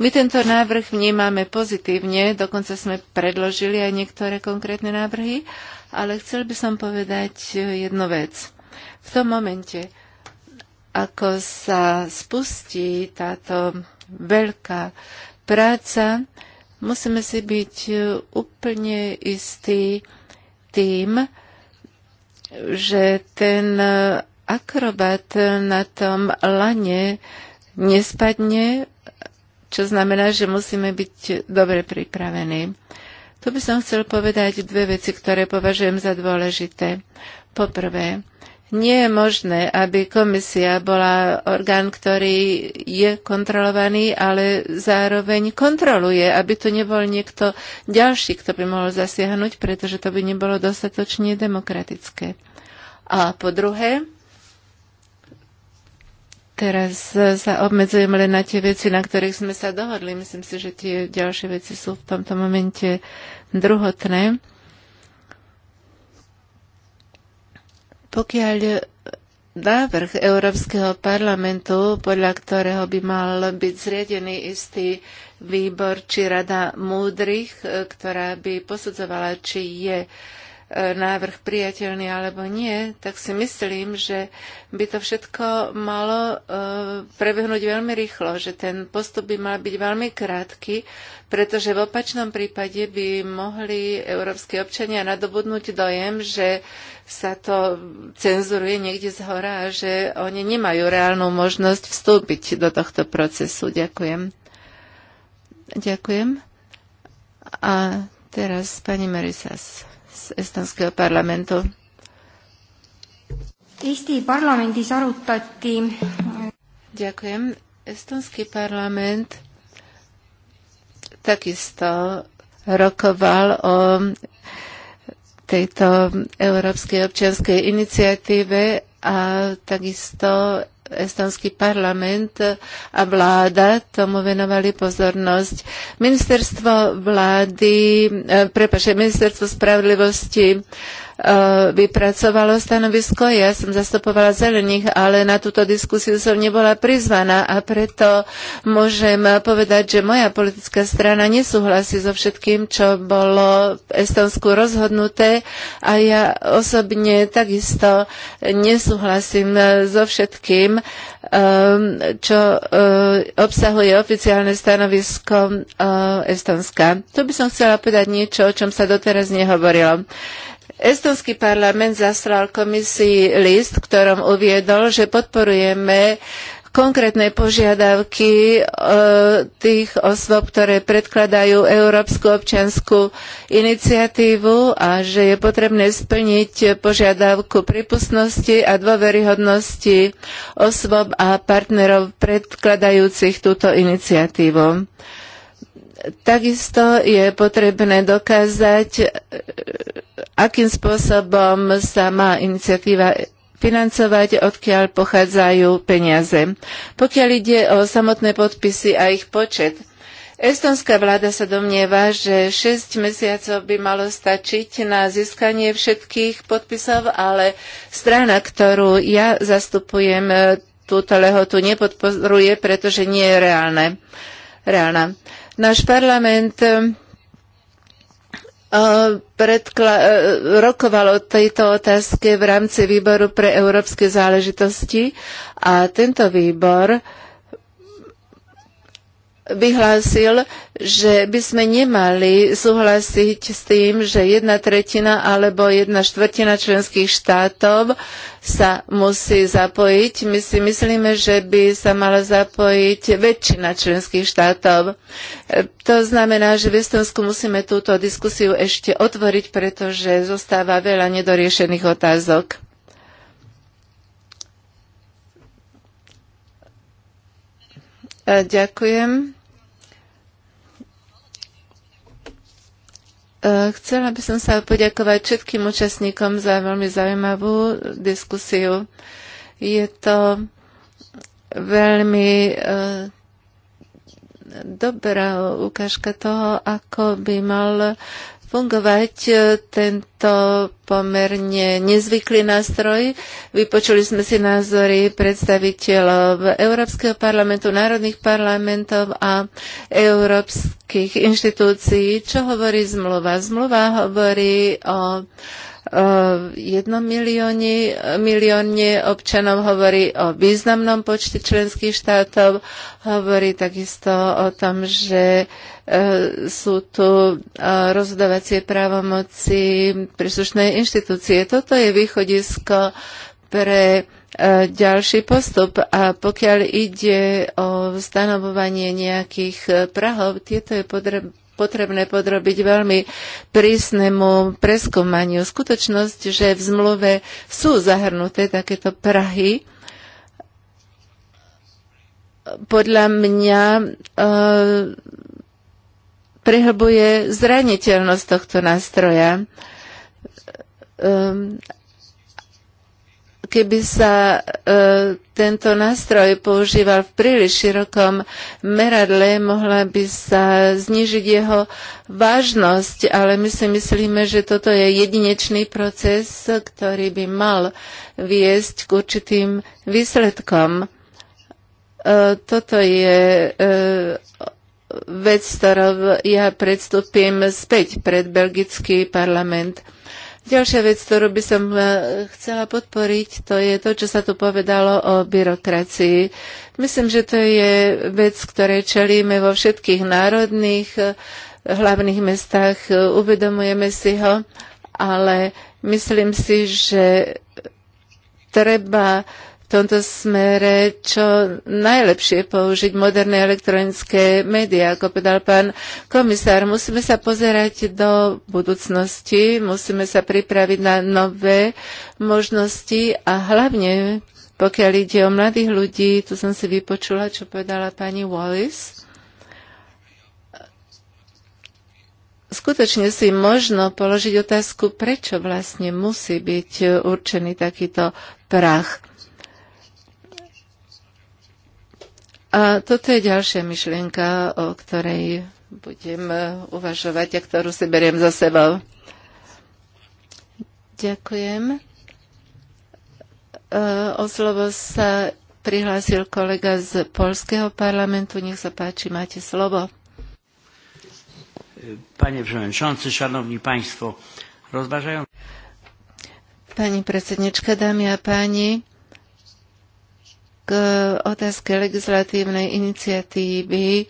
My tento návrh vnímame pozitívne, dokonca sme predložili aj niektoré konkrétne návrhy, ale chcel by som povedať jednu vec. V tom momente, ako sa spustí táto veľká práca, musíme si byť e, úplne istí tým, že ten e, akrobat na tom lane nespadne, čo znamená, že musíme byť dobre pripravení. Tu by som chcel povedať dve veci, ktoré považujem za dôležité. Poprvé, nie je možné, aby komisia bola orgán, ktorý je kontrolovaný, ale zároveň kontroluje, aby tu nebol niekto ďalší, kto by mohol zasiahnuť, pretože to by nebolo dostatočne demokratické. A po druhé, teraz sa obmedzujem len na tie veci, na ktorých sme sa dohodli. Myslím si, že tie ďalšie veci sú v tomto momente druhotné. Pokiaľ návrh Európskeho parlamentu, podľa ktorého by mal byť zriedený istý výbor či rada múdrych, e, ktorá by posudzovala, či je návrh priateľný alebo nie, tak si myslím, že by to všetko malo e, prebehnúť veľmi rýchlo, že ten postup by mal byť veľmi krátky, pretože v opačnom prípade by mohli európsky občania nadobudnúť dojem, že sa to cenzuruje niekde z hora a že oni nemajú reálnu možnosť vstúpiť do tohto procesu. Ďakujem. Ďakujem. A teraz pani Marisas parlamentu. Eesti arutati... Ďakujem. Estonský parlament takisto rokoval o tejto Európskej občianskej iniciatíve a takisto estonský parlament a vláda tomu venovali pozornosť. Ministerstvo vlády, eh, prepače, ministerstvo spravodlivosti Eh, vypracovalo stanovisko. Ja som zastupovala zelených, ale na túto diskusiu som nebola prizvaná a preto môžem povedať, že moja politická strana nesúhlasí so všetkým, čo bolo v Estonsku rozhodnuté a ja osobne takisto nesúhlasím eh, so všetkým, ehm, čo eh, obsahuje oficiálne stanovisko Estonska. Tu by som chcela povedať niečo, o čom sa doteraz nehovorilo. Estonský parlament zaslal komisii list, ktorom uviedol, že podporujeme konkrétne požiadavky e, tých osôb, ktoré predkladajú Európsku občiansku iniciatívu a že je potrebné splniť požiadavku prípustnosti a dôveryhodnosti osôb a partnerov predkladajúcich túto iniciatívu. Takisto je potrebné dokázať, e, akým spôsobom sa má iniciatíva financovať, odkiaľ pochádzajú peniaze. Pokiaľ ide o samotné podpisy a ich počet, Estonská vláda sa domnieva, že 6 mesiacov by malo stačiť na získanie všetkých podpisov, ale strana, ktorú ja zastupujem, e, túto lehotu nepodporuje, pretože nie je reálne. reálna. Náš parlament eh, eh, rokoval o tejto otázke v rámci výboru pre európske záležitosti a tento výbor vyhlásil, že by sme nemali súhlasiť s tým, že jedna tretina alebo jedna štvrtina členských štátov sa musí zapojiť. My si myslíme, že by sa mala zapojiť väčšina členských štátov. To znamená, že v Estonsku musíme túto diskusiu ešte otvoriť, pretože zostáva veľa nedoriešených otázok. Ďakujem. Eh, chcela by som sa poďakovať všetkým účastníkom za veľmi zaujímavú diskusiu. Je to veľmi eh, dobrá ukážka toho, ako by mal fungovať e, tento pomerne nezvyklý nástroj. Vypočuli sme si názory predstaviteľov Európskeho parlamentu, národných parlamentov a európskych inštitúcií. Čo hovorí zmluva? Zmluva hovorí o Eh, jednom milióne, milióne občanov, hovorí o významnom počte členských štátov, hovorí takisto o tom, že eh, sú tu eh, rozhodovacie právomoci príslušnej inštitúcie. Toto je východisko pre ďalší postup. A pokiaľ ide o stanovovanie nejakých prahov, tieto je potrebné podrobiť veľmi prísnemu preskúmaniu. Skutočnosť, že v zmluve sú zahrnuté takéto prahy, podľa mňa e, prehlbuje zraniteľnosť tohto nástroja. E, keby sa e, tento nástroj používal v príliš širokom meradle, mohla by sa znižiť jeho vážnosť, ale my si myslíme, že toto je jedinečný proces, ktorý by mal viesť k určitým výsledkom. E, toto je e, vec, ktorou ja predstúpim späť pred belgický parlament. Ďalšia vec, ktorú by som e, chcela podporiť, to je to, čo sa tu povedalo o byrokracii. Myslím, že to je vec, ktorej čelíme vo všetkých národných e, hlavných mestách. E, uvedomujeme si ho, ale myslím si, že treba uh, tomto smere čo najlepšie použiť moderné elektronické médiá. Ako povedal pán komisár, musíme sa pozerať do budúcnosti, musíme sa pripraviť na nové možnosti a hlavne, pokiaľ ide o mladých ľudí, tu som si vypočula, čo povedala pani Wallis, skutočne si možno položiť otázku, prečo vlastne musí byť určený takýto prach. A toto je ďalšia myšlienka, o ktorej budem e, uvažovať a ktorú si beriem za sebou. Ďakujem. E, o slovo sa prihlásil kolega z Polského parlamentu. Nech sa páči, máte slovo. Panie przewodniczący, šanovní państwo, rozważają... Pani predsednička, dámy a páni, k otázke legislatívnej iniciatívy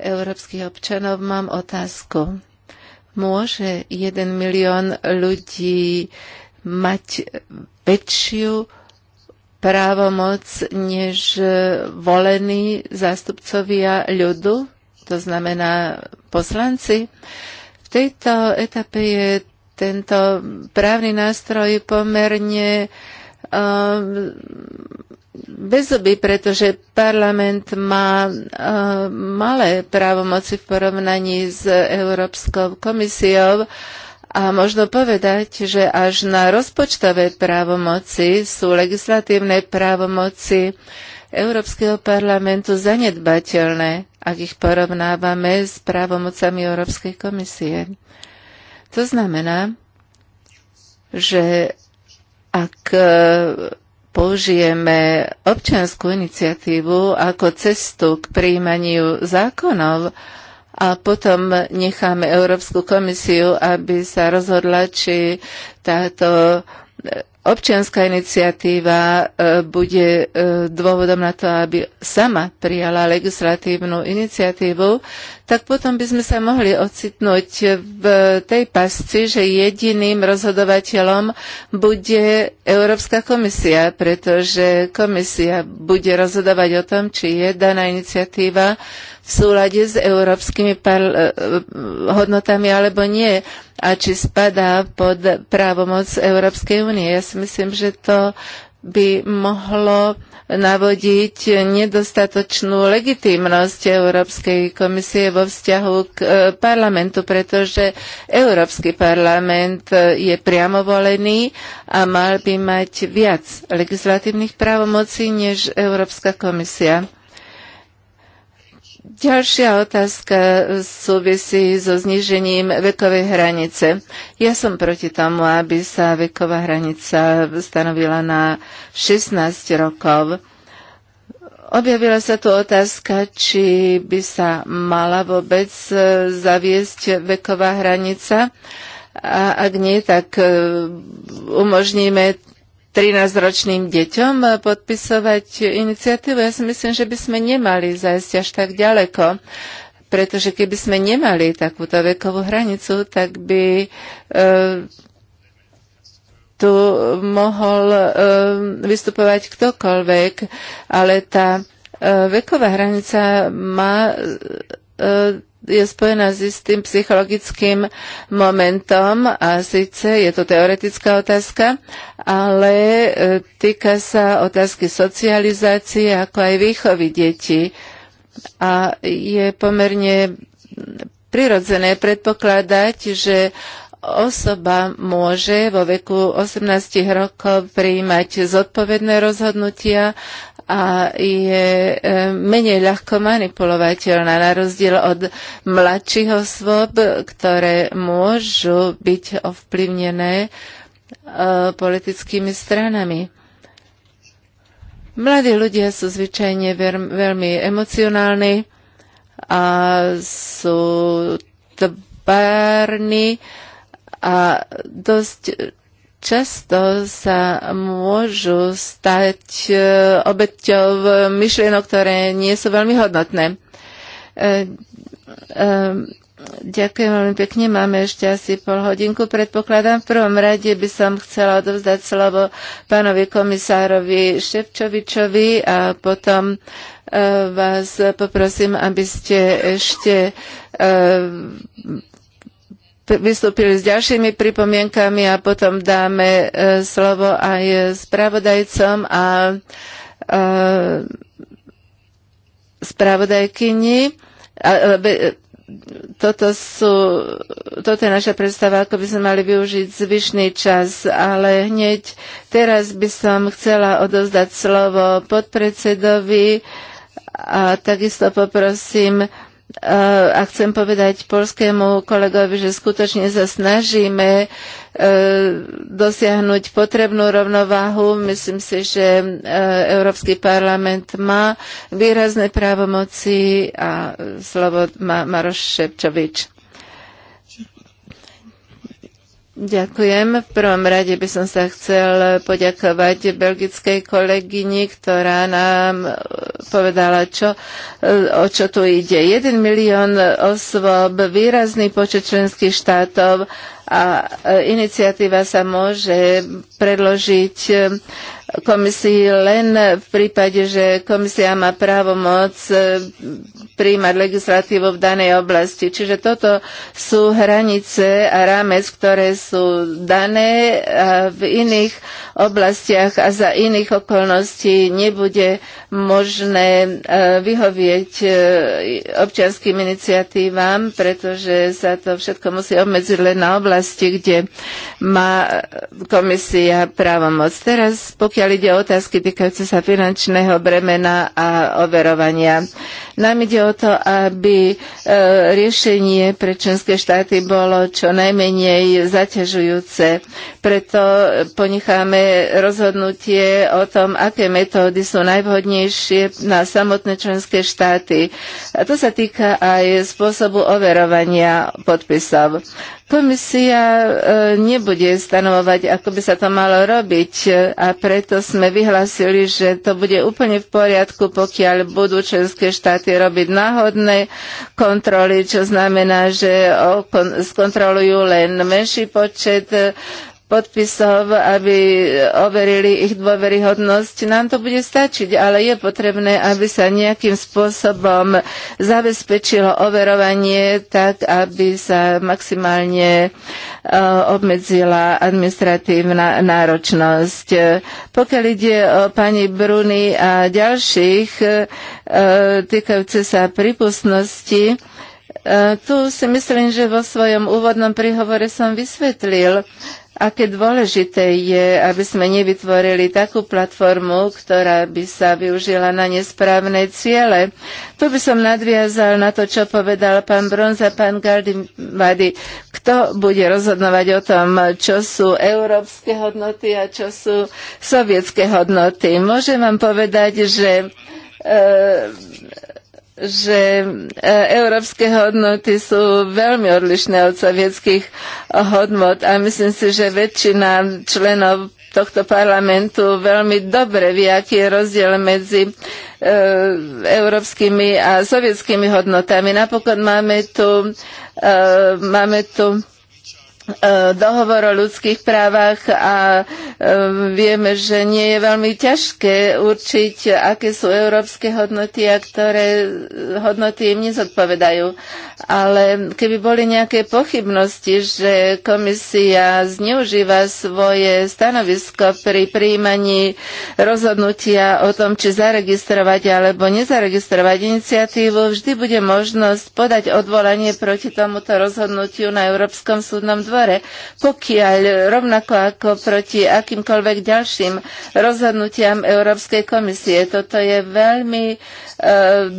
európskych občanov mám otázku. Môže jeden milión ľudí mať väčšiu právomoc než volení zástupcovia ľudu, to znamená poslanci? V tejto etape je tento právny nástroj pomerne um, bez zuby, pretože parlament má uh, malé právomoci v porovnaní s Európskou komisiou a možno povedať, že až na rozpočtové právomoci sú legislatívne právomoci Európskeho parlamentu zanedbateľné, ak ich porovnávame s právomocami Európskej komisie. To znamená, že ak uh, použijeme občianskú iniciatívu ako cestu k príjmaniu zákonov a potom necháme Európsku komisiu, aby sa rozhodla, či táto občianská iniciatíva e, bude e, dôvodom na to, aby sama prijala legislatívnu iniciatívu, tak potom by sme sa mohli ocitnúť v tej pasci, že jediným rozhodovateľom bude Európska komisia, pretože komisia bude rozhodovať o tom, či je daná iniciatíva v súlade s európskymi eh, hodnotami alebo nie a či spadá pod právomoc Európskej únie. Ja si myslím, že to by mohlo navodiť nedostatočnú legitímnosť Európskej komisie vo vzťahu k e, parlamentu, pretože Európsky parlament e, je priamo volený a mal by mať viac legislatívnych právomocí než Európska komisia. Ďalšia otázka súvisí so znižením vekovej hranice. Ja som proti tomu, aby sa veková hranica stanovila na 16 rokov. Objavila sa tu otázka, či by sa mala vôbec zaviesť veková hranica. A ak nie, tak e, umožníme 13-ročným deťom podpisovať iniciatívu. Ja si myslím, že by sme nemali zajsť až tak ďaleko, pretože keby sme nemali takúto vekovú hranicu, tak by e, tu mohol e, vystupovať ktokoľvek, ale tá e, veková hranica má e, je spojená s istým psychologickým momentom a síce je to teoretická otázka, ale e, týka sa otázky socializácie ako aj výchovy detí a je pomerne prirodzené predpokladať, že osoba môže vo veku 18 rokov prijímať zodpovedné rozhodnutia a je e, menej ľahko manipulovateľná na rozdiel od mladších osôb, ktoré môžu byť ovplyvnené e, politickými stranami. Mladí ľudia sú zvyčajne veľmi emocionálni a sú tvárni a dosť často sa môžu stať e, obeťou myšlienok, ktoré nie sú veľmi hodnotné. E, e, ďakujem veľmi pekne. Máme ešte asi pol hodinku, predpokladám. V prvom rade by som chcela odovzdať slovo pánovi komisárovi Ševčovičovi a potom vás poprosím, aby ste ešte vystúpili s ďalšími pripomienkami a potom dáme e, slovo aj spravodajcom a e, spravodajkyni. E, toto, sú, toto je naša predstava, ako by sme mali využiť zvyšný čas, ale hneď teraz by som chcela odovzdať slovo podpredsedovi a takisto poprosím a chcem povedať polskému kolegovi, že skutočne sa snažíme e, dosiahnuť potrebnú rovnováhu. Myslím si, že e, Európsky parlament má výrazné právomoci a slovo má Maroš Šepčovič. Ďakujem. V prvom rade by som sa chcel poďakovať belgickej kolegyni, ktorá nám e, povedala, čo, e, o čo tu ide. 1 milión osôb, výrazný počet členských štátov a e, iniciatíva sa môže predložiť komisii len v prípade, že komisia má právomoc e, príjmať legislatívu v danej oblasti. Čiže toto sú hranice a rámec, ktoré sú dané a v iných oblastiach a za iných okolností nebude možné e, vyhovieť e, občianským iniciatívam, pretože sa to všetko musí obmedziť len na oblasti, kde má komisia právomoc. Teraz, pokiaľ pokiaľ ide o otázky týkajúce sa finančného bremena a overovania. Nám ide o to, aby e, riešenie pre členské štáty bolo čo najmenej zaťažujúce. Preto ponecháme rozhodnutie o tom, aké metódy sú najvhodnejšie na samotné členské štáty. A to sa týka aj spôsobu overovania podpisov. Komisia e, nebude stanovovať, ako by sa to malo robiť e, a preto sme vyhlasili, že to bude úplne v poriadku, pokiaľ budú členské štáty robiť náhodné kontroly, čo znamená, že skontrolujú len menší počet e, podpisov, aby overili ich dôveryhodnosť, nám to bude stačiť, ale je potrebné, aby sa nejakým spôsobom zabezpečilo overovanie tak, aby sa maximálne e, obmedzila administratívna náročnosť. Pokiaľ ide o pani Bruny a ďalších e, týkajúce sa prípustnosti, e, tu si myslím, že vo svojom úvodnom príhovore som vysvetlil, aké dôležité je, aby sme nevytvorili takú platformu, ktorá by sa využila na nesprávne ciele. Tu by som nadviazal na to, čo povedal pán Bronza, pán Gardimady. Kto bude rozhodnovať o tom, čo sú európske hodnoty a čo sú sovietské hodnoty? Môžem vám povedať, že e, že e, európske hodnoty sú veľmi odlišné od sovietských hodnot a myslím si, že väčšina členov tohto parlamentu veľmi dobre vie, aký je rozdiel medzi e, európskymi a sovietskými hodnotami. Napokon máme tu, e, máme tu dohovor o ľudských právach a Ehm, vieme, že nie je veľmi ťažké určiť, aké sú európske hodnoty a ktoré eh, hodnoty im nezodpovedajú. Ale keby boli nejaké pochybnosti, že komisia zneužíva svoje stanovisko pri príjmaní rozhodnutia o tom, či zaregistrovať alebo nezaregistrovať iniciatívu, vždy bude možnosť podať odvolanie proti tomuto rozhodnutiu na Európskom súdnom dvore, pokiaľ rovnako ako proti akým akýmkoľvek ďalším rozhodnutiam Európskej komisie. Toto je veľmi e,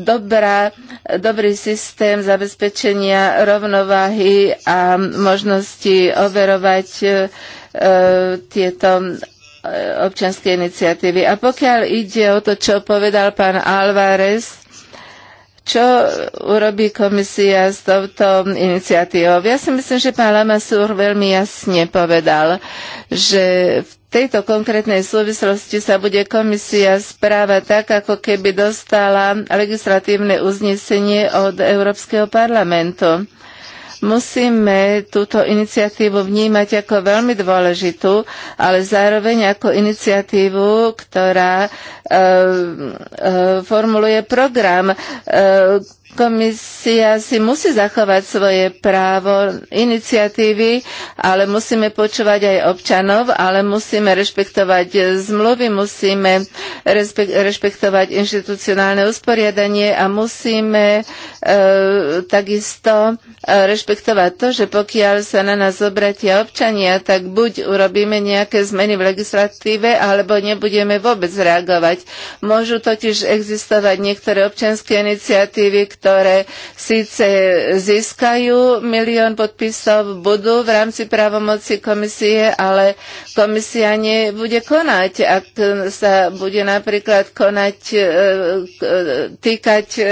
dobrá, dobrý systém zabezpečenia rovnováhy a možnosti overovať e, tieto e, občianskej iniciatívy. A pokiaľ ide o to, čo povedal pán Alvarez, čo urobí komisia s touto iniciatívou? Ja si myslím, že pán Lamasur veľmi jasne povedal, že v tejto konkrétnej súvislosti sa bude komisia správa tak, ako keby dostala legislatívne uznesenie od Európskeho parlamentu. Musíme túto iniciatívu vnímať ako veľmi dôležitú, ale zároveň ako iniciatívu, ktorá e, e, formuluje program, e, Komisia si musí zachovať svoje právo iniciatívy, ale musíme počúvať aj občanov, ale musíme rešpektovať zmluvy, musíme rešpektovať inštitucionálne usporiadanie a musíme e, takisto e, rešpektovať to, že pokiaľ sa na nás obratia občania, tak buď urobíme nejaké zmeny v legislatíve, alebo nebudeme vôbec reagovať. Môžu totiž existovať niektoré občianské iniciatívy, ktoré síce získajú milión podpisov, budú v rámci právomoci komisie, ale komisia nebude konať. Ak sa bude napríklad konať, e, e, týkať e,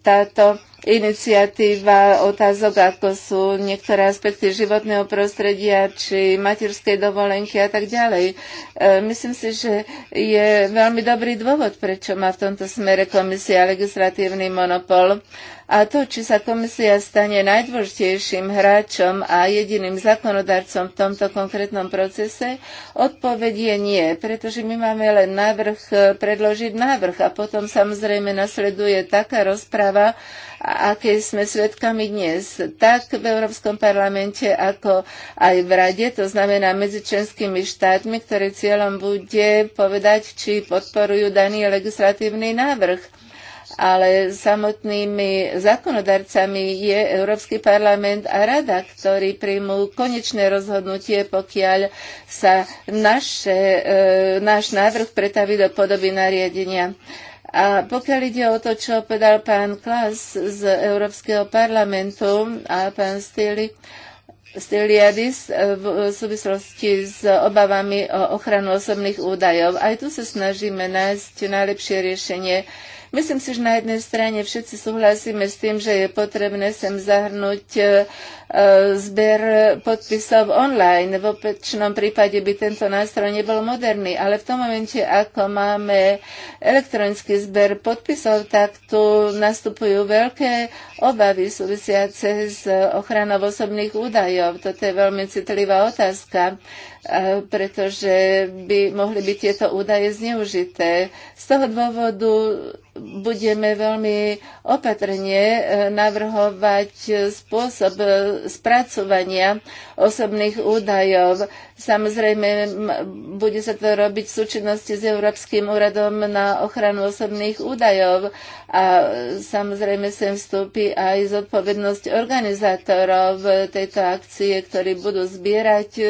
táto iniciatíva otázok, ako sú niektoré aspekty životného prostredia, či materskej dovolenky a tak ďalej. E, myslím si, že je veľmi dobrý dôvod, prečo má v tomto smere komisia legislatívny monopol. A to, či sa komisia stane najdôležitejším hráčom a jediným zákonodarcom v tomto konkrétnom procese, odpoveď je nie, pretože my máme len návrh, e, predložiť návrh a potom samozrejme nasleduje taká rozprava, aké sme svedkami dnes, tak v Európskom parlamente, ako aj v Rade, to znamená medzi členskými štátmi, ktoré cieľom bude povedať, či podporujú daný legislatívny návrh ale samotnými zákonodarcami je Európsky parlament a Rada, ktorí príjmú konečné rozhodnutie, pokiaľ sa naše, e, náš návrh pretaví do podoby nariadenia. A pokiaľ ide o to, čo povedal pán Klas z Európskeho parlamentu a pán Stili, Stiliadis e, v súvislosti s obavami o ochranu osobných údajov. Aj tu sa snažíme nájsť najlepšie riešenie Myslím si, že na jednej strane všetci súhlasíme s tým, že je potrebné sem zahrnúť eh, Eh, zber podpisov online. V opečnom prípade by tento nástroj nebol moderný, ale v tom momente, ako máme elektronický zber podpisov, tak tu nastupujú veľké obavy súvisiace s ochranou osobných údajov. Toto je veľmi citlivá otázka eh, pretože by mohli byť tieto údaje zneužité. Z toho dôvodu budeme veľmi opatrne eh, navrhovať spôsob spracovania osobných údajov. Samozrejme, bude sa to robiť v súčinnosti s Európskym úradom na ochranu osobných údajov a samozrejme sem vstúpi aj zodpovednosť organizátorov tejto akcie, ktorí budú zbierať e,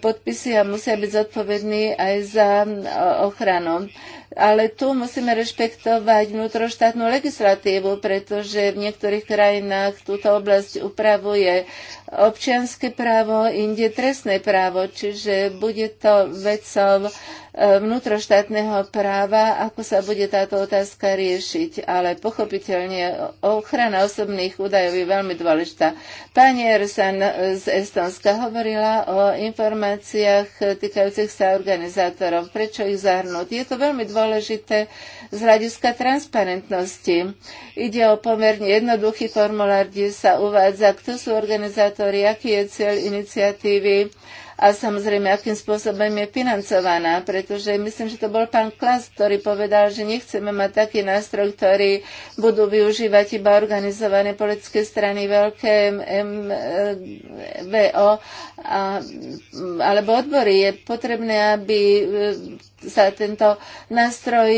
podpisy a musia byť zodpovední aj za e, ochranu. Ale tu musíme rešpektovať vnútroštátnu legislatívu, pretože v niektorých krajinách túto oblasť upravuje občianské právo, inde trestné právo, čiže bude to vecou e, vnútroštátneho práva, ako sa bude táto otázka riešiť, ale pochopiteľne ochrana osobných údajov je veľmi dôležitá. Pani Ersan z Estonska hovorila o informáciách týkajúcich sa organizátorov, prečo ich zahrnúť. Je to veľmi dôležité z hľadiska transparentnosti. Ide o pomerne jednoduchý formulár, kde sa uvádza, kto sú organizátori, aký je cieľ iniciatívy a samozrejme, akým spôsobom je financovaná, pretože myslím, že to bol pán Klas, ktorý povedal, že nechceme mať taký nástroj, ktorý budú využívať iba organizované politické strany, veľké MVO alebo odbory. Je potrebné, aby sa tento nástroj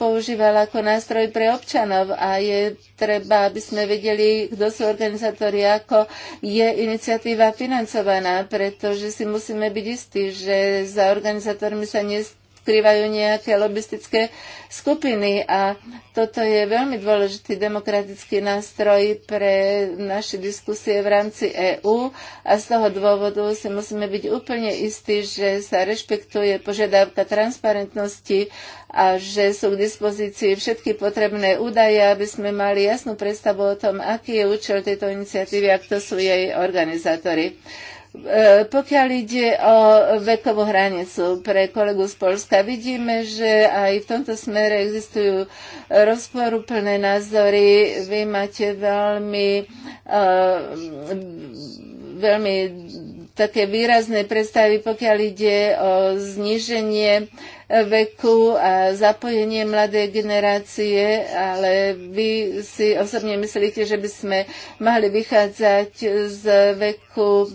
používal ako nástroj pre občanov a je treba, aby sme vedeli, kto sú organizátori, ako je iniciatíva financovaná, pretože si musíme byť istí, že za organizátormi sa nes- skrývajú nejaké lobistické skupiny a toto je veľmi dôležitý demokratický nástroj pre naše diskusie v rámci EÚ a z toho dôvodu si musíme byť úplne istí, že sa rešpektuje požiadavka transparentnosti a že sú k dispozícii všetky potrebné údaje, aby sme mali jasnú predstavu o tom, aký je účel tejto iniciatívy a kto sú jej organizátori. E, pokiaľ ide o vekovú hranicu pre kolegu z Polska, vidíme, že aj v tomto smere existujú rozporúplné názory. Vy máte veľmi, e, veľmi také výrazné predstavy, pokiaľ ide o zniženie veku a zapojenie mladé generácie, ale vy si osobne myslíte, že by sme mali vychádzať z veku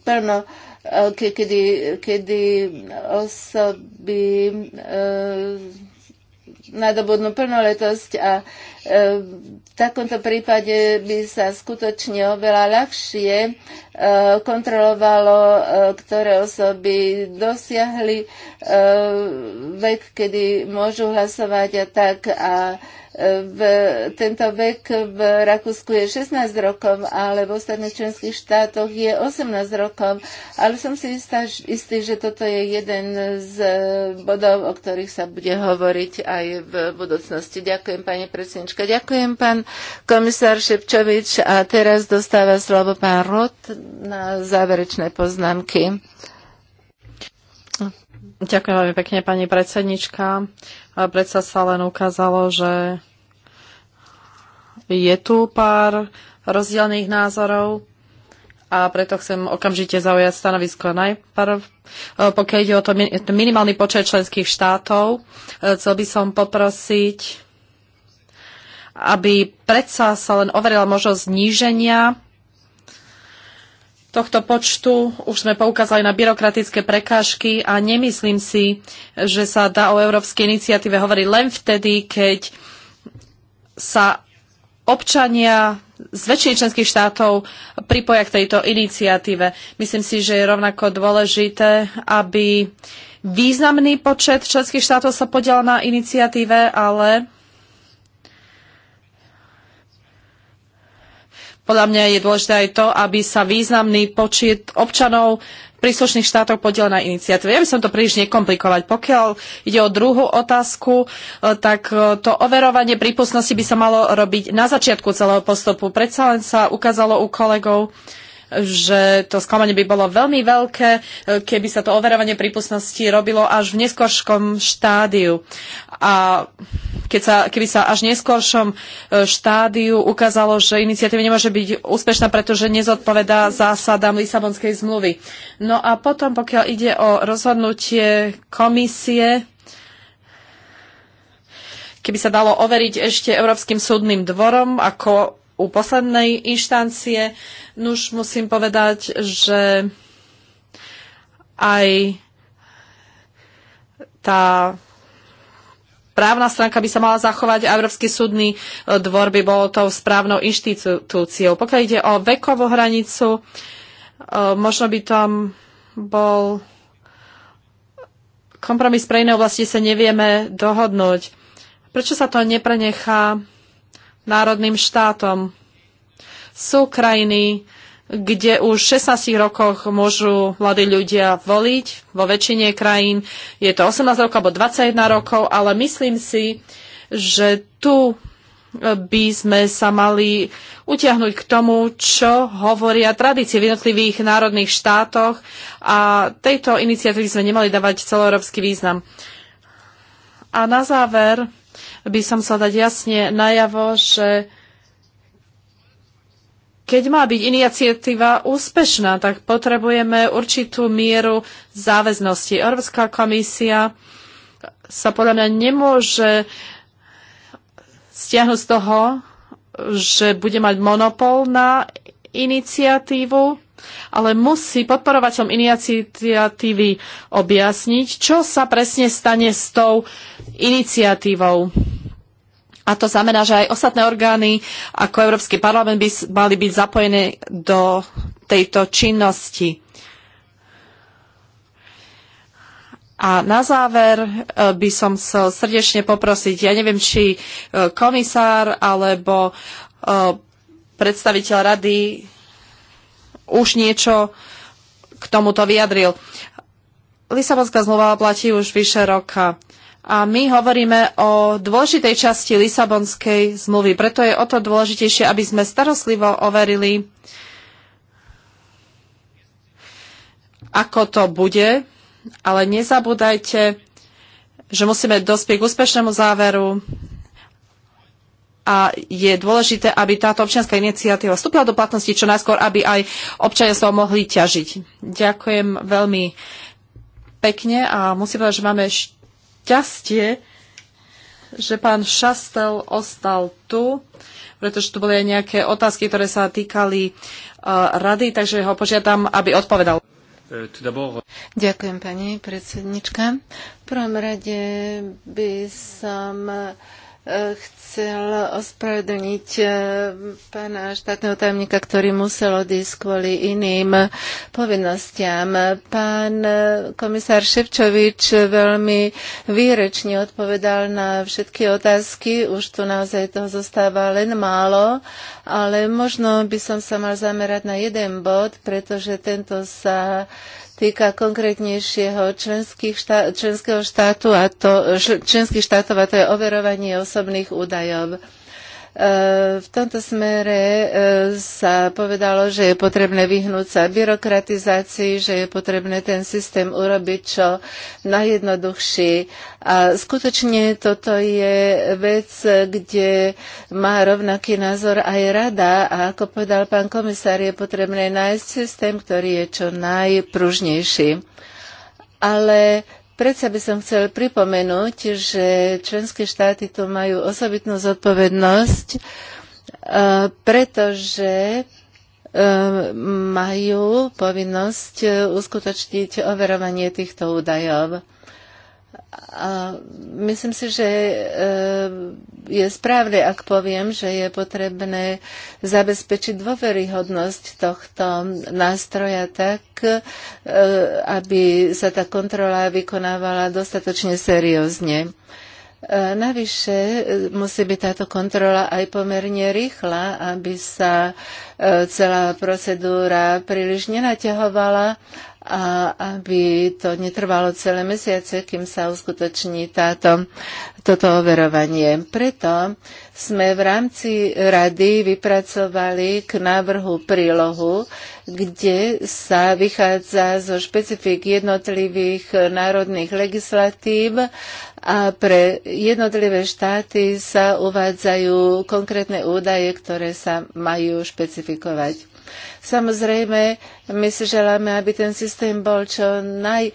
plno, eh, kedy, kedy osoby e, nadobudnú plnoletosť a e, v takomto prípade by sa skutočne oveľa ľahšie e, kontrolovalo, e, ktoré osoby dosiahli e, vek, kedy môžu hlasovať a tak a e, v, tento vek v Rakúsku je 16 rokov, ale v ostatných členských štátoch je 18 rokov. Ale som si istá, istý, že toto je jeden z bodov, o ktorých sa bude hovoriť aj v budúcnosti. Ďakujem, pani predsednička. Ďakujem, pán komisár Šepčovič. A teraz dostáva slovo pán Rod na záverečné poznámky. Ďakujem veľmi pekne, pani predsednička. Predsa sa len ukázalo, že je tu pár rozdielných názorov a preto chcem okamžite zaujať stanovisko najprv. E, pokiaľ ide o to minimálny počet členských štátov, e, chcel by som poprosiť, aby predsa sa len overila možnosť zníženia tohto počtu už sme poukázali na byrokratické prekážky a nemyslím si, že sa dá o európskej iniciatíve hovoriť len vtedy, keď sa občania z väčšiny členských štátov pripoja k tejto iniciatíve. Myslím si, že je rovnako dôležité, aby významný počet členských štátov sa podielal na iniciatíve, ale Podľa mňa je dôležité aj to, aby sa významný počet občanov príslušných štátov podiel na iniciatíve. Ja by som to príliš nekomplikovať. Pokiaľ ide o druhú otázku, e, tak e, to overovanie prípustnosti by sa malo robiť na začiatku celého postupu. Predsa len sa ukázalo u kolegov, že to sklamanie by bolo veľmi veľké, e, keby sa to overovanie prípustnosti robilo až v neskôrškom štádiu. A keď sa, keby sa až v neskôršom e, štádiu ukázalo, že iniciatíva nemôže byť úspešná, pretože nezodpovedá zásadám Lisabonskej zmluvy. No a potom, pokiaľ ide o rozhodnutie komisie, keby sa dalo overiť ešte Európskym súdnym dvorom ako u poslednej inštancie. Nuž musím povedať, že aj tá právna stránka by sa mala zachovať a Európsky súdny e, dvor by bol tou správnou inštitúciou. Pokiaľ ide o vekovú hranicu, e, možno by tam bol kompromis pre iné oblasti sa nevieme dohodnúť. Prečo sa to neprenechá národným štátom. Sú krajiny, kde už v 16 rokoch môžu mladí ľudia voliť. Vo väčšine krajín je to 18 rokov alebo 21 rokov, ale myslím si, že tu by sme sa mali utiahnuť k tomu, čo hovoria tradície v jednotlivých národných štátoch a tejto iniciatívy sme nemali dávať celoeurópsky význam. A na záver by som sa dať jasne najavo, že keď má byť iniciatíva úspešná, tak potrebujeme určitú mieru záväznosti. Európska komisia sa podľa mňa nemôže stiahnuť z toho, že bude mať monopol na iniciatívu ale musí podporovateľom iniciatívy objasniť, čo sa presne stane s tou iniciatívou. A to znamená, že aj ostatné orgány ako Európsky parlament by mali byť zapojené do tejto činnosti. A na záver e, by som chcel srdečne poprosiť, ja neviem, či e, komisár alebo e, predstaviteľ rady už niečo k tomuto vyjadril. Lisabonská zmluva platí už vyše roka. A my hovoríme o dôležitej časti Lisabonskej zmluvy. Preto je o to dôležitejšie, aby sme starostlivo overili, ako to bude, ale nezabúdajte, že musíme dospieť k úspešnému záveru a je dôležité, aby táto občianská iniciatíva vstúpila do platnosti čo najskôr, aby aj občania sa mohli ťažiť. Ďakujem veľmi pekne a musím povedať, že máme šťastie, že pán Šastel ostal tu, pretože tu boli aj nejaké otázky, ktoré sa týkali uh, rady, takže ho požiadam, aby odpovedal. Ďakujem, pani predsednička. V prvom rade by som uh, chcel ospravedlniť eh, pána štátneho tajomníka, ktorý musel odísť kvôli iným povinnostiam. Pán eh, komisár Ševčovič veľmi výrečne odpovedal na všetky otázky. Už tu naozaj toho zostáva len málo, ale možno by som sa mal zamerať na jeden bod, pretože tento sa týka konkrétnejšieho členského štátu a to, členských štátov a to je overovanie osobných údajov. Eh, v tomto smere eh, sa povedalo, že je potrebné vyhnúť sa byrokratizácii, že je potrebné ten systém urobiť čo najjednoduchší. A skutočne toto je vec, kde má rovnaký názor aj rada a ako povedal pán komisár, je potrebné nájsť systém, ktorý je čo najpružnejší. Ale Predsa by som chcel pripomenúť, že členské štáty tu majú osobitnú zodpovednosť, e, pretože e, majú povinnosť e, uskutočniť overovanie týchto údajov. A myslím si, že e, je správne, ak poviem, že je potrebné zabezpečiť dôveryhodnosť tohto nástroja tak, e, aby sa tá kontrola vykonávala dostatočne seriózne. E, navyše musí byť táto kontrola aj pomerne rýchla, aby sa celá procedúra príliš nenaťahovala a aby to netrvalo celé mesiace, kým sa uskutoční táto, toto overovanie. Preto sme v rámci rady vypracovali k návrhu prílohu, kde sa vychádza zo špecifik jednotlivých národných legislatív a pre jednotlivé štáty sa uvádzajú konkrétne údaje, ktoré sa majú špecifikovať. Samozrejme, my si želáme, aby ten systém bol čo najmenej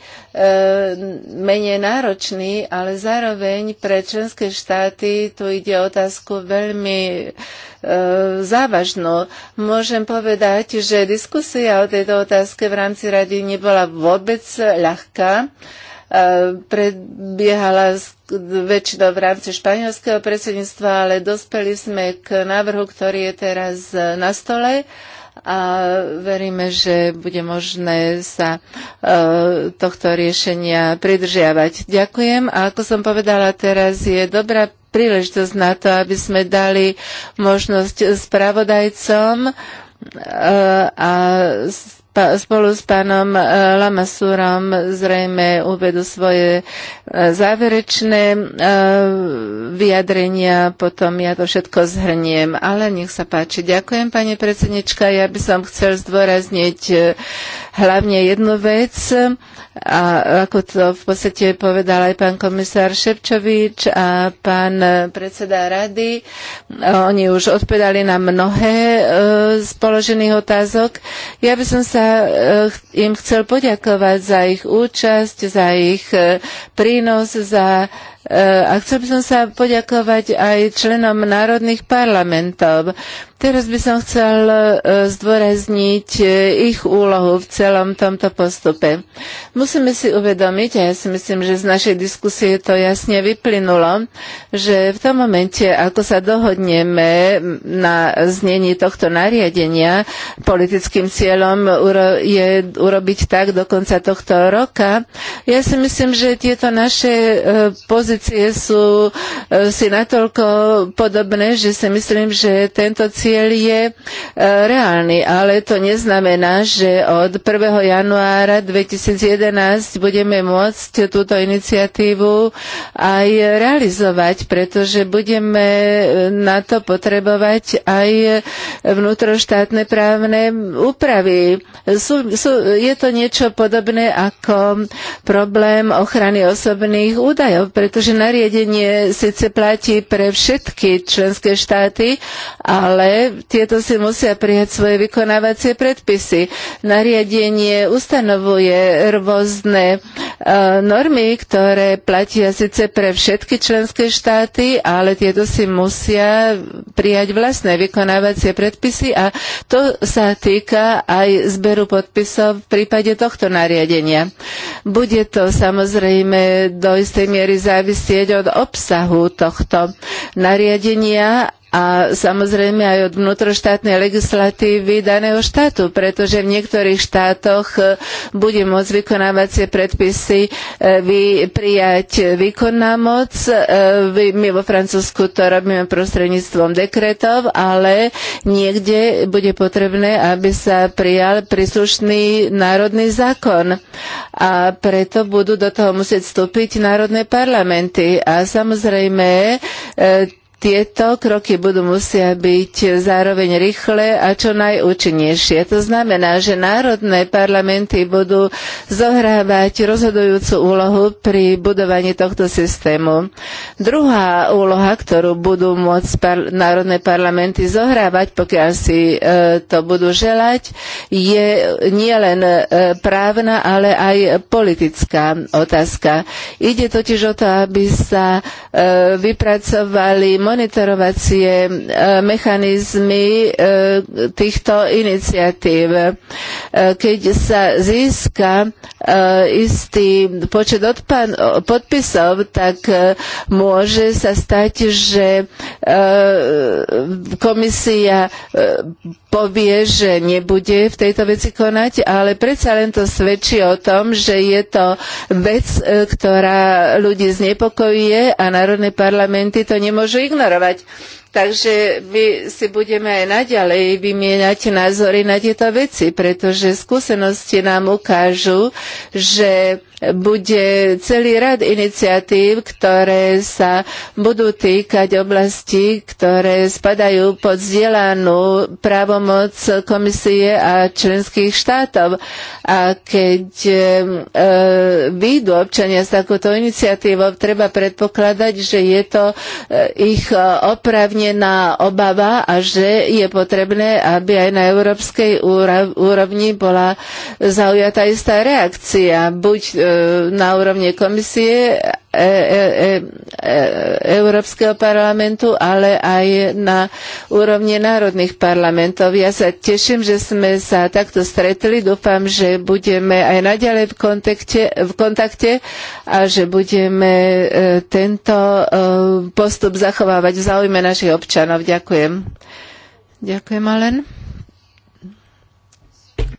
e, náročný, ale zároveň pre členské štáty tu ide otázku veľmi e, závažnú. Môžem povedať, že diskusia o tejto otázke v rámci rady nebola vôbec ľahká e, prebiehala väčšinou v rámci španielského predsedníctva, ale dospeli sme k návrhu, ktorý je teraz na stole a veríme, že bude možné sa e, tohto riešenia pridržiavať. Ďakujem a ako som povedala teraz, je dobrá príležitosť na to, aby sme dali možnosť spravodajcom e, a spolu s pánom eh, Lamasurom zrejme uvedú svoje eh, záverečné eh, vyjadrenia, potom ja to všetko zhrniem, ale nech sa páči. Ďakujem, pani predsednička, ja by som chcel zdôrazniť hlavne jednu vec, a ako to v podstate povedal aj pán komisár Šepčovič a pán predseda rady, oni už odpovedali na mnohé z položených otázok. Ja by som sa Eh, im chcel poďakovať za ich účasť, za ich eh, prínos, za Eh, a chcel by som sa poďakovať aj členom národných parlamentov. Teraz by som chcel eh, zdôrazniť eh, ich úlohu v celom tomto postupe. Musíme si uvedomiť, a ja si myslím, že z našej diskusie to jasne vyplynulo, že v tom momente, ako sa dohodneme na znení tohto nariadenia, politickým cieľom je urobiť tak do konca tohto roka, ja si myslím, že tieto naše pozície pozície sú e, si natoľko podobné, že si myslím, že tento cieľ je e, reálny, ale to neznamená, že od 1. januára 2011 budeme môcť túto iniciatívu aj realizovať, pretože budeme e, na to potrebovať aj vnútroštátne právne úpravy. Sú, sú, je to niečo podobné ako problém ochrany osobných údajov, pretože pretože nariadenie síce platí pre všetky členské štáty, ale tieto si musia prijať svoje vykonávacie predpisy. Nariadenie ustanovuje rôzne e, normy, ktoré platia síce pre všetky členské štáty, ale tieto si musia prijať vlastné vykonávacie predpisy a to sa týka aj zberu podpisov v prípade tohto nariadenia. Bude to samozrejme do istej miery závisieť závisieť od obsahu tohto nariadenia a samozrejme aj od vnútroštátnej legislatívy daného štátu, pretože v niektorých štátoch e, bude môcť vykonávacie predpisy e, vy, prijať výkonná moc. E, my vo Francúzsku to robíme prostredníctvom dekretov, ale niekde bude potrebné, aby sa prijal príslušný národný zákon. A preto budú do toho musieť vstúpiť národné parlamenty. A samozrejme, tieto kroky budú musia byť zároveň rýchle a čo najúčinnejšie. To znamená, že národné parlamenty budú zohrávať rozhodujúcu úlohu pri budovaní tohto systému. Druhá úloha, ktorú budú môcť par- národné parlamenty zohrávať, pokiaľ si e, to budú želať, je nielen e, právna, ale aj politická otázka. Ide totiž o to, aby sa e, vypracovali monitorovacie e, mechanizmy e, týchto iniciatív. E, keď sa získa istý počet podpisov, tak môže sa stať, že komisia povie, že nebude v tejto veci konať, ale predsa len to svedčí o tom, že je to vec, e, ktorá ľudí znepokojuje a národné parlamenty to nemôžu ignorovať. Takže my si budeme aj naďalej vymieňať názory na tieto veci, pretože skúsenosti nám ukážu, že bude celý rad iniciatív, ktoré sa budú týkať oblasti, ktoré spadajú pod vzdielanú právomoc komisie a členských štátov. A keď e, výjdu občania s takouto iniciatívou, treba predpokladať, že je to eh, ich opravnená obava a že je potrebné, aby aj na európskej úrovni bola zaujatá istá reakcia. Buď eh, na úrovni komisie, e, e, e, Európskeho parlamentu, ale aj na úrovni národných parlamentov. Ja sa teším, že sme sa takto stretli. Dúfam, že budeme aj naďalej v, kontakte, v kontakte a že budeme tento postup zachovávať v záujme našich občanov. Ďakujem. Ďakujem, Alen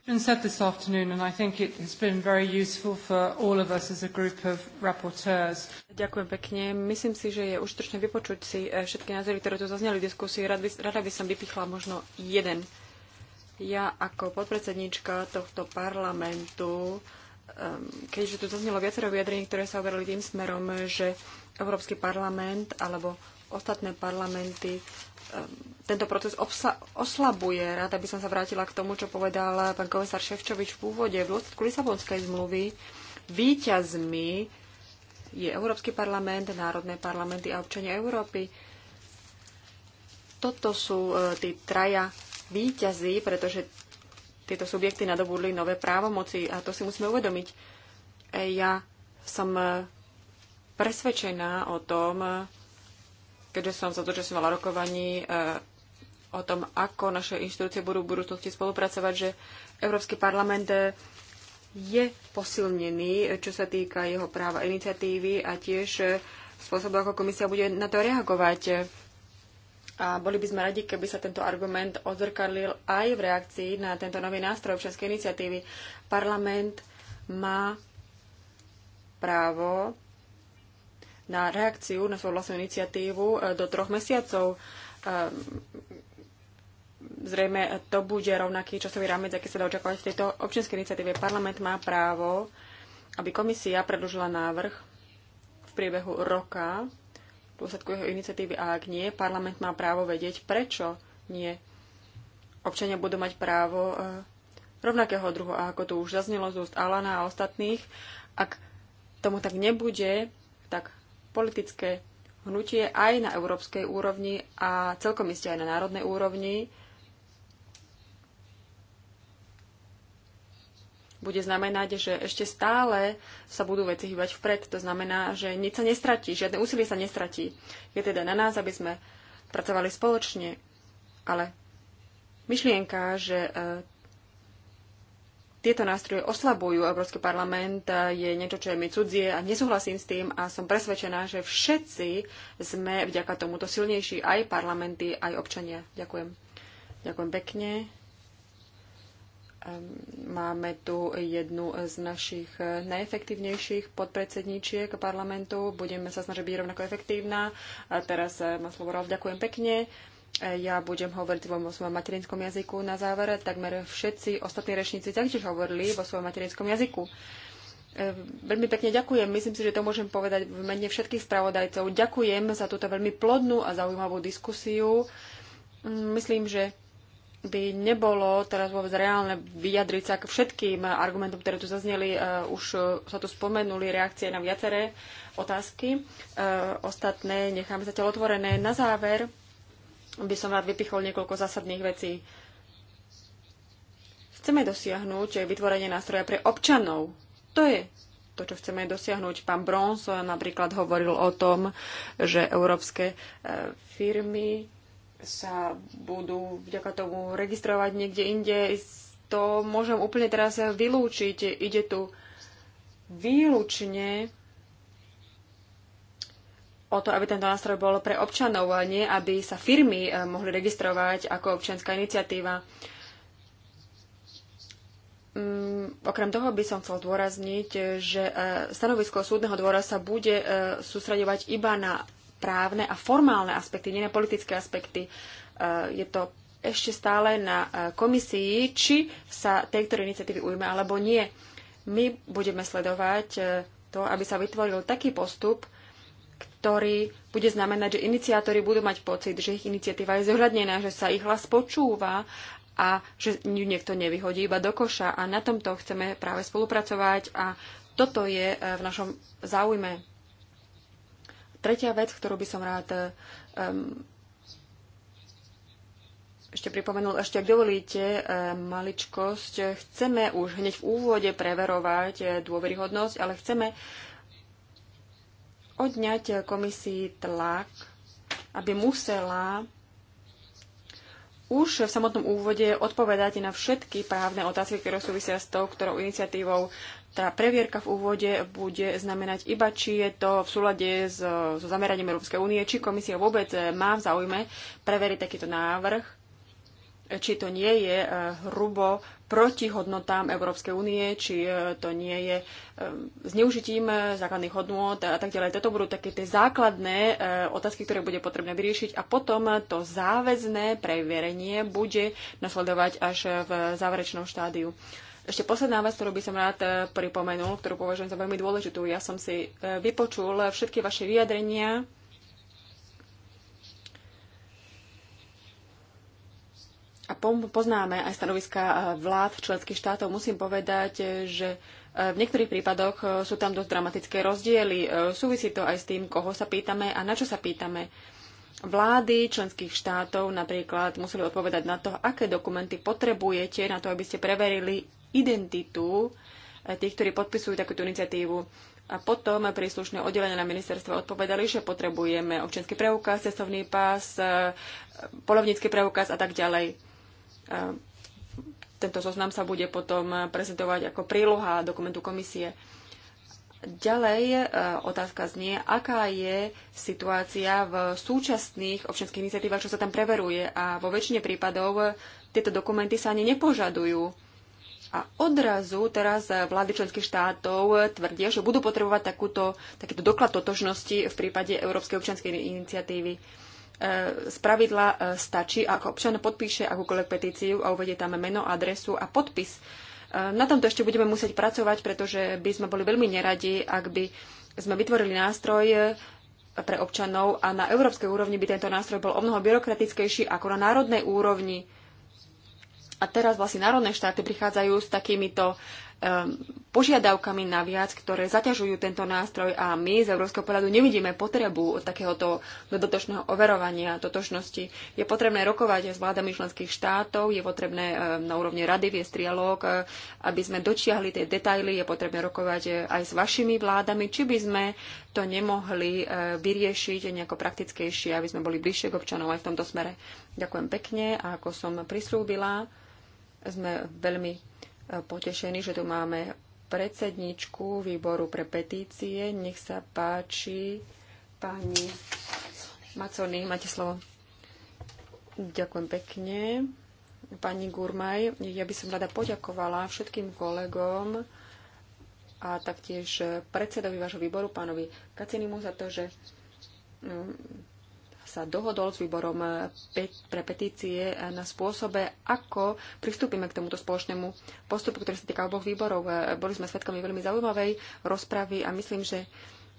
been said this afternoon, and I think it has been very useful for all of us as a group of rapporteurs. Ďakujem pekne. Myslím si, že je užitočné vypočuť si eh, všetky názory, ktoré tu zazneli v diskusii. Rada by, rada by som vypichla možno jeden. Ja ako podpredsednička tohto parlamentu, ehm, keďže tu zaznelo viacero vyjadrení, ktoré sa overali tým smerom, že Európsky parlament alebo ostatné parlamenty Ehm, tento proces oslabuje. Rada by som sa vrátila k tomu, čo povedal pán komisár Ševčovič v úvode. V dôsledku Lisabonskej zmluvy Výťazmi je Európsky parlament, národné parlamenty a občania Európy. Toto sú e, tí traja výťazí, pretože tieto subjekty nadobudli nové právomoci a to si musíme uvedomiť. E, ja som e, presvedčená o tom, keďže som sa zúčastňovala rokovaní eh, o tom, ako naše inštitúcie budú v budúcnosti spolupracovať, že Európsky parlament eh, je posilnený, eh, čo sa týka jeho práva iniciatívy a tiež spôsobu, ako komisia bude na to reagovať. A boli by sme radi, keby sa tento argument odzrkadlil aj v reakcii na tento nový nástroj občianskej iniciatívy. Parlament má právo na reakciu na svoju vlastnú iniciatívu e, do troch mesiacov. E, zrejme to bude rovnaký časový rámec, aký sa dá očakávať v tejto občianskej iniciatíve. Parlament má právo, aby komisia predložila návrh v priebehu roka v dôsledku jeho iniciatívy a ak nie, parlament má právo vedieť, prečo nie. Občania budú mať právo e, rovnakého druhu, a ako tu už zaznelo z úst Alana a ostatných, ak tomu tak nebude, politické hnutie aj na európskej úrovni a celkom iste aj na národnej úrovni bude znamenať, že ešte stále sa budú veci hýbať vpred. To znamená, že nič sa nestratí, žiadne úsilie sa nestratí. Je teda na nás, aby sme pracovali spoločne, ale myšlienka, že e, tieto nástroje oslabujú Európsky parlament, eh, je niečo, čo je mi cudzie a nesúhlasím s tým a som presvedčená, že všetci sme vďaka tomuto silnejší, aj parlamenty, aj občania. Ďakujem. Ďakujem pekne. Máme tu jednu z našich najefektívnejších podpredsedníčiek parlamentu. Budeme sa snažiť byť rovnako efektívna. A teraz eh, má slovo Rolf. Ďakujem pekne. Ja budem hovoriť vo svojom materinskom jazyku na záver. Takmer všetci ostatní rečníci taktiež hovorili vo svojom materinskom jazyku. E, veľmi pekne ďakujem. Myslím si, že to môžem povedať v mene všetkých spravodajcov. Ďakujem za túto veľmi plodnú a zaujímavú diskusiu. Mm, myslím, že by nebolo teraz vôbec reálne vyjadriť sa k všetkým argumentom, ktoré tu zazneli. E, už e, sa tu spomenuli reakcie na viaceré otázky. Ostatné necháme zatiaľ otvorené. Na záver by som rád vypichol niekoľko zásadných vecí. Chceme dosiahnuť vytvorenie nástroja pre občanov. To je to, čo chceme dosiahnuť. Pán Brons napríklad hovoril o tom, že európske e, firmy sa budú vďaka tomu registrovať niekde inde. To môžem úplne teraz vylúčiť. Ide tu výlučne o to, aby tento nástroj bol pre občanov, a nie aby sa firmy e, mohli registrovať ako občianská iniciatíva. Mm, okrem toho by som chcel zdôrazniť, že e, stanovisko súdneho dvora sa bude e, sústredovať iba na právne a formálne aspekty, nie na politické aspekty. Je to ešte stále na komisii, či sa tej ktorej iniciatívy ujme alebo nie. My budeme sledovať to, aby sa vytvoril taký postup, ktorý bude znamenať, že iniciátori budú mať pocit, že ich iniciatíva je zohľadnená, že sa ich hlas počúva a že ju niekto nevyhodí iba do koša. A na tomto chceme práve spolupracovať a toto je e, v našom záujme. Tretia vec, ktorú by som rád um, ešte pripomenul, ešte ak dovolíte, e, maličkosť. Chceme už hneď v úvode preverovať dôveryhodnosť, ale chceme odňať komisii tlak, aby musela už v samotnom úvode odpovedať na všetky právne otázky, ktoré súvisia s tou, ktorou iniciatívou tá previerka v úvode bude znamenať iba, či je to v súlade s, so zameraním Európskej únie, či komisia vôbec má v záujme preveriť takýto návrh, či to nie je eh, hrubo proti hodnotám Európskej únie, či e, to nie je e, zneužitím e, základných hodnôt a tak ďalej. Toto budú také tie základné otázky, ktoré bude potrebné vyriešiť a potom to záväzné preverenie bude nasledovať až v záverečnom štádiu. Ešte posledná vec, ktorú by som rád pripomenul, ktorú považujem za veľmi dôležitú. Ja som si vypočul všetky vaše vyjadrenia a poznáme aj stanoviska eh, vlád členských štátov, musím povedať, eh, že eh, v niektorých prípadoch sú tam dosť dramatické rozdiely. Súvisí to aj s tým, koho sa pýtame a na čo sa pýtame. Vlády členských štátov napríklad museli odpovedať na to, aké dokumenty potrebujete na to, aby ste preverili identitu tých, ktorí podpisujú takúto iniciatívu. A potom príslušné oddelenia na ministerstve odpovedali, že potrebujeme občianský preukaz, cestovný pás, polovnícky preukaz a tak ďalej. Tento zoznam sa bude potom eh, prezentovať ako príloha dokumentu komisie. Ďalej eh, otázka znie, aká je situácia v súčasných občianských iniciatívach, čo sa tam preveruje. A vo väčšine prípadov eh, tieto dokumenty sa ani nepožadujú. A odrazu teraz vlády členských štátov tvrdia, že budú potrebovať takúto, takýto doklad totožnosti v prípade Európskej občianskej iniciatívy spravidla e, stačí, ak občan podpíše akúkoľvek petíciu a uvedie tam meno, adresu a podpis. E, na tomto ešte budeme musieť pracovať, pretože by sme boli veľmi neradi, ak by sme vytvorili nástroj e, pre občanov a na európskej úrovni by tento nástroj bol o mnoho byrokratickejší ako na národnej úrovni. A teraz vlastne národné štáty prichádzajú s takýmito Um, požiadavkami naviac, ktoré zaťažujú tento nástroj a my z Európskeho poradu nevidíme potrebu takéhoto dodatočného overovania totožnosti. Je potrebné rokovať s vládami členských štátov, je potrebné um, na úrovni rady viesť trialóg, uh, aby sme dočiahli tie detaily, je potrebné rokovať uh, aj s vašimi vládami, či by sme to nemohli uh, vyriešiť nejako praktickejšie, aby sme boli bližšie k občanov aj v tomto smere. Ďakujem pekne a ako som prislúbila, sme veľmi potešení, že tu máme predsedničku výboru pre petície. Nech sa páči, pani Macony, máte slovo. Ďakujem pekne. Pani Gurmaj, ja by som rada poďakovala všetkým kolegom a taktiež predsedovi vášho výboru, pánovi Kacinimu, za to, že no, sa dohodol s výborom eh, pre petície eh, na spôsobe, ako pristúpime k tomuto spoločnému postupu, ktorý sa týka oboch výborov. Eh, boli sme svetkami veľmi zaujímavej rozpravy a myslím, že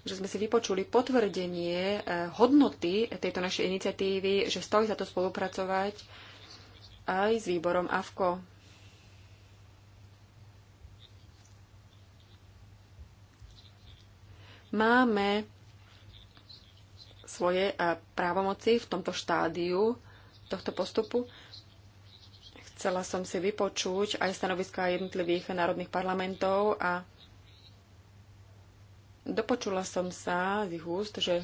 že sme si vypočuli potvrdenie hodnoty tejto našej iniciatívy, že stojí za to spolupracovať aj s výborom AFKO. Máme svoje e, právomoci v tomto štádiu tohto postupu. Chcela som si vypočuť aj stanoviská jednotlivých národných parlamentov a dopočula som sa z ich úst, že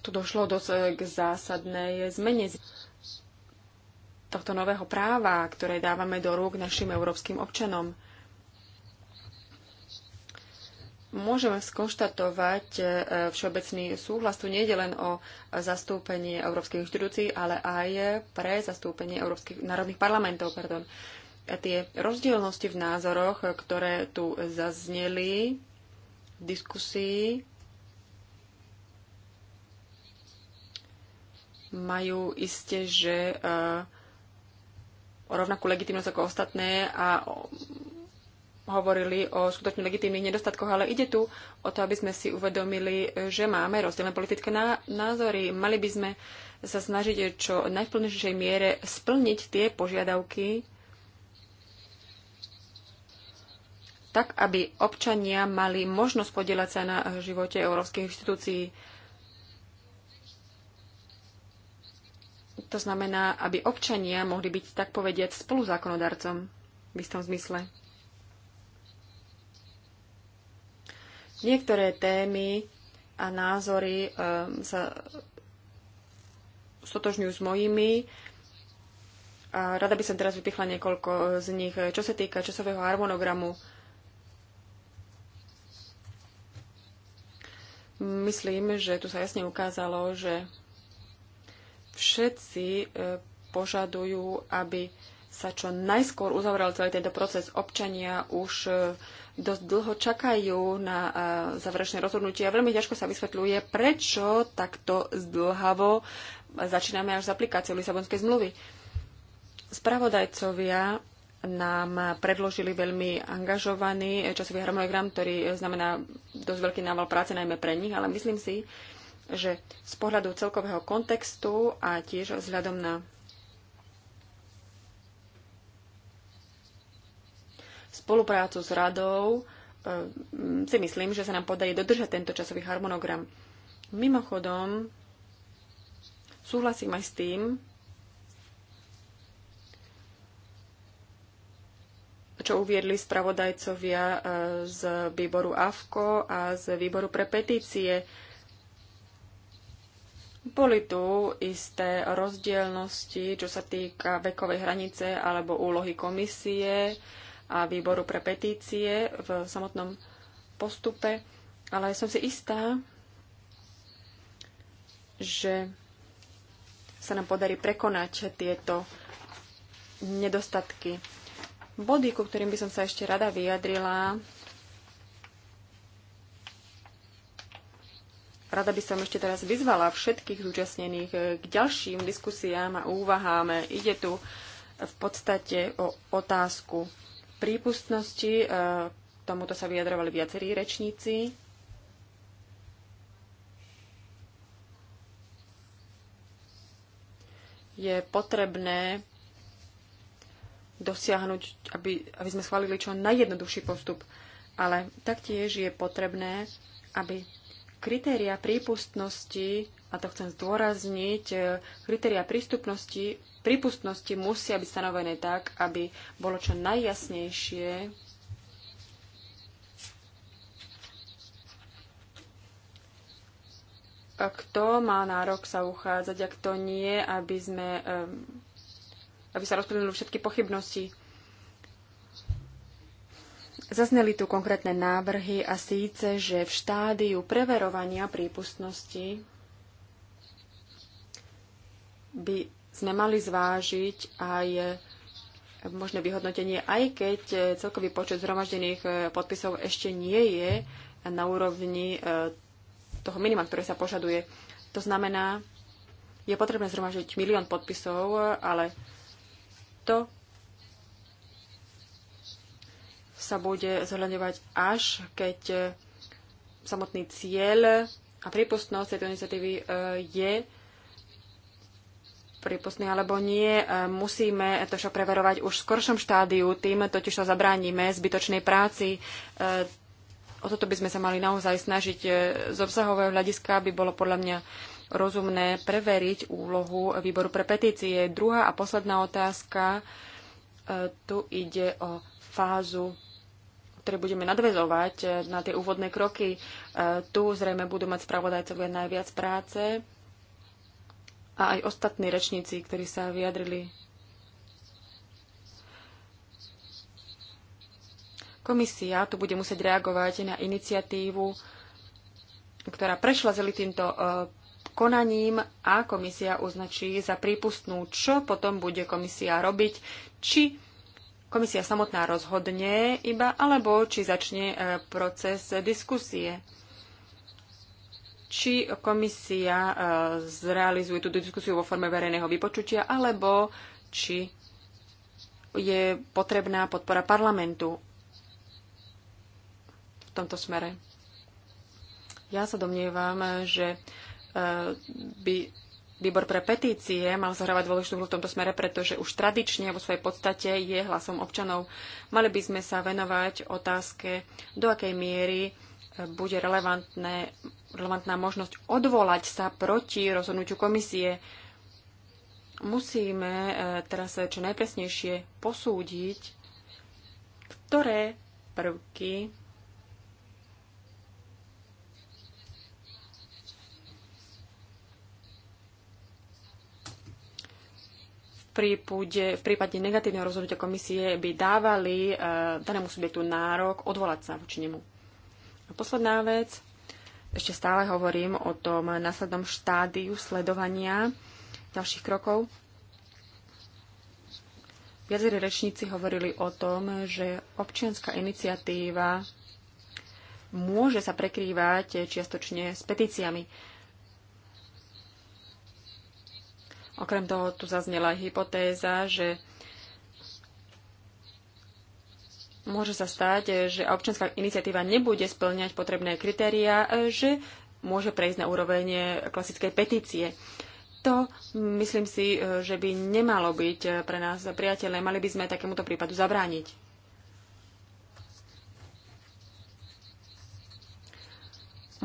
tu došlo dosť e, k zásadnej zmene tohto nového práva, ktoré dávame do rúk našim európskym občanom. Môžeme skonštatovať e, všeobecný súhlas. Tu je len o zastúpenie európskych inštitúcií, ale aj pre zastúpenie európskych národných parlamentov. Pardon. E, tie rozdielnosti v názoroch, e, ktoré tu zazneli v diskusii, majú isté, že rovnakú legitimnosť ako ostatné a hovorili o skutočne legitímnych nedostatkoch, ale ide tu o to, aby sme si uvedomili, že máme rozdielne politické názory. Mali by sme sa snažiť čo najplnejšej miere splniť tie požiadavky, tak aby občania mali možnosť podielať sa na živote európskych inštitúcií. To znamená, aby občania mohli byť, tak povediať, spoluzákonodarcom v istom zmysle. Niektoré témy a názory um, sa stotožňujú s mojimi. A rada by som teraz vypichla niekoľko z nich. Čo sa týka časového harmonogramu, myslím, že tu sa jasne ukázalo, že všetci eh, požadujú, aby sa čo najskôr uzavrel celý tento proces. Občania už e, dosť dlho čakajú na e, záverečné rozhodnutie a veľmi ťažko sa vysvetľuje, prečo takto zdlhavo začíname až s aplikáciou Lisabonskej zmluvy. Spravodajcovia nám predložili veľmi angažovaný e, časový harmonogram, ktorý znamená dosť veľký nával práce najmä pre nich, ale myslím si, že z pohľadu celkového kontextu a tiež vzhľadom na spoluprácu s radou eh, si myslím, že sa nám podarí dodržať tento časový harmonogram. Mimochodom, súhlasím aj s tým, čo uviedli spravodajcovia eh, z výboru AFKO a z výboru pre petície. Boli tu isté rozdielnosti, čo sa týka vekovej hranice alebo úlohy komisie a výboru pre petície v samotnom postupe, ale som si istá, že sa nám podarí prekonať tieto nedostatky. Body, ku ktorým by som sa ešte rada vyjadrila, Rada by som ešte teraz vyzvala všetkých zúčastnených k ďalším diskusiám a úvahám. Ide tu v podstate o otázku prípustnosti, e, tomuto sa vyjadrovali viacerí rečníci. Je potrebné dosiahnuť, aby, aby sme schválili čo najjednoduchší postup. Ale taktiež je potrebné, aby kritéria prípustnosti a to chcem zdôrazniť, e, kritéria prístupnosti, prípustnosti musia byť stanovené tak, aby bolo čo najjasnejšie, kto má nárok sa uchádzať a kto nie, aby, sme, e, aby sa rozplynuli všetky pochybnosti. Zazneli tu konkrétne návrhy a síce, že v štádiu preverovania prípustnosti by sme mali zvážiť aj možné vyhodnotenie, aj keď e, celkový počet zhromaždených e, podpisov ešte nie je na úrovni e, toho minima, ktoré sa požaduje. To znamená, je potrebné zhromaždiť milión podpisov, ale to sa bude zohľadňovať až keď samotný cieľ a prípustnosť tejto iniciatívy je prípustný alebo nie. E, musíme to však preverovať už v skoršom štádiu, tým totiž sa zabránime zbytočnej práci. E, o toto by sme sa mali naozaj snažiť. E, z obsahového hľadiska by bolo podľa mňa rozumné preveriť úlohu výboru pre petície. Druhá a posledná otázka. Tu ide o fázu ktoré budeme nadvezovať na tie úvodné kroky. Tu zrejme budú mať spravodajcovia najviac práce a aj ostatní rečníci, ktorí sa vyjadrili. Komisia tu bude musieť reagovať na iniciatívu, ktorá prešla zeli týmto e, konaním a komisia označí za prípustnú, čo potom bude komisia robiť, či komisia samotná rozhodne iba, alebo či začne e, proces diskusie či komisia e, zrealizuje túto diskusiu vo forme verejného vypočutia, alebo či je potrebná podpora parlamentu v tomto smere. Ja sa domnievam, že e, by výbor pre petície mal zahrávať dôležitú hru v tomto smere, pretože už tradične vo svojej podstate je hlasom občanov. Mali by sme sa venovať otázke, do akej miery e, bude relevantné relevantná možnosť odvolať sa proti rozhodnutiu komisie. Musíme e, teraz čo najpresnejšie posúdiť, ktoré prvky v prípade negatívneho rozhodnutia komisie by dávali e, danému subjektu nárok odvolať sa voči nemu. A posledná vec ešte stále hovorím o tom následnom štádiu sledovania ďalších krokov. Viacerí rečníci hovorili o tom, že občianská iniciatíva môže sa prekrývať čiastočne s petíciami. Okrem toho tu zaznela hypotéza, že môže sa stať, že občianská iniciatíva nebude splňať potrebné kritériá, že môže prejsť na úroveň klasickej petície. To myslím si, že by nemalo byť pre nás priateľné. Mali by sme takémuto prípadu zabrániť.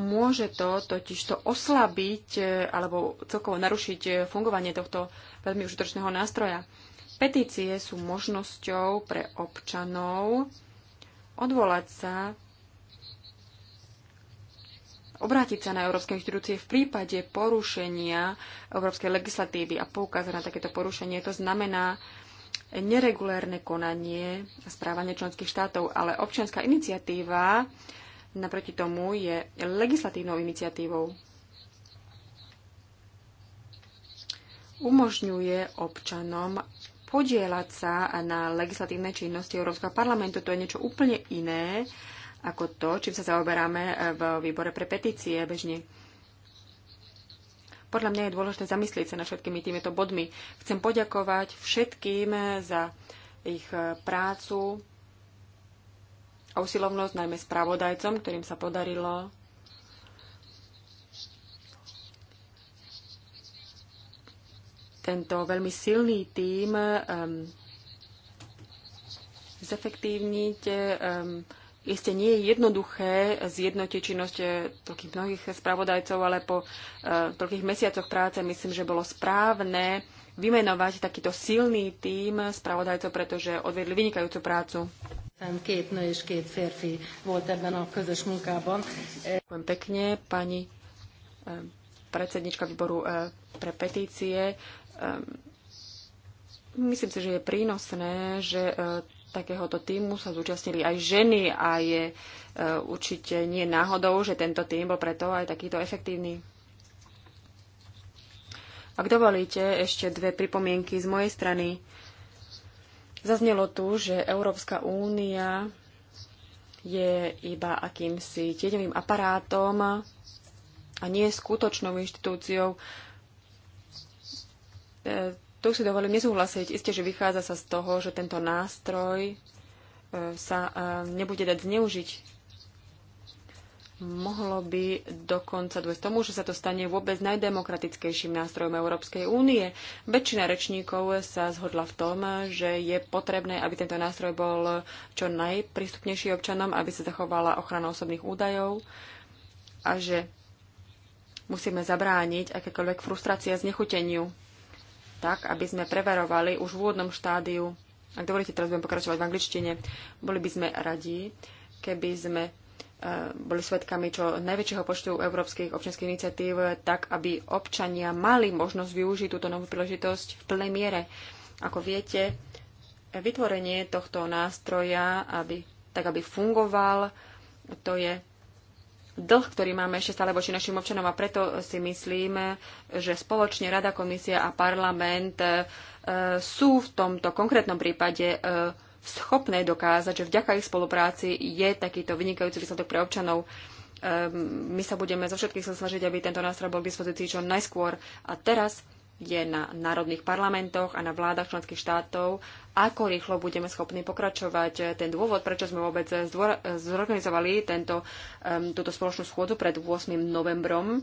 Môže to totiž to oslabiť alebo celkovo narušiť fungovanie tohto veľmi užitočného nástroja. Petície sú možnosťou pre občanov odvolať sa, obrátiť sa na európske inštitúcie v prípade porušenia európskej legislatívy a poukázať na takéto porušenie. To znamená neregulérne konanie a správanie členských štátov, ale občianská iniciatíva naproti tomu je legislatívnou iniciatívou. umožňuje občanom podielať sa na legislatívnej činnosti Európskeho parlamentu. To je niečo úplne iné ako to, čím sa zaoberáme v výbore pre petície bežne. Podľa mňa je dôležité zamyslieť sa na všetkými týmito bodmi. Chcem poďakovať všetkým za ich prácu a usilovnosť, najmä spravodajcom, ktorým sa podarilo tento veľmi silný tím um, zefektívniť. Um, ehm, Isté nie je jednoduché zjednotiť činnosť eh, toľkých mnohých spravodajcov, ale po uh, toľkých mesiacoch práce myslím, že bolo správne vymenovať takýto silný tím spravodajcov, pretože odvedli vynikajúcu prácu. Ďakujem pekne, pani eh, predsednička výboru pre petície. Ehm, myslím si, že je prínosné, že e, takéhoto týmu sa zúčastnili aj ženy a je e, určite nie náhodou, že tento tým bol preto aj takýto efektívny. Ak dovolíte, ešte dve pripomienky z mojej strany. Zaznelo tu, že Európska únia je iba akýmsi tieňovým aparátom a nie skutočnou inštitúciou, E, tu si dovolím nesúhlasiť. Isté, že vychádza sa z toho, že tento nástroj e, sa e, nebude dať zneužiť. Mohlo by dokonca dôjsť tomu, že sa to stane vôbec najdemokratickejším nástrojom Európskej únie. Väčšina rečníkov sa zhodla v tom, že je potrebné, aby tento nástroj bol čo najprístupnejší občanom, aby sa zachovala ochrana osobných údajov a že musíme zabrániť akékoľvek frustrácia znechuteniu tak, aby sme preverovali už v úvodnom štádiu, ak dovolíte, teraz budem pokračovať v angličtine, boli by sme radi, keby sme e, boli svetkami čo najväčšieho počtu európskych občianských iniciatív, tak aby občania mali možnosť využiť túto novú príležitosť v plnej miere. Ako viete, vytvorenie tohto nástroja, aby, tak aby fungoval, to je dlh, ktorý máme ešte stále voči našim občanom a preto si myslím, že spoločne Rada, Komisia a Parlament e, sú v tomto konkrétnom prípade e, schopné dokázať, že vďaka ich spolupráci je takýto vynikajúci výsledok pre občanov. E, my sa budeme zo všetkých sa snažiť, aby tento nástroj bol k dispozícii čo najskôr. A teraz je na národných parlamentoch a na vládach členských štátov, ako rýchlo budeme schopní pokračovať. Ten dôvod, prečo sme vôbec zorganizovali tento, um, túto spoločnú schôdzu pred 8. novembrom,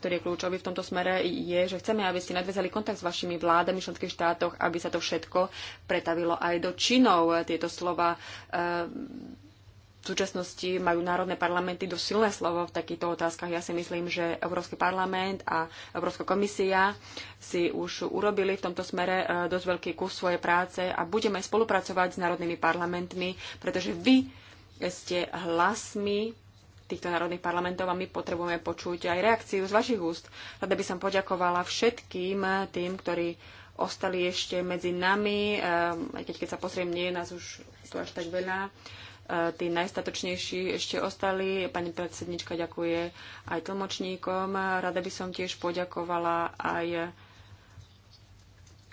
ktorý je kľúčový v tomto smere, je, že chceme, aby ste nadviezali kontakt s vašimi vládami v členských štátoch, aby sa to všetko pretavilo aj do činov. Tieto slova um, v súčasnosti majú národné parlamenty dosť silné slovo v takýchto otázkach. Ja si myslím, že Európsky parlament a Európska komisia si už urobili v tomto smere e, dosť veľký kus svojej práce a budeme spolupracovať s národnými parlamentmi, pretože vy ste hlasmi týchto národných parlamentov a my potrebujeme počuť aj reakciu z vašich úst. Rada by som poďakovala všetkým tým, ktorí ostali ešte medzi nami, e, aj keď, keď sa pozriem, nie je nás už tu až tak veľa tí najstatočnejší ešte ostali. Pani predsednička ďakuje aj tlmočníkom. Rada by som tiež poďakovala aj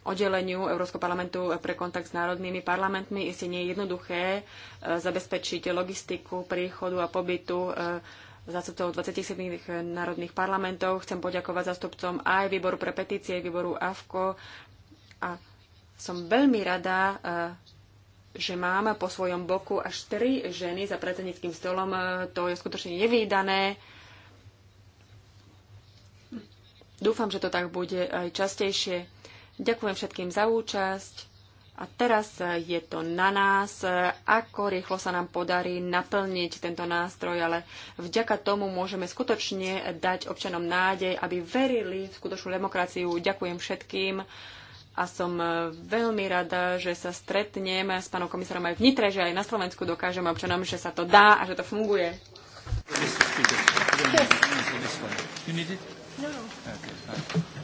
oddeleniu Európskeho parlamentu pre kontakt s národnými parlamentmi. Isté nie je jednoduché e, zabezpečiť logistiku príchodu a pobytu e, zástupcov 27 národných parlamentov. Chcem poďakovať zástupcom aj výboru pre petície, výboru AFKO a som veľmi rada e, že mám po svojom boku až tri ženy za predsedníckým stolom, e, to je skutočne nevýdané. Dúfam, že to tak bude aj častejšie. Ďakujem všetkým za účasť. A teraz je to na nás, e, ako rýchlo sa nám podarí naplniť tento nástroj, ale vďaka tomu môžeme skutočne dať občanom nádej, aby verili v skutočnú demokraciu. Ďakujem všetkým a som e, veľmi rada, že sa stretnem s pánom komisárom aj v Nitre, že aj na Slovensku dokážeme občanom, že sa to dá a že to funguje. Yes. No, no.